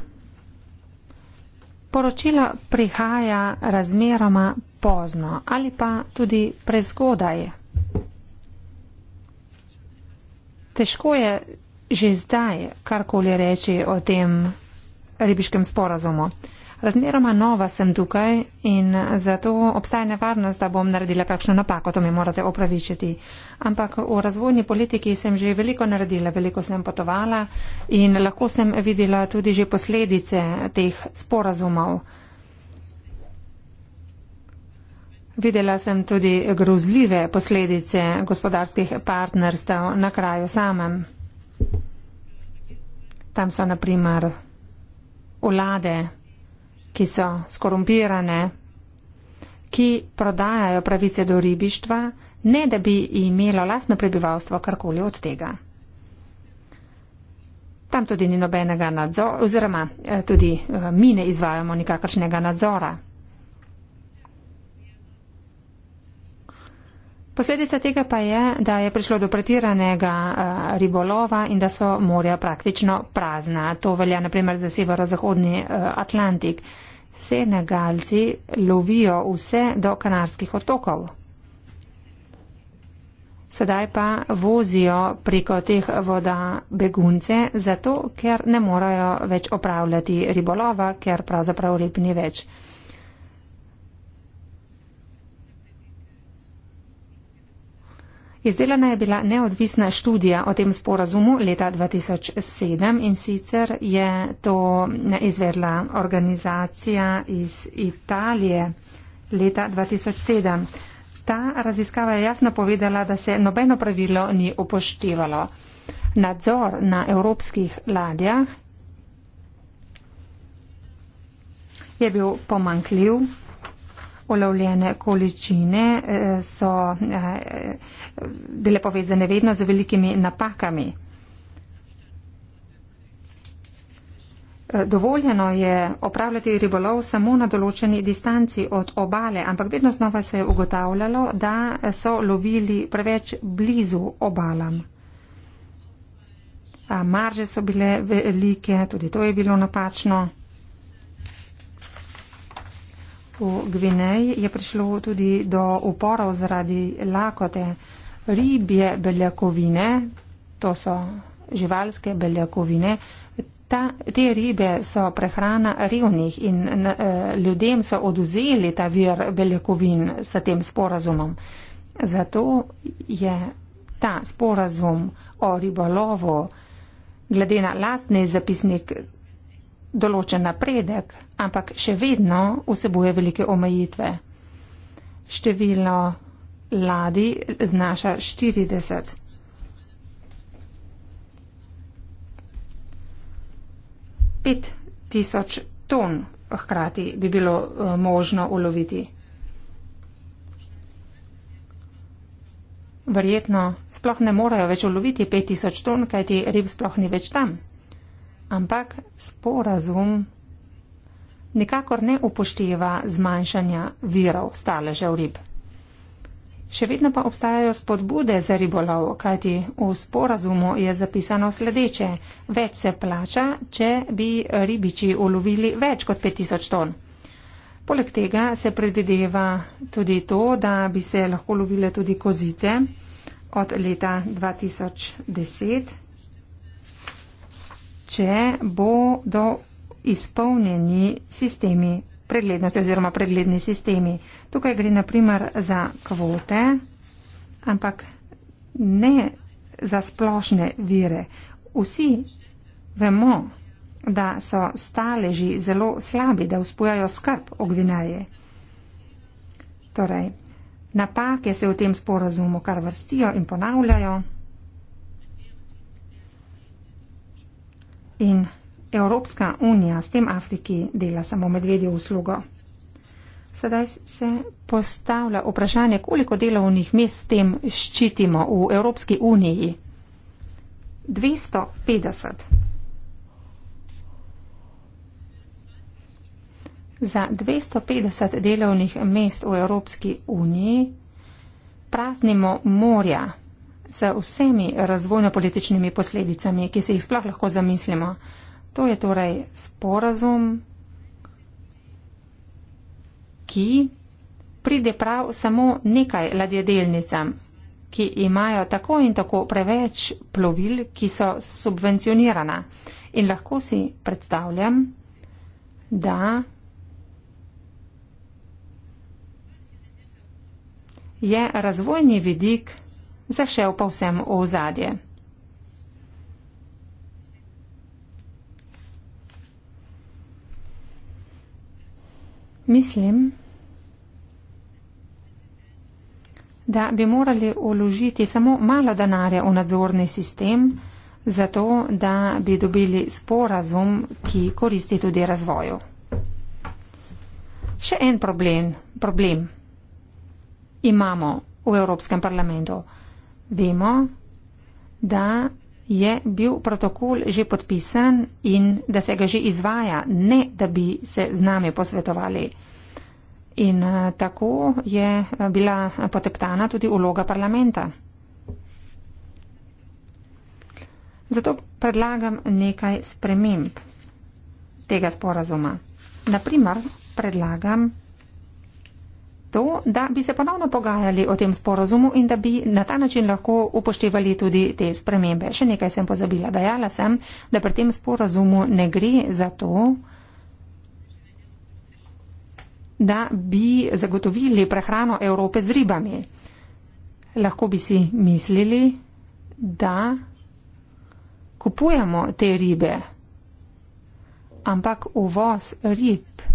Poročilo prihaja razmeroma pozno ali pa tudi prezgodaj. Težko je že zdaj karkoli reči o tem ribiškem sporazumu. Razmeroma nova sem tukaj in zato obstaja nevarnost, da bom naredila kakšno napako, to mi morate opravičiti. Ampak v razvojni politiki sem že veliko naredila, veliko sem potovala in lahko sem videla tudi že posledice teh sporazumov. Videla sem tudi grozljive posledice gospodarskih partnerstv na kraju samem. Tam so naprimer vlade ki so skorumpirane, ki prodajajo pravice do ribištva, ne da bi imelo lastno prebivalstvo karkoli od tega. Tam tudi ni nobenega nadzora, oziroma eh, tudi eh, mi ne izvajamo nikakršnega nadzora. Posledica tega pa je, da je prišlo do pretiranega eh, ribolova in da so morja praktično prazna. To velja naprimer za severozahodni Atlantik. Senegalci lovijo vse do Kanarskih otokov. Sedaj pa vozijo preko teh voda begunce, zato ker ne morajo več opravljati ribolova, ker pravzaprav rib ni več. Izdelana je bila neodvisna študija o tem sporazumu leta 2007 in sicer je to izvedla organizacija iz Italije leta 2007. Ta raziskava je jasno povedala, da se nobeno pravilo ni upoštevalo. Nadzor na evropskih ladjah je bil pomankljiv. Olovljene količine eh, so. Eh, bile povezane vedno z velikimi napakami. Dovoljeno je opravljati ribolov samo na določeni distanci od obale, ampak vedno znova se je ugotavljalo, da so lovili preveč blizu obalam. Marže so bile velike, tudi to je bilo napačno. V Gvineji je prišlo tudi do uporov zaradi lakote ribje beljakovine, to so živalske beljakovine, ta, te ribe so prehrana revnih in e, ljudem so oduzeli ta vir beljakovin s tem sporazumom. Zato je ta sporazum o ribolovu glede na lastni zapisnik določen napredek, ampak še vedno vsebuje velike omejitve. Število ladij znaša 40. Pet tisoč ton hkrati bi bilo eh, možno uloviti. Verjetno sploh ne morejo več uloviti 5000 ton, kajti rib sploh ni več tam. Ampak sporazum nikakor ne upošteva zmanjšanja virov staležev rib. Še vedno pa obstajajo spodbude za ribolov, kajti v sporazumu je zapisano sledeče. Več se plača, če bi ribiči ulovili več kot 5000 ton. Poleg tega se predvideva tudi to, da bi se lahko lovile tudi kozice od leta 2010, če bodo izpolnjeni sistemi preglednosti oziroma pregledni sistemi. Tukaj gre naprimer za kvote, ampak ne za splošne vire. Vsi vemo, da so staleži zelo slabi, da uspujajo skrb o Gvineji. Torej, napake se v tem sporazumu kar vrstijo in ponavljajo. In Evropska unija s tem Afriki dela samo medvedjo uslugo. Sedaj se postavlja vprašanje, koliko delovnih mest s tem ščitimo v Evropski uniji. 250. Za 250 delovnih mest v Evropski uniji praznimo morja z vsemi razvojno-političnimi posledicami, ki se jih sploh lahko zamislimo. To je torej sporazum, ki pride prav samo nekaj ladjedelnicam, ki imajo tako in tako preveč plovil, ki so subvencionirana. In lahko si predstavljam, da je razvojni vidik zašel povsem v ozadje. Mislim, da bi morali uložiti samo malo denarja v nadzorni sistem, zato da bi dobili sporazum, ki koristi tudi razvoju. Še en problem, problem imamo v Evropskem parlamentu. Vemo, da je bil protokol že podpisan in da se ga že izvaja, ne da bi se z nami posvetovali. In eh, tako je eh, bila poteptana tudi uloga parlamenta. Zato predlagam nekaj sprememb tega sporazuma. Naprimer, predlagam to, da bi se ponovno pogajali o tem sporozumu in da bi na ta način lahko upoštevali tudi te spremembe. Še nekaj sem pozabila. Dajala sem, da pri tem sporozumu ne gre za to, da bi zagotovili prehrano Evrope z ribami. Lahko bi si mislili, da kupujemo te ribe, ampak uvoz rib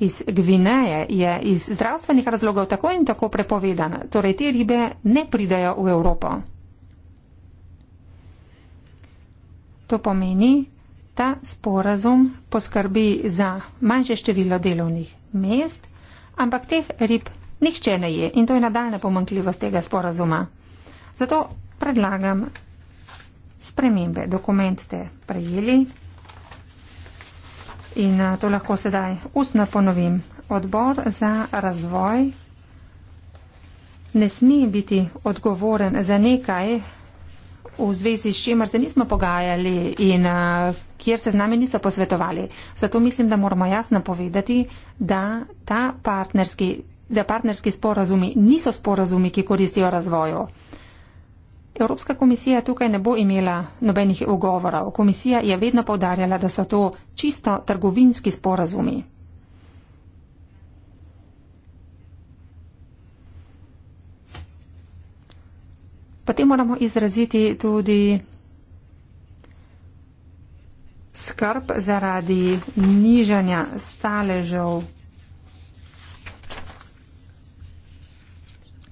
iz Gvineje je iz zdravstvenih razlogov tako in tako prepovedan. Torej, te ribe ne pridajo v Evropo. To pomeni, da sporazum poskrbi za manjše število delovnih mest, ampak teh rib nihče ne je in to je nadaljna pomankljivost tega sporazuma. Zato predlagam spremembe. Dokument ste prejeli. In eh, to lahko sedaj ustno ponovim. Odbor za razvoj ne sme biti odgovoren za nekaj, v zvezi s čimer se nismo pogajali in eh, kjer se z nami niso posvetovali. Zato mislim, da moramo jasno povedati, da ta partnerski, da partnerski sporazumi niso sporazumi, ki koristijo razvoju. Evropska komisija tukaj ne bo imela nobenih ugovorov. Komisija je vedno povdarjala, da so to čisto trgovinski sporazumi. Potem moramo izraziti tudi skrb zaradi nižanja staležev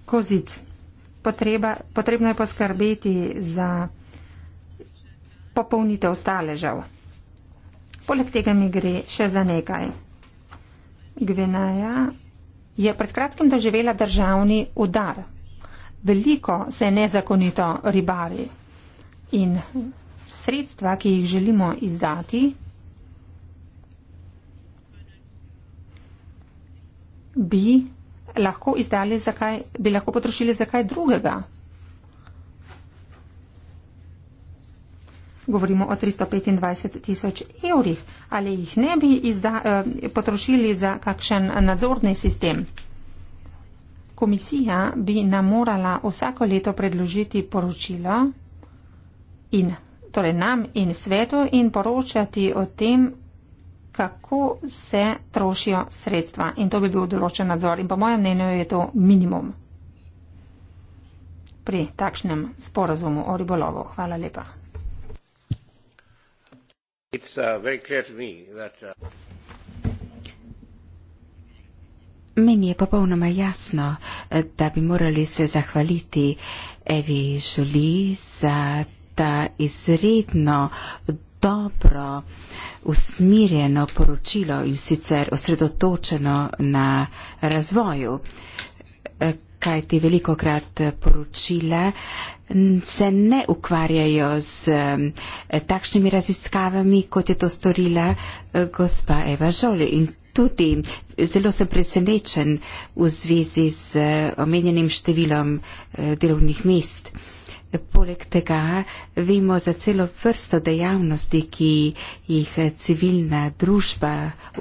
kozic potreba, potrebno je poskrbeti za popolnitev staležev. Poleg tega mi gre še za nekaj. Gvenaja je pred kratkim doživela državni udar. Veliko se nezakonito ribari in sredstva, ki jih želimo izdati, bi lahko izdali, kaj, bi lahko potrošili za kaj drugega. Govorimo o 325 tisoč evrih, ali jih ne bi izda, eh, potrošili za kakšen nadzorni sistem. Komisija bi nam morala vsako leto predložiti poročilo in, torej nam in svetu in poročati o tem, kako se trošijo sredstva in to bi bil določen nadzor in po mojem mnenju je to minimum pri takšnem sporazumu o ribolovu. Hvala lepa.
Uh, uh,
Meni je popolnoma jasno, eh, da bi morali se zahvaliti Evi Žuli za ta izredno dobro usmirjeno poročilo in sicer osredotočeno na razvoju, eh, kaj ti veliko krat poročila mm, se ne ukvarjajo z mm, takšnimi raziskavami, kot je to storila eh, gospa Eva Žoli. In tudi zelo sem presenečen v zvezi z eh, omenjenim številom delovnih mest. Poleg tega vemo za celo vrsto dejavnosti, ki jih civilna družba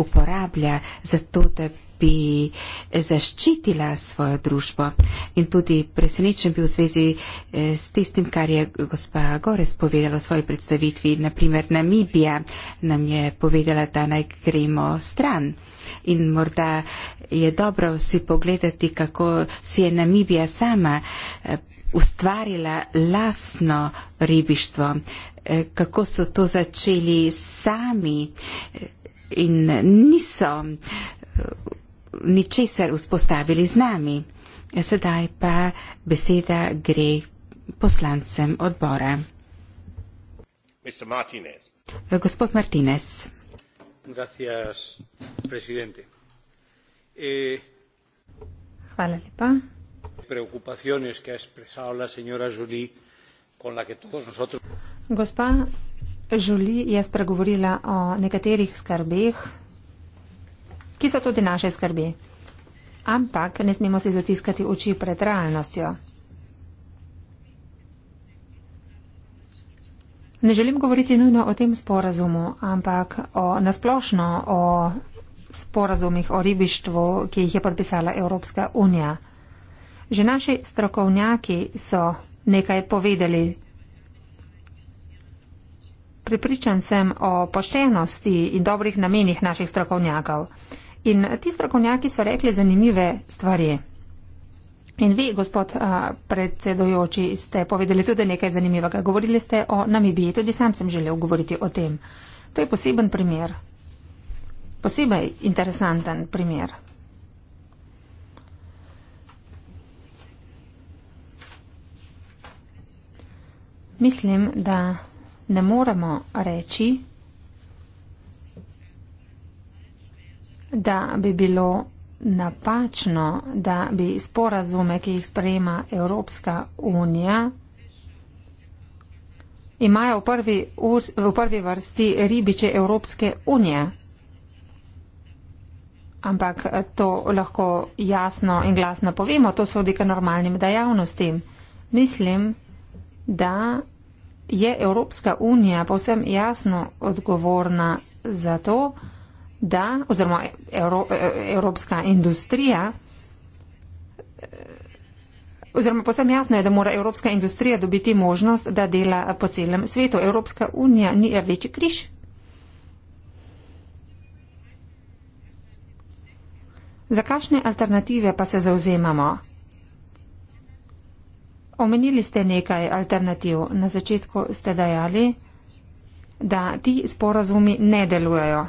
uporablja za to, da bi zaščitila svojo družbo. In tudi presenečen bi v zvezi eh, s tistim, kar je gospa Gores povedala v svoji predstavitvi. Naprimer, Namibija nam je povedala, da naj gremo stran. In morda je dobro si pogledati, kako si je Namibija sama eh, ustvarila lasno ribištvo, eh, kako so to začeli sami eh, in niso eh, ničesar vzpostavili z nami. Sedaj pa beseda gre poslancem odbora.
Martinez.
Gospod Martinez.
Gracias, Hvala lepa, preocupaciones que ha expresado la señora Julie, con la que todos nosotros.
Gospa Julie je spregovorila o nekaterih skrbeh, ki so tudi naše skrbi. Ampak ne smemo si zatiskati oči pred realnostjo. Ne želim govoriti nujno o tem sporazumu, ampak o nasplošno o sporazumih o ribištvu, ki jih je podpisala Evropska unija. Že naši strokovnjaki so nekaj povedali. Pripričan sem o poštenosti in dobrih namenih naših strokovnjakov. In ti strokovnjaki so rekli zanimive stvari. In vi, gospod a, predsedujoči, ste povedali tudi nekaj zanimivega. Govorili ste o Namibiji, tudi sam sem želel govoriti o tem. To je poseben primer. Posebej interesanten primer. Mislim, da ne moremo reči, da bi bilo napačno, da bi sporazume, ki jih sprejema Evropska unija, imajo v prvi, v prvi vrsti ribiče Evropske unije. Ampak to lahko jasno in glasno povemo, to sodi k normalnim dejavnostim. Mislim, da da je Evropska unija posem jasno odgovorna za to, da oziroma Evro, e, evropska industrija oziroma posem jasno je, da mora evropska industrija dobiti možnost, da dela po celem svetu. Evropska unija ni rdeči križ. Za kakšne alternative pa se zauzemamo? Omenili ste nekaj alternativ. Na začetku ste dejali, da ti sporazumi ne delujejo.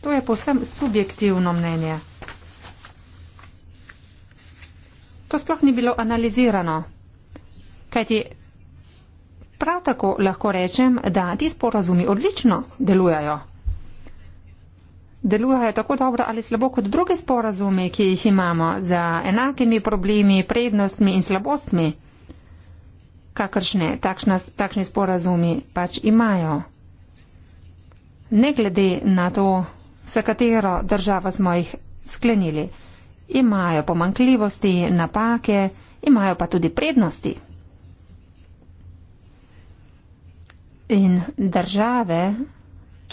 To je povsem subjektivno mnenje. To sploh ni bilo analizirano. Kajti prav tako lahko rečem, da ti sporazumi odlično delujajo delujejo tako dobro ali slabo kot druge sporazume, ki jih imamo za enakimi problemi, prednostmi in slabostmi, kakršne takšna, takšni sporazumi pač imajo. Ne glede na to, s katero državo smo jih sklenili, imajo pomankljivosti, napake, imajo pa tudi prednosti. In države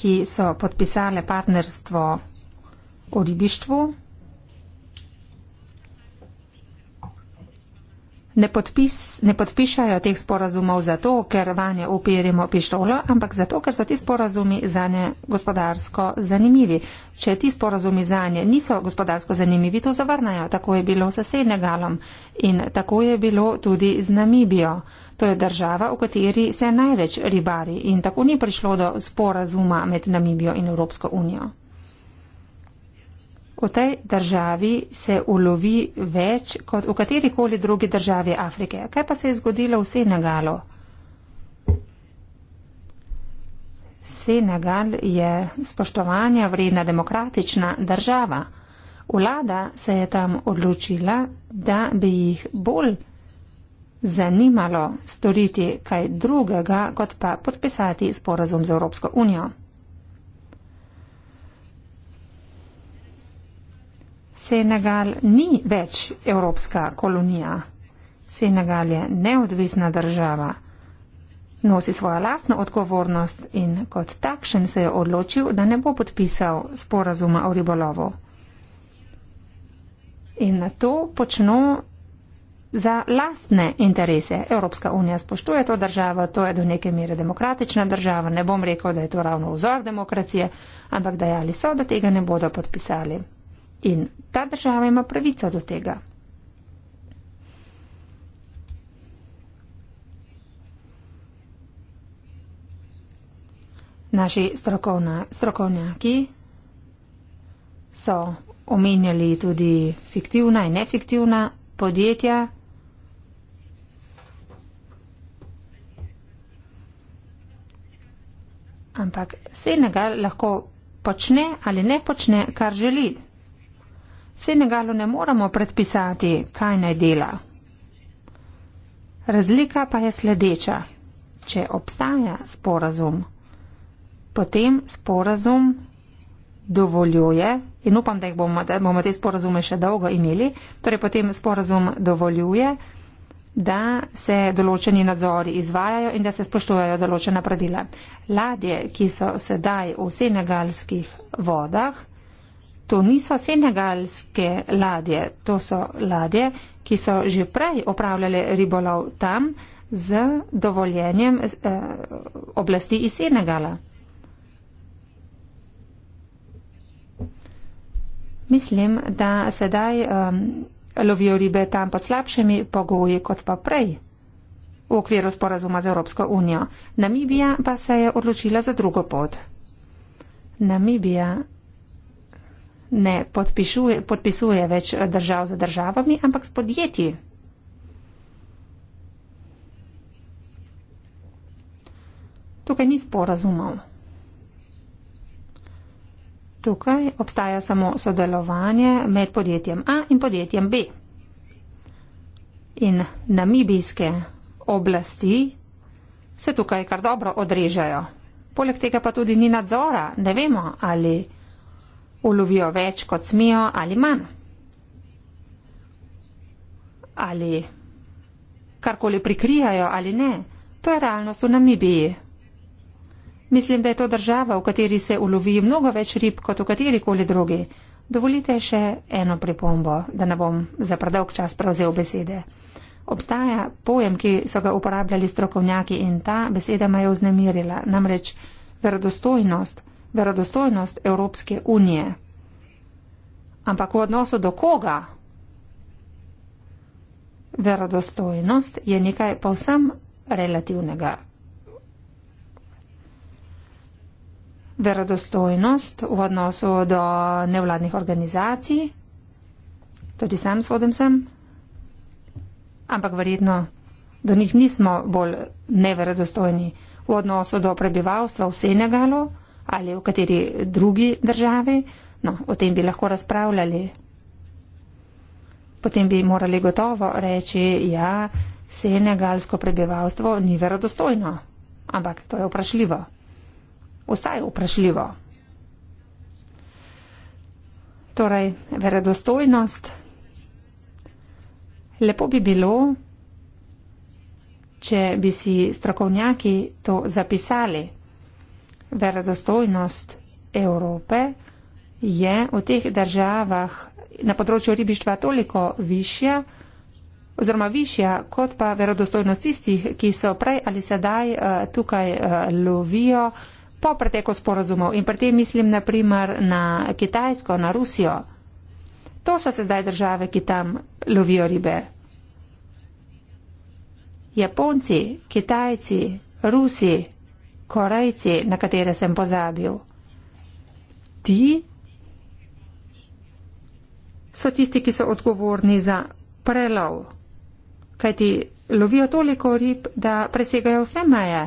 ki so podpisale partnerstvo o ribištvu. ne, podpis, ne podpišajo teh sporazumov zato, ker vanje upirimo pištolo, ampak zato, ker so ti sporazumi za ne gospodarsko zanimivi. Če ti sporazumi za ne niso gospodarsko zanimivi, to zavrnajo. Tako je bilo s Senegalom in tako je bilo tudi z Namibijo. To je država, v kateri se največ ribari in tako ni prišlo do sporazuma med Namibijo in Evropsko unijo. V tej državi se ulovi več kot v katerikoli drugi državi Afrike. Kaj pa se je zgodilo v Senegalu? Senegal je spoštovanja vredna demokratična država. Vlada se je tam odločila, da bi jih bolj zanimalo storiti kaj drugega, kot pa podpisati sporazum z Evropsko unijo. Senegal ni več evropska kolonija. Senegal je neodvisna država, nosi svojo lastno odgovornost in kot takšen se je odločil, da ne bo podpisal sporazuma o ribolovu. In to počno za lastne interese. Evropska unija spoštuje to državo, to je do neke mere demokratična država, ne bom rekel, da je to ravno vzor demokracije, ampak dejali so, da tega ne bodo podpisali. In ta država ima pravico do tega. Naši strokovna, strokovnjaki so omenjali tudi fiktivna in nefiktivna podjetja. Ampak Senegal lahko počne ali ne počne, kar želi. Senegalu ne moramo predpisati, kaj naj dela. Razlika pa je sledeča. Če obstaja sporazum, potem sporazum dovoljuje, in upam, da, bomo, da bomo te sporazume še dolgo imeli, torej potem sporazum dovoljuje, da se določeni nadzori izvajajo in da se spoštujajo določena pravila. Ladje, ki so sedaj v senegalskih vodah, to niso senegalske ladje, to so ladje, ki so že prej opravljali ribolov tam z dovoljenjem eh, oblasti iz Senegala. Mislim, da sedaj eh, lovijo ribe tam pod slabšimi pogoji kot pa prej v okviru sporazuma z Evropsko unijo. Namibija pa se je odločila za drugo pot. Namibija ne podpišuje, podpisuje več držav za državami, ampak s podjetji. Tukaj ni sporazumov. Tukaj obstaja samo sodelovanje med podjetjem A in podjetjem B. In namibijske oblasti se tukaj kar dobro odrežajo. Poleg tega pa tudi ni nadzora. Ne vemo, ali ulovijo več, kot smijo ali manj. Ali karkoli prikrijajo ali ne. To je realnost v Namibiji. Mislim, da je to država, v kateri se ulovi mnogo več rib kot v katerikoli drugi. Dovolite še eno pripombo, da ne bom za predolg čas prevzel besede. Obstaja pojem, ki so ga uporabljali strokovnjaki in ta beseda me je vznemirila, namreč verodostojnost verodostojnost Evropske unije. Ampak v odnosu do koga? Verodostojnost je nekaj povsem relativnega. Verodostojnost v odnosu do nevladnih organizacij, tudi sam shodem sem, ampak verjetno do njih nismo bolj neverodostojni. V odnosu do prebivalstva v Senegalu, ali v kateri drugi državi. No, o tem bi lahko razpravljali. Potem bi morali gotovo reči, ja, senegalsko prebivalstvo ni verodostojno, ampak to je vprašljivo. Vsaj vprašljivo. Torej, verodostojnost. Lepo bi bilo, če bi si strokovnjaki to zapisali verodostojnost Evrope je v teh državah na področju ribištva toliko višja oziroma višja kot pa verodostojnost tistih, ki so prej ali sedaj uh, tukaj uh, lovijo po preteku sporozumov. In pri tem mislim na primer na Kitajsko, na Rusijo. To so se zdaj države, ki tam lovijo ribe. Japonci, Kitajci, Rusi, korejci, na katere sem pozabil. Ti so tisti, ki so odgovorni za prelov, kajti lovijo toliko rib, da presegajo vse meje.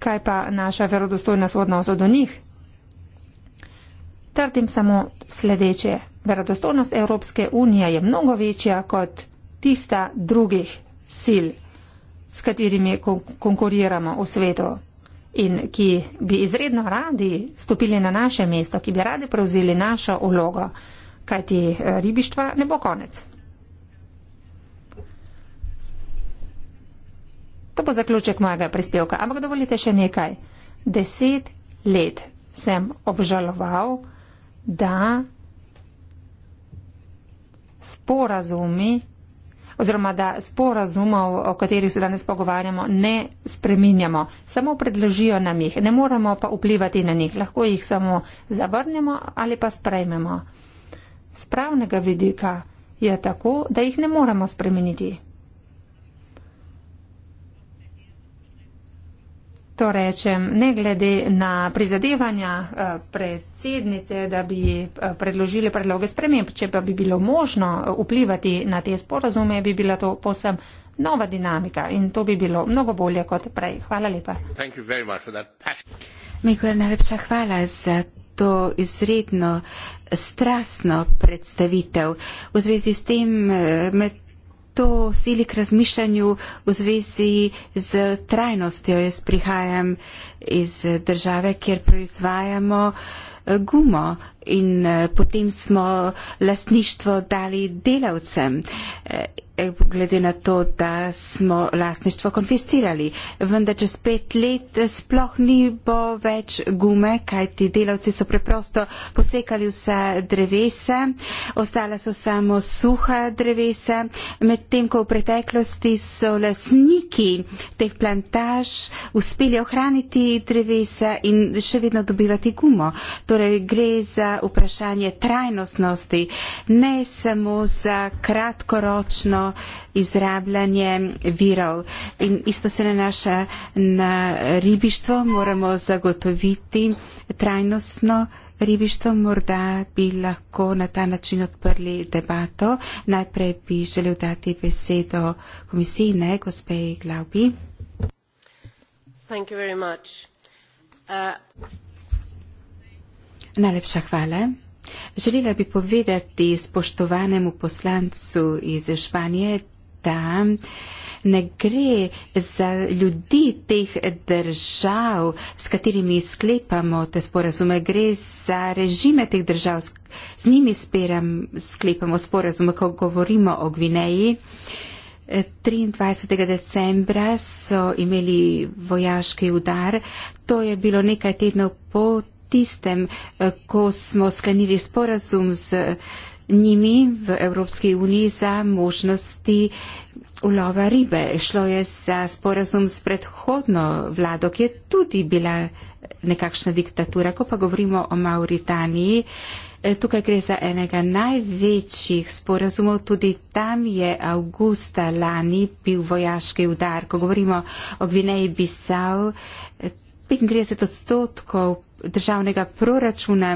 Kaj pa naša verodostojnost v odnosu do njih? Trdim samo sledeče. Verodostojnost Evropske unije je mnogo večja kot tista drugih sil s katerimi kon konkuriramo v svetu in ki bi izredno radi stopili na naše mesto, ki bi radi prevzeli našo vlogo, kajti eh, ribištva ne bo konec. To bo zaključek mojega prispevka, ampak dovolite še nekaj. Deset let sem obžaloval, da sporazumi oziroma da sporazumov, o katerih se danes pogovarjamo, ne spreminjamo, samo predložijo nam jih, ne moremo pa vplivati na njih, lahko jih samo zavrnemo ali pa sprejmemo. Spravnega vidika je tako, da jih ne moremo spremeniti. to rečem, ne glede na prizadevanja eh, predsednice, da bi eh, predložili predloge sprememb, če pa bi bilo možno eh, vplivati na te sporazume, bi bila to posem nova dinamika
in to bi bilo mnogo bolje kot prej. Hvala lepa. Mikuel, najlepša hvala za to izredno strastno predstavitev. V zvezi s tem med to sili k razmišljanju v zvezi z trajnostjo. Jaz prihajam iz države, kjer proizvajamo eh, gumo in eh, potem smo lastništvo dali delavcem. Eh, glede na to, da smo lastništvo konfiscirali. Vendar čez pet let sploh ni bo več gume, kajti delavci so preprosto posekali vse drevese, ostala so samo suha drevese, medtem ko v preteklosti so lasniki teh plantaž uspeli ohraniti drevesa in še vedno dobivati gumo. Torej gre za vprašanje trajnostnosti, ne samo za kratkoročno izrabljanje virov. In isto se nanaša na ribištvo, moramo zagotoviti trajnostno ribištvo, morda bi lahko na ta način odprli debato. Najprej bi želel dati besedo komisiji, ne, gospe Glaubi. Uh... Najlepša hvala. Želela bi povedati spoštovanemu poslancu iz Španije, da ne gre za ljudi teh držav, s katerimi sklepamo te sporazume, gre za režime teh držav, z njimi speram, sklepamo sporazume, ko govorimo o Gvineji. 23. decembra so imeli vojaški udar, to je bilo nekaj tednov po tistem, eh, ko smo sklenili sporazum z eh, njimi v Evropski uniji za možnosti ulova ribe. Šlo je za sporazum s predhodno vlado, ki je tudi bila nekakšna diktatura. Ko pa govorimo o Mauritaniji, eh, tukaj gre za enega največjih sporazumov. Tudi tam je avgusta lani bil vojaški udar. Ko govorimo o Gvineji Bisau, 35 odstotkov državnega proračuna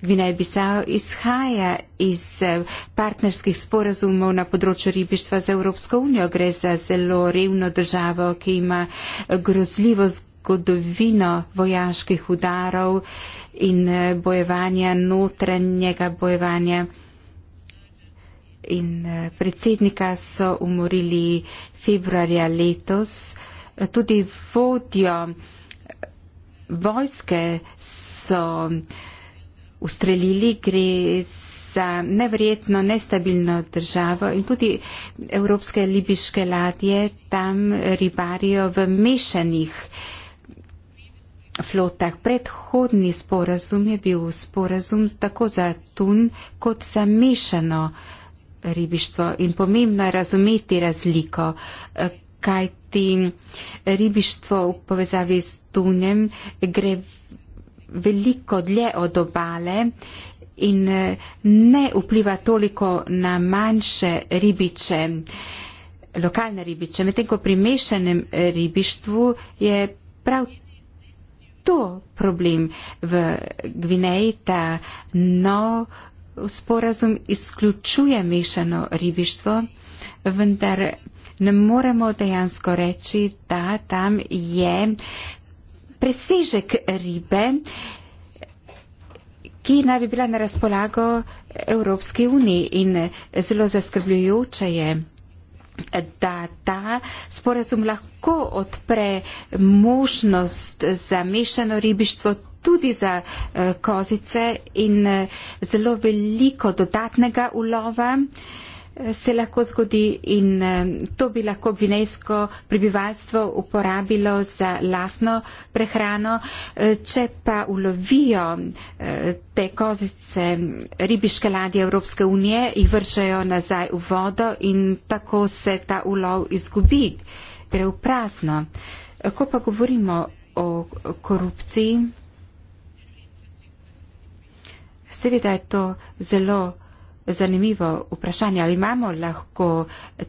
Gvineje Bisao izhaja iz eh, partnerskih sporazumov na področju ribištva z Evropsko unijo. Gre za zelo revno državo, ki ima eh, grozljivo zgodovino vojaških udarov in eh, bojevanja, notranjega bojevanja. In predsednika so umorili februarja letos. Tudi vodjo vojske so ustrelili, gre za nevrjetno nestabilno državo in tudi evropske libiške ladje tam ribarijo v mešanih flotah. Predhodni sporazum je bil sporazum tako za tun kot za mešano ribištvo in pomembno je razumeti razliko, kaj kajti ribištvo v povezavi s Dunjem gre veliko dlje od obale in ne vpliva toliko na manjše ribiče, lokalne ribiče. Medtem ko pri mešanem ribištvu je prav to problem v Gvineji, ta no sporazum izključuje mešano ribištvo, vendar ne moremo dejansko reči, da tam je presežek ribe, ki naj bi bila na razpolago Evropske unije in zelo zaskrbljujoče je da ta sporazum lahko odpre možnost za mešano ribištvo tudi za eh, kozice in eh, zelo veliko dodatnega ulova se lahko zgodi in eh, to bi lahko gvinejsko prebivalstvo uporabilo za lasno prehrano. Eh, če pa ulovijo eh, te kozice ribiške ladje Evropske unije, jih vršajo nazaj v vodo in tako se ta ulov izgubi, gre torej v prazno. Ko pa govorimo o korupciji, seveda je to zelo. Zanimivo vprašanje, ali imamo lahko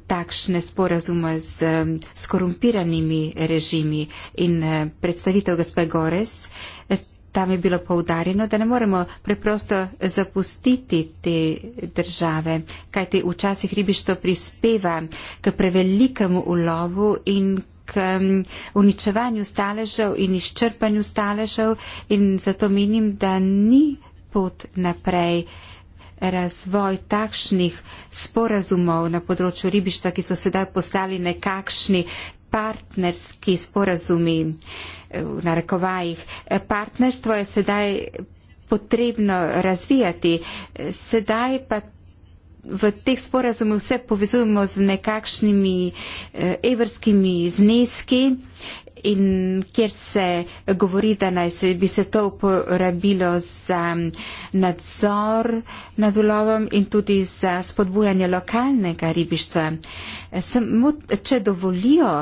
takšne sporazume z skorumpiranimi režimi in eh, predstavitev gospe Gores, eh, tam je bilo poudarjeno, da ne moremo preprosto zapustiti te države, kajti včasih ribištvo prispeva k prevelikemu ulovu in k uničevanju staležev in izčrpanju staležev in zato menim, da ni pot naprej razvoj takšnih sporazumov na področju ribištva, ki so sedaj postali nekakšni partnerski sporazumi eh, v narekovajih. Eh, partnerstvo je sedaj potrebno razvijati, eh, sedaj pa v teh sporazumih vse povezujemo z nekakšnimi evrskimi zneski in kjer se govori, da naj se bi se to uporabilo za nadzor nad ulovom in tudi za spodbujanje lokalnega ribištva. Samo, če dovolijo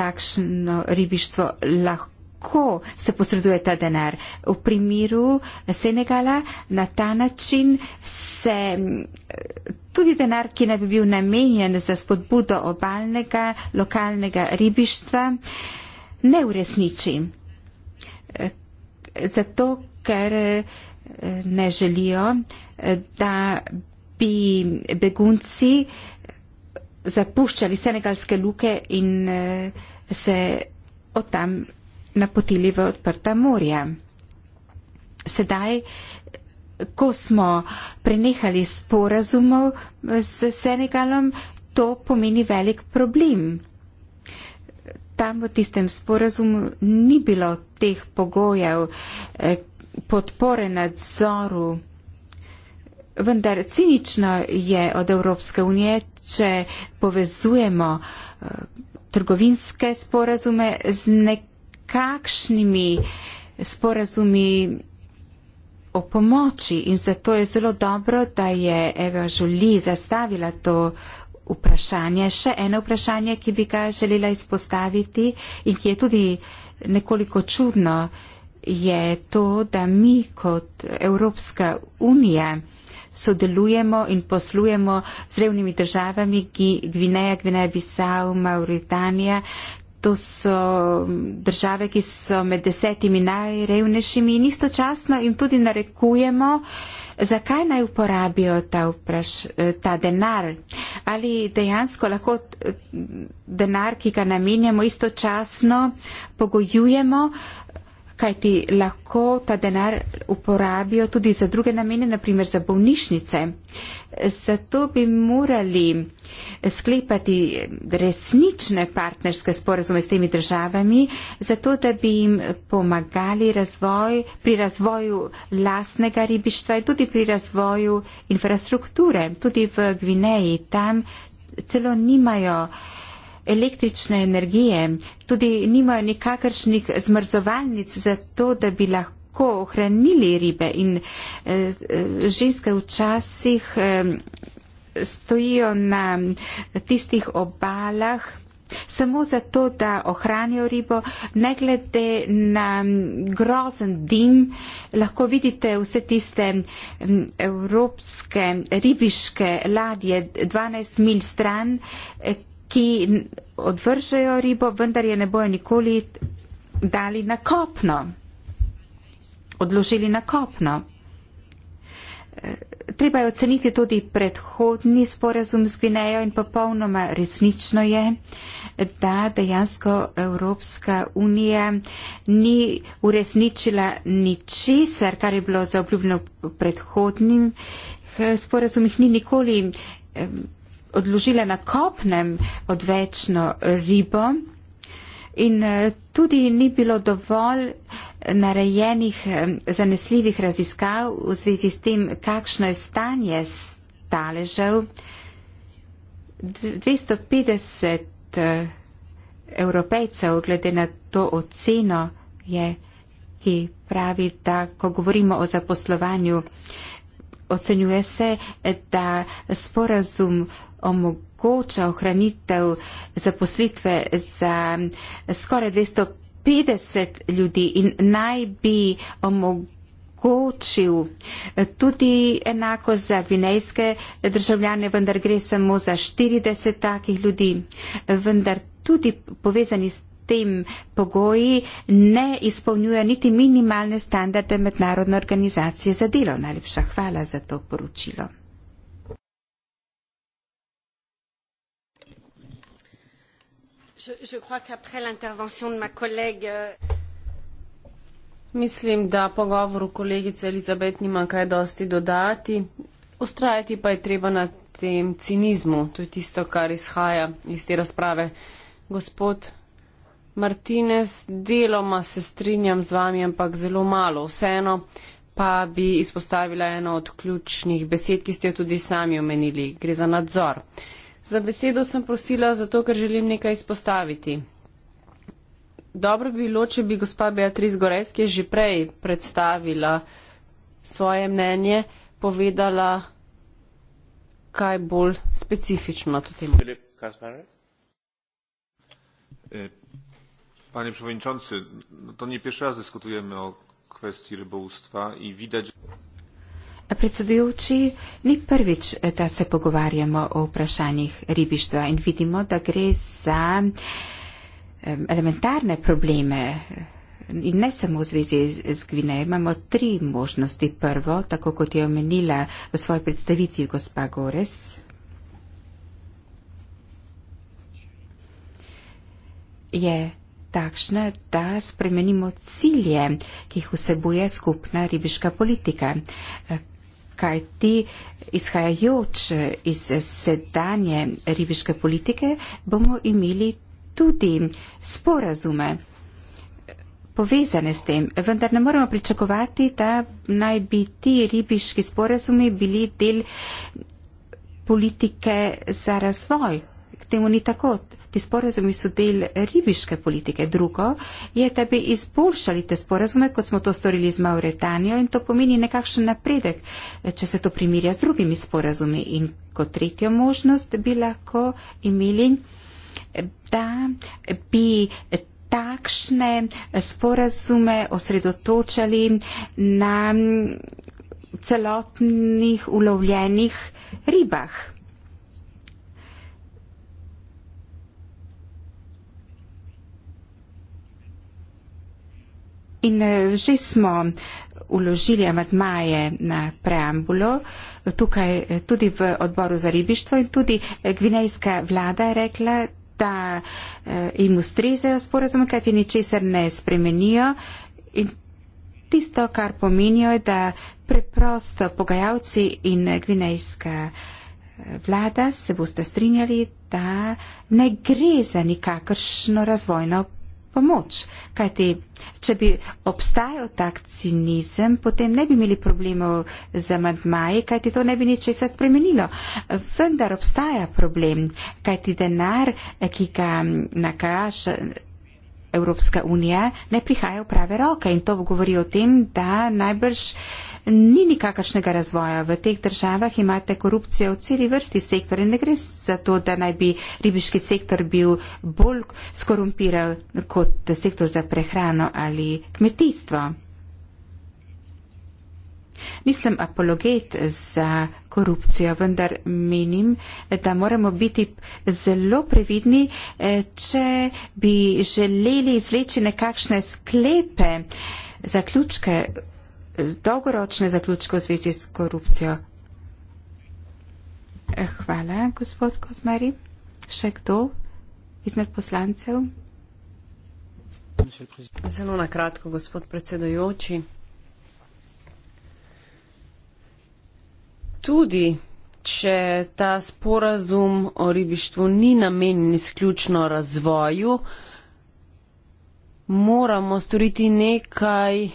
takšno ribištvo, lahko. Kako se posreduje ta denar? V primeru Senegala na ta način se tudi denar, ki naj bi bil namenjen za spodbudo obalnega, lokalnega ribištva, eh, ne uresniči. Eh, zato, ker eh, ne želijo, eh, da bi begunci zapuščali senegalske luke in se od tam napotili v odprta morja. Sedaj, ko smo prenehali sporazumov s Senegalom, to pomeni velik problem tam v tistem sporazumu ni bilo teh pogojev eh, podpore nadzoru. Vendar cinično je od Evropske unije, če povezujemo eh, trgovinske sporazume z nekakšnimi sporazumi o pomoči. In zato je zelo dobro, da je Eva Žuli zastavila to vprašanje, še eno vprašanje, ki bi ga želela izpostaviti in ki je tudi nekoliko čudno, je to, da mi kot Evropska unija sodelujemo in poslujemo z revnimi državami Gvineja, Gvineja, Bisao, Mauritanija. To so države, ki so med desetimi najrevnejšimi in istočasno jim tudi narekujemo, uh, zakaj naj uporabijo ta, vpraš, ta denar? Ali dejansko lahko eh, denar, ki ga namenjamo, istočasno pogojujemo uh, kajti lahko ta denar uporabijo tudi za druge namene, naprimer za bolnišnice. Zato bi morali sklepati resnične partnerske sporazume s temi državami, zato da bi jim pomagali razvoj, pri razvoju lasnega ribištva in tudi pri razvoju infrastrukture. Tudi v Gvineji tam celo nimajo električne energije, tudi nimajo nikakršnih zmrzovalnic za to, da bi lahko ohranili ribe in eh, eh, ženske včasih eh, stojijo na tistih obalah. Samo zato, da ohranijo ribo, ne glede na grozen dim, lahko vidite vse tiste mm, evropske ribiške ladje 12 mil stran, ki odvržejo ribo, vendar je ne bojo nikoli dali na kopno, odložili na kopno. Eh, treba je oceniti tudi predhodni sporazum z Gvinejo in popolnoma resnično je, da dejansko Evropska unija ni uresničila ničesar, kar je bilo zaobljubljeno v predhodnim eh, sporazumih, ni nikoli odložile na kopnem odvečno ribo in eh, tudi ni bilo dovolj eh, narejenih eh, zanesljivih raziskav v zvezi s tem, kakšno je stanje staležev. 250 evropejcev, glede na to oceno, je, ki pravi, da ko govorimo o zaposlovanju, ocenjuje se, da sporazum omogoča ohranitev zaposlitve za skoraj 250 ljudi in naj bi omogočil tudi enako za gvinejske državljane, vendar gre samo za 40 takih ljudi, vendar tudi povezani s tem pogoji ne izpolnjuje niti minimalne standarde mednarodne organizacije za delo. Najlepša hvala za to poročilo.
je, je crois qu'après l'intervention de ma collègue. Euh,
Mislim, da po govoru kolegice Elizabet nima kaj dosti dodati. Ustrajati pa je treba na tem cinizmu. To je tisto, kar izhaja iz te razprave. Gospod Martinez, deloma se strinjam z vami, ampak zelo malo. Vseeno pa bi izpostavila eno od ključnih besed, ki ste jo tudi sami omenili. Gre za nadzor. Za besedo sem prosila, zato ker želim nekaj izpostaviti. Dobro bi bilo, če bi gospa Beatriz Goreski že prej predstavila svoje mnenje, povedala, kaj bolj specifično to tem.
E, panie przewodniczący, no to nie pierwszy raz dyskutujemy o kwestii rybołówstwa i widać.
Predsedujoči, ni prvič, eh, da se pogovarjamo o vprašanjih ribištva in vidimo, da gre za elementarne probleme. Eh, in ne samo v zvezi z Gvinejo, imamo tri možnosti. Prvo, tako kot je omenila v svoji predstavitvi gospa Gores. je takšna, da spremenimo cilje, ki jih vsebuje skupna ribiška politika. Eh, kaj ti izhajajoč iz sedanje ribiške politike bomo imeli tudi sporazume povezane s tem. Vendar ne moremo pričakovati, da naj bi ti ribiški sporazumi bili del politike za razvoj. K temu ni tako ti sporazumi su del ribiške politike. Drugo je, da bi izboljšali te sporazume, kot smo to storili z Mauretanijo in to pomeni nekakšen napredek, če se to primirja z drugimi sporazumi. In kot tretjo možnost bi lahko imeli, da bi takšne sporazume osredotočali na celotnih ulovljenih ribah. In eh, že smo uložili amatmaje na preambulo, tukaj eh, tudi v odboru za ribištvo in tudi eh, gvinejska vlada je rekla, da jim ustrezajo sporazum, kajti ničesar ne spremenijo. In tisto, kar pominjajo, je, da preprosto pogajalci in gvinejska vlada se boste strinjali, da ne gre za nikakršno razvojno pomoč. Kajti, če bi obstajal tak cinizem, potem ne bi imeli problemov z amantmaji, kajti to ne bi ničesar spremenilo. Vendar obstaja problem, kajti denar, ki ga nakaša Evropske unije, ne prihajajo prave roke in to govori o tem, da najbrž ni nikakršnega razvoja. V teh državah imate korupcijo v celi vrsti sektorja in ne gre za to, da naj bi ribiški sektor bil bolj skorumpiran kot sektor za prehrano ali kmetijstvo. Nisem apologet za korupcijo. Vendar menim, da moramo biti zelo previdni, eh, če bi želeli izvleči nekakšne sklepe, zaključke, dolgoročne zaključke v zvezi s korupcijo. Eh, hvala, gospod Kozmari. Še kdo izmed poslancev?
Zelo na kratko, gospod predsedojoči. tudi, če ta sporazum o ribištvu ni namenjen izključno razvoju, moramo storiti nekaj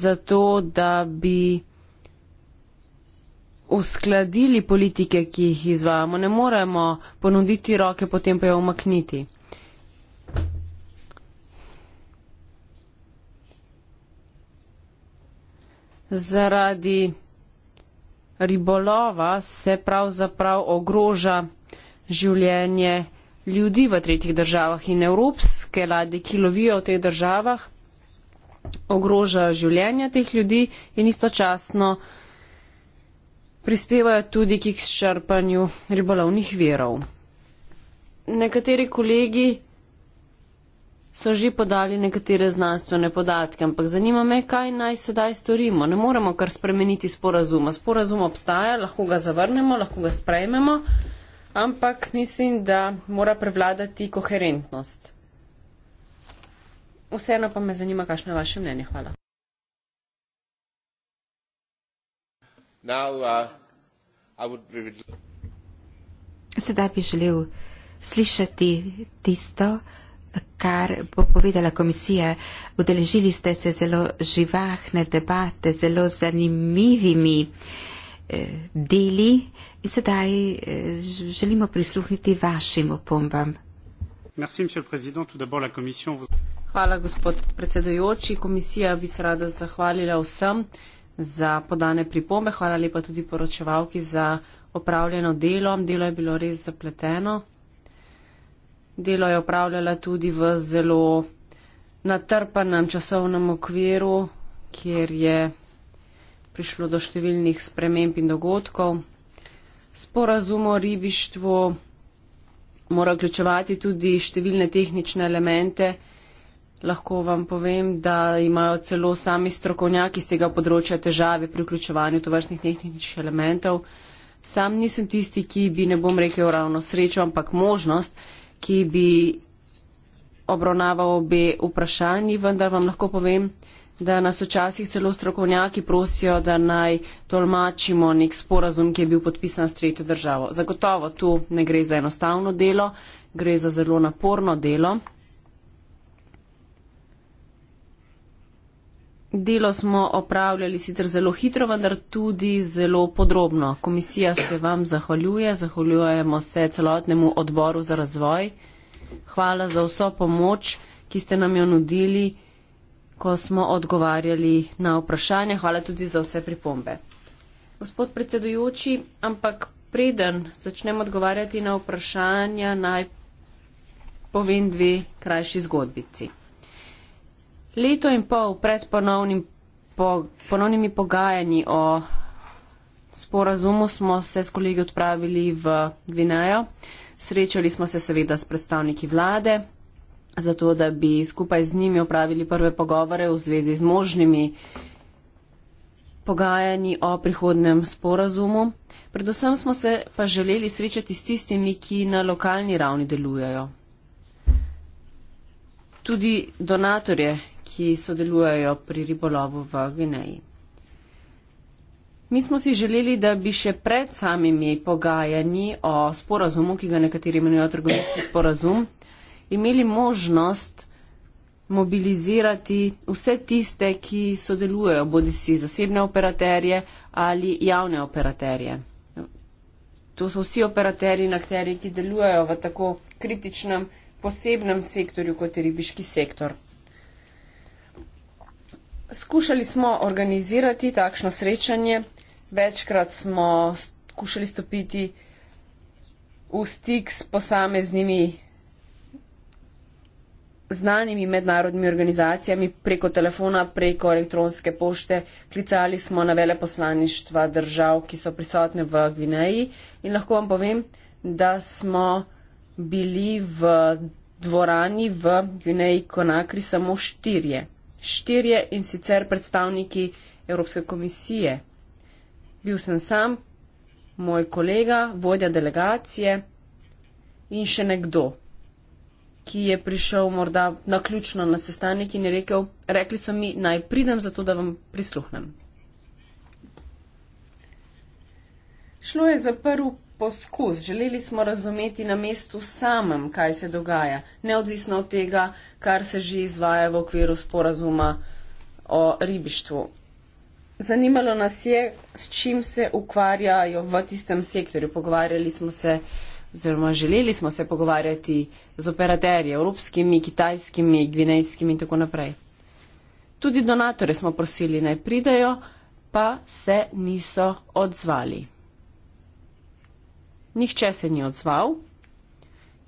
za to, da bi uskladili politike, ki jih izvajamo. Ne moremo ponuditi roke, potem pa jo umakniti. Zaradi ribolova se pravzaprav ogroža življenje ljudi v tretjih državah in evropske ladje, ki lovijo v teh državah, ogrožajo življenja teh ljudi in istočasno prispevajo tudi k izčrpanju ribolovnih verov. Nekateri kolegi so že podali nekatere znanstvene podatke, ampak zanima me, kaj naj sedaj storimo. Ne moremo kar spremeniti sporazuma. Sporazum obstaja, lahko ga zavrnemo, lahko ga sprejmemo, ampak mislim, da mora prevladati koherentnost. Vseeno pa me zanima, kakšno je vaše mnenje. Hvala.
Now, uh,
sedaj bi želel slišati tisto, kar bo povedala komisija. Udeležili ste se zelo živahne debate, zelo zanimivimi eh, deli in sedaj eh, želimo prisluhniti vašim opombam.
Hvala, gospod predsedujoči. Komisija bi se rada zahvalila vsem za podane pripombe. Hvala lepa tudi poročevalki za opravljeno delo. Delo je bilo res zapleteno delo je opravljala tudi v zelo natrpanem časovnem okviru, kjer je prišlo do številnih sprememb in dogodkov. Sporazum o ribištvu mora vključevati tudi številne tehnične elemente. Lahko vam povem, da imajo celo sami strokovnjaki z tega področja težave pri vključevanju tovrstnih tehničnih elementov. Sam nisem tisti, ki bi ne bom rekel ravno srečo, ampak možnost, ki bi obravnaval obe vprašanji, vendar vam lahko povem, da nas včasih celo strokovnjaki prosijo, da naj tolmačimo nek sporazum, ki je bil podpisan s tretjo državo. Zagotovo tu ne gre za enostavno delo, gre za zelo naporno delo. Delo smo opravljali sicer zelo hitro, vendar tudi zelo podrobno. Komisija se vam zahvaljuje, zahvaljujemo se celotnemu odboru za razvoj. Hvala za vso pomoč, ki ste nam jo nudili, ko smo odgovarjali na vprašanje. Hvala tudi za vse pripombe. Gospod predsedujoči, ampak preden začnem odgovarjati na vprašanja, naj povem dve krajši zgodbici. Leto in pol pred ponovnim, po, ponovnimi pogajanji o sporazumu smo se s kolegi odpravili v Gvinejo. Srečali smo se seveda s predstavniki vlade, zato da bi skupaj z njimi opravili prve pogovore v zvezi z možnimi pogajanji o prihodnem sporazumu. Predvsem smo se pa želeli srečati s tistimi, ki na lokalni ravni delujejo. Tudi donatorje ki sodelujejo pri ribolovu v Gineji. Mi smo si želeli, da bi še pred samimi pogajanji o sporazumu, ki ga nekateri imenujejo trgovinski sporazum, imeli možnost mobilizirati vse tiste, ki sodelujejo, bodi si zasebne operaterje ali javne operaterje. To so vsi operaterji in akterji, ki delujejo v tako kritičnem posebnem sektorju kot je ribiški sektor. Skušali smo organizirati takšno srečanje, večkrat smo skušali stopiti v stik s posameznimi znanimi mednarodnimi organizacijami preko telefona, preko elektronske pošte. Klicali smo na vele poslaništva držav, ki so prisotne v Gvineji in lahko vam povem, da smo bili v dvorani v Gvineji Konakri samo štirje štirje in sicer predstavniki Evropske komisije. Bil sem sam, moj kolega, vodja delegacije in še nekdo, ki je prišel morda naključno na sestanek in je rekel, rekli so mi, naj pridem za to, da vam prisluhnem. Šlo je za prvi poskus, želeli smo razumeti na mestu samem, kaj se dogaja, neodvisno od tega, kar se že izvaja v okviru sporazuma o ribištvu. Zanimalo nas je, s čim se ukvarjajo v tistem sektorju. Pogovarjali smo se, oziroma želeli smo se pogovarjati z operaterji, evropskimi, kitajskimi, gvinejskimi in tako naprej. Tudi donatore smo prosili, naj pridajo, pa se niso odzvali. Nihče se ni odzval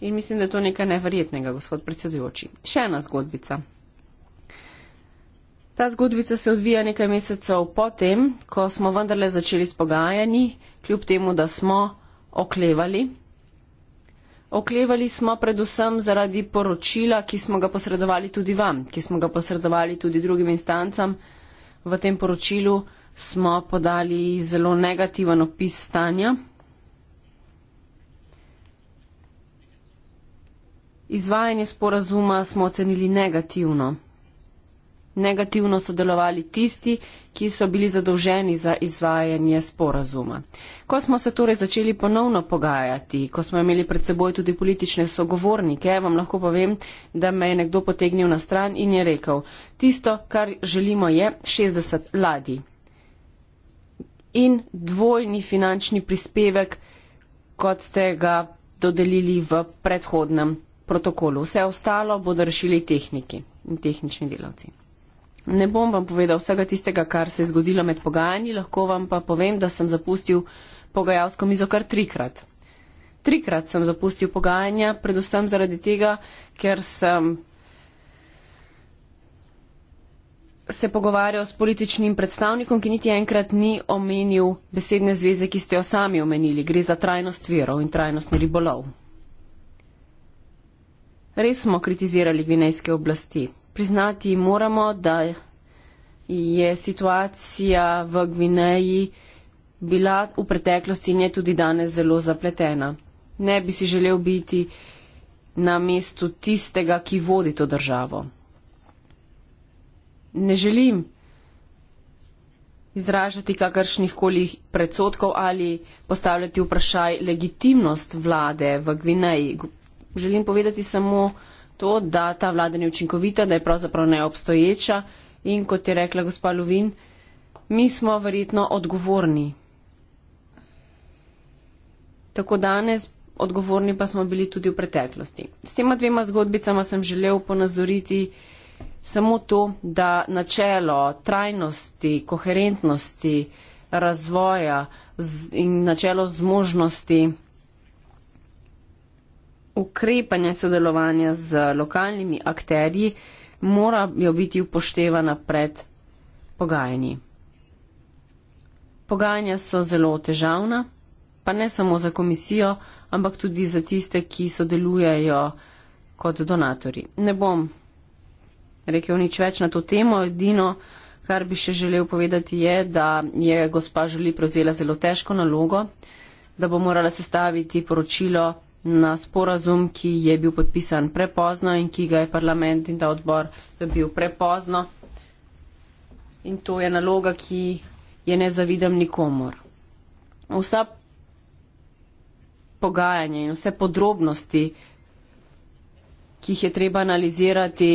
in mislim, da je to nekaj neverjetnega, gospod predsedujoči. Še ena zgodbica. Ta zgodbica se odvija nekaj mesecev potem, ko smo vendarle začeli s pogajanji, kljub temu, da smo oklevali. Oklevali smo predvsem zaradi poročila, ki smo ga posredovali tudi vam, ki smo ga posredovali tudi drugim instancam. V tem poročilu smo podali zelo negativen opis stanja Izvajanje sporazuma smo ocenili negativno. Negativno so delovali tisti, ki so bili zadolženi za izvajanje sporazuma. Ko smo se torej začeli ponovno pogajati, ko smo imeli pred seboj tudi politične sogovornike, vam lahko povem, da me je nekdo potegnil na stran in je rekel, tisto, kar želimo, je 60 ladij in dvojni finančni prispevek, kot ste ga dodelili v predhodnem protokolu. Vse ostalo bodo rešili tehniki in tehnični delavci. Ne bom vam povedal vsega tistega, kar se je zgodilo med pogajanji, lahko vam pa povem, da sem zapustil pogajalsko mizo kar trikrat. Trikrat sem zapustil pogajanja, predvsem zaradi tega, ker sem se pogovarjal s političnim predstavnikom, ki niti enkrat ni omenil besedne zveze, ki ste jo sami omenili. Gre za trajnost verov in trajnostni ribolov. Res smo kritizirali gvinejske oblasti. Priznati moramo, da je situacija v Gvineji bila v preteklosti in je tudi danes zelo zapletena. Ne bi si želel biti na mestu tistega, ki vodi to državo. Ne želim izražati kakršnih koli predsotkov ali postavljati vprašaj legitimnost vlade v Gvineji želim povedati samo to, da ta vlada ni učinkovita, da je pravzaprav neobstoječa in kot je rekla gospa Lovin, mi smo verjetno odgovorni. Tako danes odgovorni pa smo bili tudi v preteklosti. S tema dvema zgodbicama sem želel ponazoriti samo to, da načelo trajnosti, koherentnosti, razvoja in načelo zmožnosti ukrepanje sodelovanja z lokalnimi akterji morajo biti upoštevana pred pogajanji. Pogajanja so zelo težavna, pa ne samo za komisijo, ampak tudi za tiste, ki sodelujejo kot donatori. Ne bom rekel nič več na to temo, edino, kar bi še želel povedati je, da je gospa Žuli prevzela zelo težko nalogo, da bo morala sestaviti poročilo na sporazum, ki je bil podpisan prepozno in ki ga je parlament in ta odbor dobil prepozno. In to je naloga, ki je ne zavidam nikomor. Vsa pogajanja in vse podrobnosti, ki jih je treba analizirati,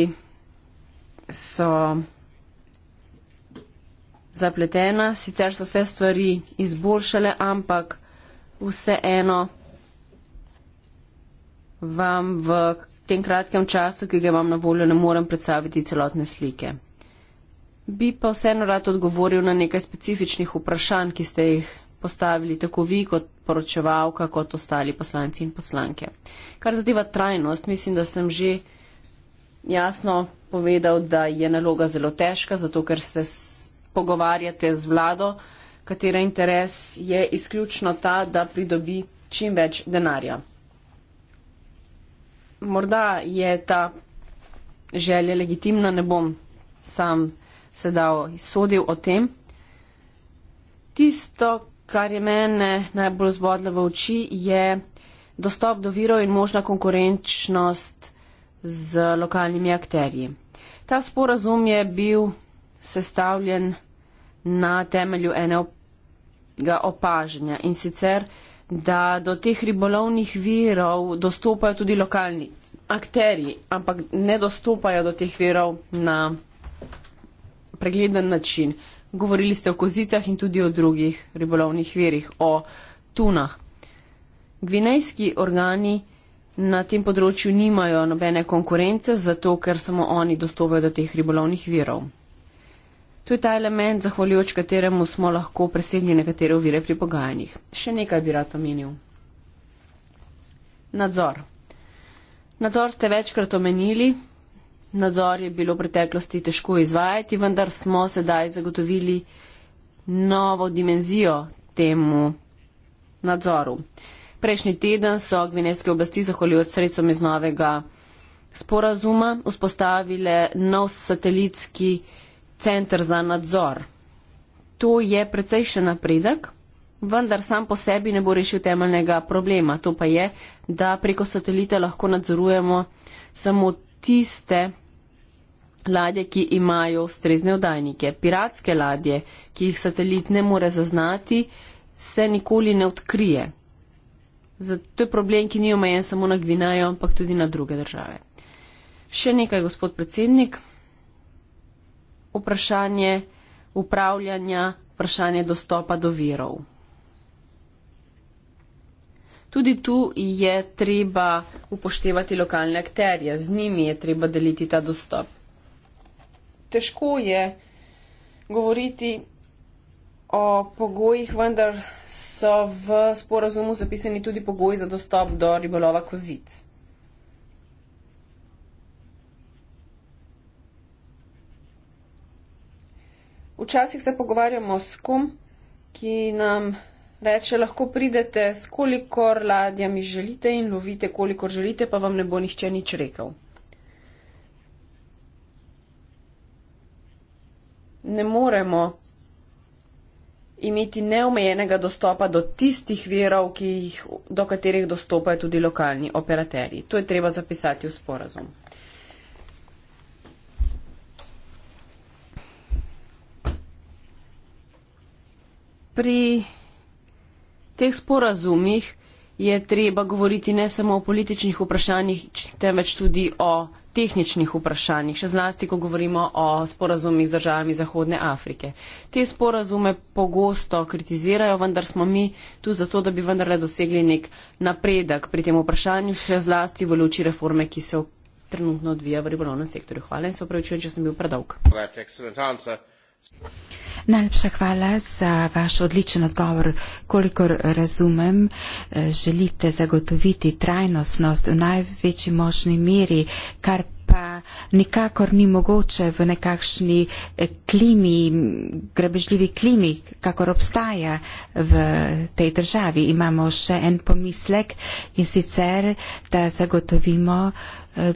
so zapletena. Sicer so vse stvari izboljšale, ampak vseeno vam v tem kratkem času, ki ga imam na voljo, ne morem predstaviti celotne slike. Bi pa vseeno rad odgovoril na nekaj specifičnih vprašanj, ki ste jih postavili tako vi kot poročevalka, kot ostali poslanci in poslanke. Kar zadeva trajnost, mislim, da sem že jasno povedal, da je naloga zelo težka, zato ker se pogovarjate z vlado, katera interes je izključno ta, da pridobi čim več denarja morda je ta želja legitimna, ne bom sam sedaj sodil o tem. Tisto, kar je mene najbolj zbodlo v oči, je dostop do virov in možna konkurenčnost z lokalnimi akterji. Ta sporazum je bil sestavljen na temelju enega opažanja in sicer da do teh ribolovnih virov dostopajo tudi lokalni akteri, ampak ne dostopajo do teh virov na pregleden način. Govorili ste o kozicah in tudi o drugih ribolovnih virih, o tunah. Gvinejski organi na tem področju nimajo nobene konkurence, zato ker samo oni dostopajo do teh ribolovnih virov. To je ta element, zahvaljujoč kateremu smo lahko presegli nekatere ovire pri pogajanjih. Še nekaj bi rad omenil. Nadzor. Nadzor ste večkrat omenili. Nadzor je bilo v preteklosti težko izvajati, vendar smo sedaj zagotovili novo dimenzijo temu nadzoru. Prejšnji teden so gvinejske oblasti zahvaljujoč sredstvom iz novega sporazuma vzpostavile nov satelitski sporazum center za nadzor. To je precejšen napredek, vendar sam po sebi ne bo rešil temeljnega problema. To pa je, da preko satelita lahko nadzorujemo samo tiste ladje, ki imajo ustrezne oddajnike. Piratske ladje, ki jih satelit ne more zaznati, se nikoli ne odkrije. Zato je problem, ki ni omejen samo na Gvinajo, ampak tudi na druge države. Še nekaj, gospod predsednik vprašanje upravljanja, vprašanje dostopa do virov. Tudi tu je treba upoštevati lokalne akterje, z njimi je treba deliti ta dostop. Težko je govoriti o pogojih, vendar so v sporazumu zapisani tudi pogoji za dostop do ribolova kozic. Včasih se pogovarjamo s kom, ki nam reče, lahko pridete s kolikor ladjami želite in lovite, kolikor želite, pa vam ne bo nihče nič rekel. Ne moremo imeti neomejenega dostopa do tistih verov, jih, do katerih dostopajo tudi lokalni operaterji. To je treba zapisati v sporazum. pri teh sporazumih je treba govoriti ne samo o političnih vprašanjih, temveč tudi o tehničnih vprašanjih, še zlasti, ko govorimo o sporazumih z državami Zahodne Afrike. Te sporazume pogosto kritizirajo, vendar smo mi tu zato, da bi vendarle dosegli nek napredek pri tem vprašanju, še zlasti v luči reforme, ki se trenutno odvija v ribolovnem sektorju. Hvala in se opravičujem, če sem bil predolg.
That,
Najlepša hvala za vaš odličen odgovor. Kolikor razumem, eh, želite zagotoviti trajnostnost v največji možni meri, kar pa nikakor ni mogoče v nekakšni eh, klimi, grabežljivi klimi, kakor obstaja v tej državi. Imamo še en pomislek in sicer, da zagotovimo eh,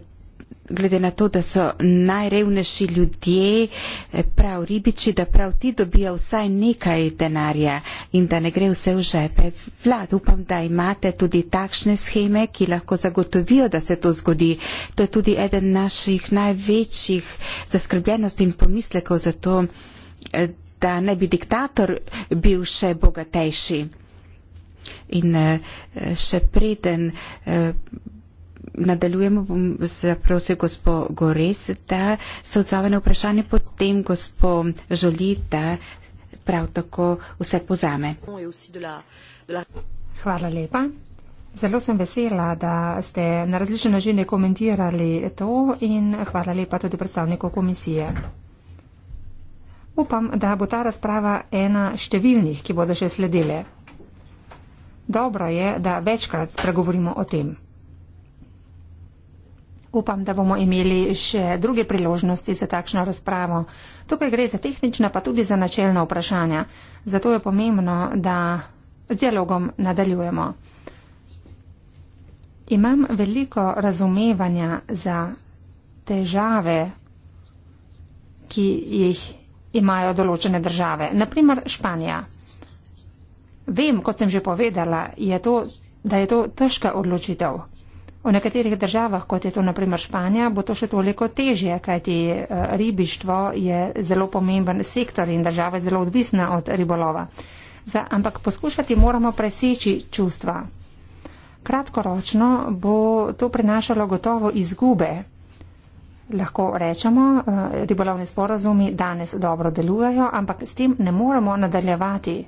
glede na to, da so najrevnejši ljudje eh, prav ribiči, da prav ti dobijo vsaj nekaj denarja in da ne gre vse v žepe vlad. Upam, da imate tudi takšne scheme, ki lahko zagotovijo, da se to zgodi. To je tudi eden naših največjih zaskrbljenosti in pomislekov za to, eh, da ne bi diktator bil še bogatejši. In eh, še preden nadaljujemo, bom zaprosil gospod Gores, da se odzove na vprašanje, potem gospod Žoli, da prav tako vse pozame. Hvala lepa.
Zelo sem vesela, da ste na različne načine komentirali to in hvala lepa tudi predstavniku komisije. Upam, da bo ta razprava ena številnih, ki bodo še sledile. Dobro je, da večkrat spregovorimo o tem. Upam, da bomo imeli še druge priložnosti za takšno razpravo. Tukaj gre za tehnična, pa tudi za načeljna vprašanja. Zato je pomembno, da z dialogom nadaljujemo. Imam veliko razumevanja za težave, ki jih imajo določene države. Naprimer Španija. Vem, kot sem že povedala, je to, da je to težka odločitev. V nekaterih državah, kot je to naprimer Španija, bo to še toliko težje, kajti eh, ribištvo je zelo pomemben sektor in država je zelo odvisna od ribolova. Za, ampak poskušati moramo preseči čustva. Kratkoročno bo to prenašalo gotovo izgube. Lahko rečemo, eh, ribolovni sporazumi danes dobro delujejo, ampak s tem ne moremo nadaljevati.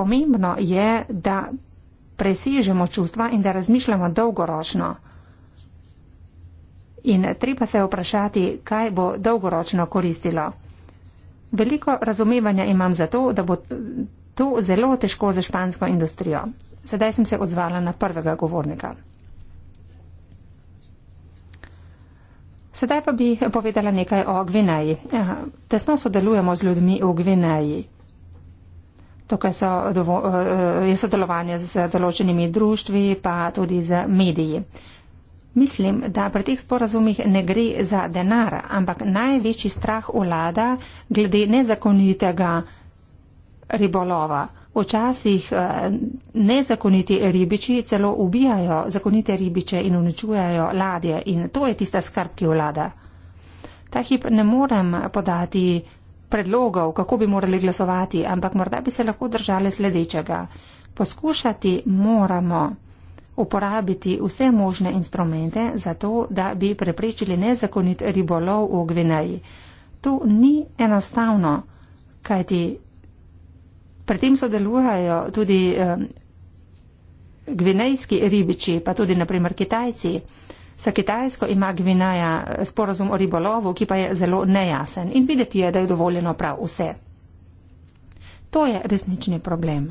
Pomembno je, da presežemo čustva in da razmišljamo dolgoročno. In treba se vprašati, kaj bo dolgoročno koristilo. Veliko razumevanja imam za to, da bo to zelo težko za špansko industrijo. Sedaj sem se odzvala na prvega govornika. Sedaj pa bi povedala nekaj o Gvineji. Tesno sodelujemo z ljudmi v Gvineji. Tukaj so, eh, je sodelovanje z določenimi društvi, pa tudi z mediji. Mislim, da pri teh sporazumih ne gre za denar, ampak največji strah vlada glede nezakonitega ribolova. Včasih eh, nezakoniti ribiči celo ubijajo zakonite ribiče in uničujejo ladje in to je tista skrb, ki vlada. Ta hip ne morem podati predlogov, kako bi morali glasovati, ampak morda bi se lahko držali sledečega. Poskušati moramo uporabiti vse možne instrumente za to, da bi preprečili nezakonit ribolov v Gvineji. To ni enostavno, kajti pri tem sodelujajo tudi eh, gvinejski ribiči, pa tudi naprimer kitajci. S Kitajsko ima Gvineja sporozum o ribolovu, ki pa je zelo nejasen in videti je, da je dovoljeno prav vse. To je resnični problem.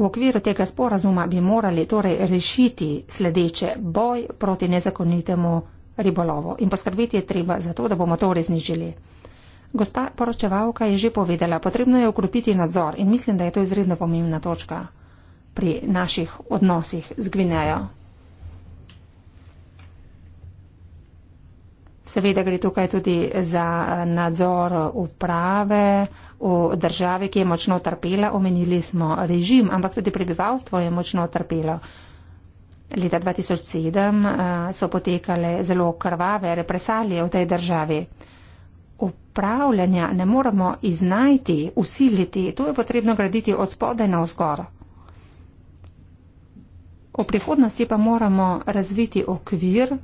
V okviru tega sporazuma bi morali torej rešiti sledeče boj proti nezakonitemu ribolovu in poskrbeti je treba za to, da bomo to uresničili. Gospa poročevalka je že povedala, potrebno je ukrepiti nadzor in mislim, da je to izredno pomembna točka pri naših odnosih z Gvinejo. Seveda gre tukaj tudi za nadzor uprave v državi, ki je močno trpela. Omenili smo režim, ampak tudi prebivalstvo je močno trpelo. Leta 2007 eh, so potekale zelo krvave represalije v tej državi. Upravljanja ne moremo iznajti, usiliti. To je potrebno graditi od spodaj na vzgor. V prihodnosti pa moramo razviti okvir,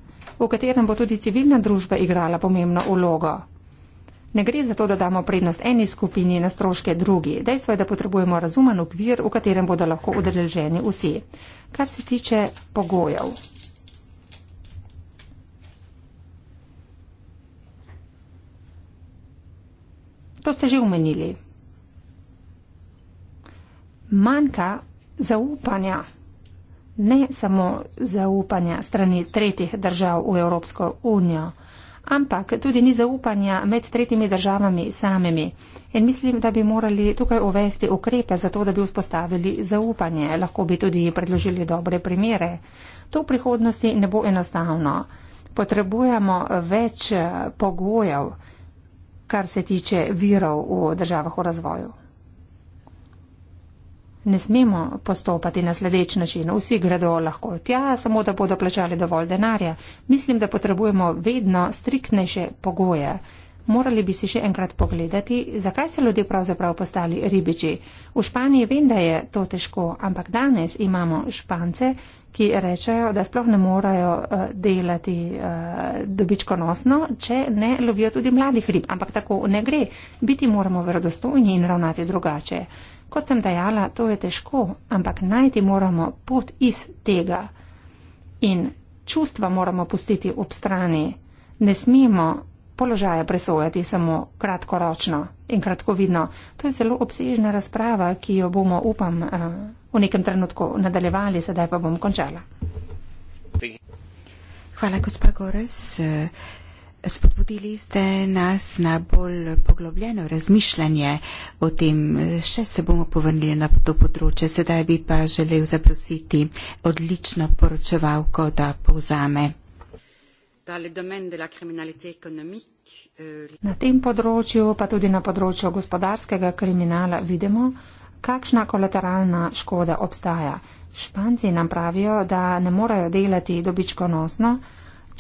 v katerem bo tudi civilna družba igrala pomembno ulogo. Ne gre za to, da damo prednost eni skupini na stroške drugi. Dejstvo je, da potrebujemo razumen okvir, v katerem bodo lahko udeleženi vsi. Kar se tiče pogojev. To ste že omenili. Manjka zaupanja ne samo zaupanja strani tretjih držav v Evropsko unijo, ampak tudi ni zaupanja med tretjimi državami samimi. In mislim, da bi morali tukaj uvesti ukrepe za to, da bi vzpostavili zaupanje. Lahko bi tudi predložili dobre primere. To v prihodnosti ne bo enostavno. Potrebujemo več pogojev, kar se tiče virov v državah v razvoju ne smemo postopati na sledeč način. Vsi gredo lahko tja, samo da bodo plačali dovolj denarja. Mislim, da potrebujemo vedno striktnejše pogoje. Morali bi si še enkrat pogledati, zakaj so ljudje pravzaprav postali ribiči. V Španiji vem, da je to težko, ampak danes imamo špance, ki rečejo, da sploh ne morajo uh, eh, delati uh, dobičkonosno, če ne lovijo tudi mladih rib. Ampak tako ne gre. Biti moramo verodostojni in ravnati drugače. Uh, Kot sem dejala, to je težko, ampak najti moramo pot iz tega. In čustva moramo pustiti ob strani. Ne smemo položaja presojati samo kratkoročno in kratkovidno. To je zelo obsežna razprava, ki jo bomo, upam, eh, v nekem trenutku nadaljevali,
sedaj pa bom končala. Hvala, gospa Gores. Spodbudili ste nas na bolj poglobljeno razmišljanje o tem, še se bomo povrnili na to področje. Sedaj bi pa želel zaprositi odlično poročevalko, da povzame. Eh, na tem področju, pa tudi na področju gospodarskega
kriminala, vidimo, kakšna kolateralna škoda obstaja. Španci nam pravijo, da ne morejo delati dobičkonosno,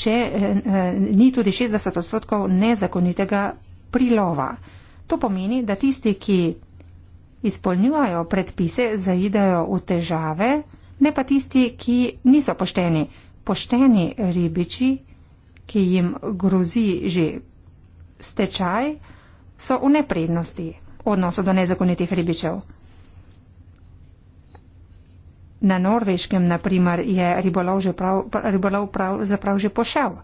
če eh, eh, ni tudi 60 odstotkov nezakonitega prilova. To pomeni, da tisti, ki izpolnjujejo predpise, zaidajo v težave, ne pa tisti, ki niso pošteni. Pošteni ribiči, ki jim grozi že stečaj, so v neprednosti v odnosu do nezakonitih ribičev. Na norveškem, na primer, je ribolov, že prav, ribolov prav že pošel.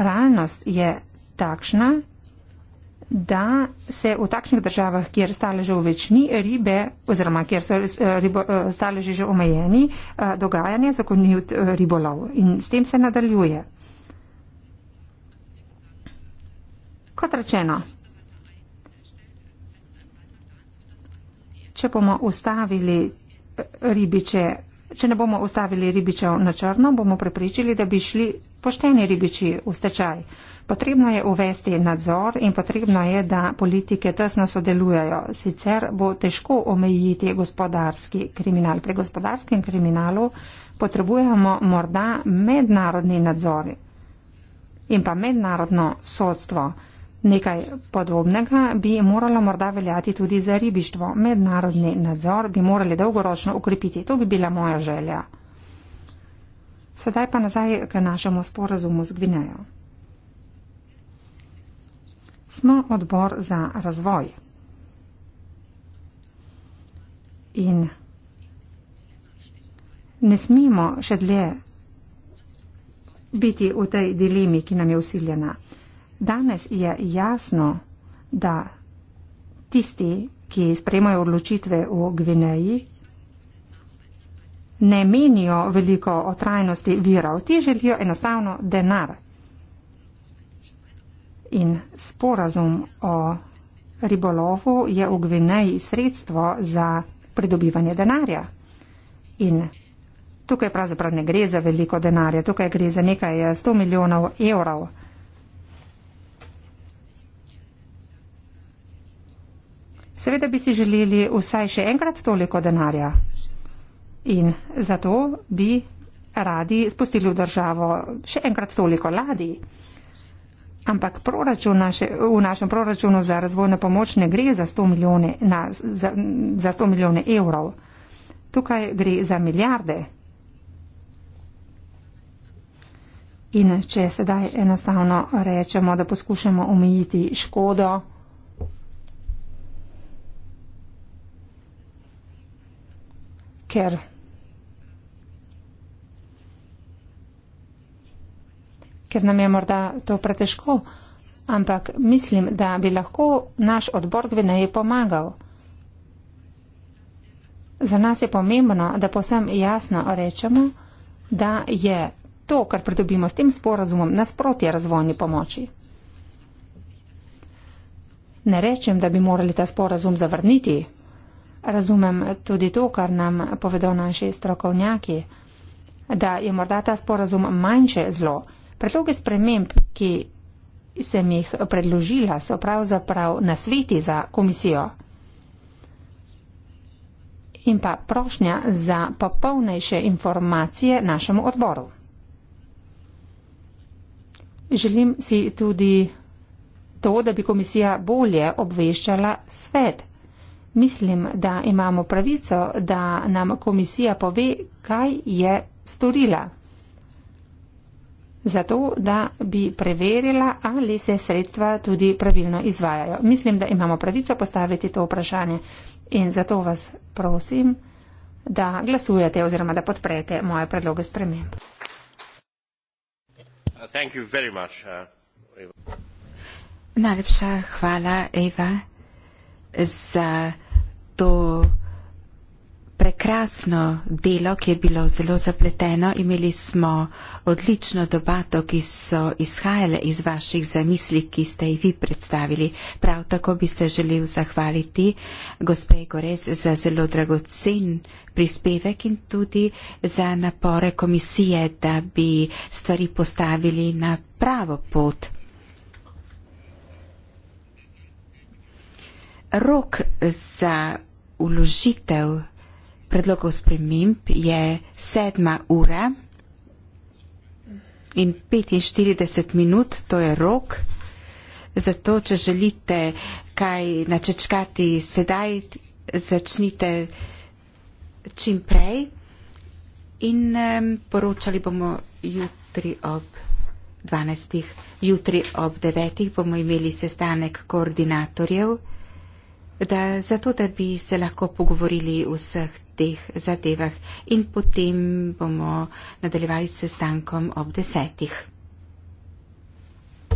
Realnost je takšna, da se v takšnih državah, kjer staležev več ni ribe oziroma kjer so eh, eh, staleži že omejeni, eh, dogajanje zakonijo ribolov in s tem se nadaljuje. Kot rečeno, če bomo ustavili eh, ribiče, če ne bomo ustavili ribičev na črno, bomo prepričali, da bi šli pošteni ribiči v stečaj. Potrebno je uvesti nadzor in potrebno je, da politike tesno sodelujajo, sicer bo težko omejiti gospodarski kriminal. Pri gospodarskem kriminalu potrebujemo morda mednarodni nadzor in pa mednarodno sodstvo. Nekaj podobnega bi moralo morda veljati tudi za ribištvo. Mednarodni nadzor bi morali dolgoročno ukrepiti. To bi bila moja želja. Sedaj pa nazaj k našemu sporazumu z Gvinejo. Smo odbor za razvoj. In ne smemo še dlje biti v tej dilemi, ki nam je usiljena. Danes je jasno, da tisti, ki sprejmajo odločitve v Gvineji, ne menijo veliko o trajnosti virov. Ti želijo enostavno denar. In sporazum o ribolovu je v Gvineji sredstvo za pridobivanje denarja. In tukaj pravzaprav ne gre za veliko denarja, tukaj gre za nekaj 100 milijonov evrov. Seveda bi si želeli vsaj še enkrat toliko denarja in zato bi radi spustili v državo še enkrat toliko ladij. Ampak proračun naše, v našem proračunu za razvojno pomoč ne gre za 100 milijone, na, za, za 100 milijone evrov. Tukaj gre za milijarde. In če sedaj enostavno rečemo, da poskušamo omejiti škodo, ker ker nam je morda to pretežko, ampak mislim, da bi lahko naš odbor Gvineji pomagal. Za nas je pomembno, da posem jasno rečemo, da je to, kar pridobimo s tem sporazumom, nasprotje razvojni pomoči. Ne rečem, da bi morali ta sporazum zavrniti, razumem tudi to, kar nam povedo naši strokovnjaki, da je morda ta sporazum manjše zlo. Predloge sprememb, ki sem jih predložila, so pravzaprav nasveti za komisijo in pa prošnja za popolnejše informacije našemu odboru. Želim si tudi to, da bi komisija bolje obveščala svet Mislim, da imamo pravico, da nam komisija pove, kaj je storila. Zato, da bi preverila, ali se sredstva tudi pravilno izvajajo. Mislim, da imamo pravico postaviti to vprašanje in zato vas prosim, da glasujete oziroma da
podprete moje predloge sprememb.
Uh, uh,
Najlepša hvala, Eva za to prekrasno delo, ki je bilo zelo zapleteno. Imeli smo odlično debato, ki so izhajale iz vaših zamisli, ki ste jih vi predstavili. Prav tako bi se želel zahvaliti gospe Gorez za zelo dragocen prispevek in tudi za napore komisije, da bi stvari postavili na pravo pot. Rok za uložitev predlogov sprememb je sedma ura in 45 minut, to je rok. Zato, če želite kaj načečkati sedaj, začnite čim prej in um, poročali bomo jutri ob 12. Jutri ob 9. bomo imeli sestanek koordinatorjev da zato, da bi se lahko pogovorili o vseh teh zadevah in potem bomo nadaljevali s sestankom ob desetih.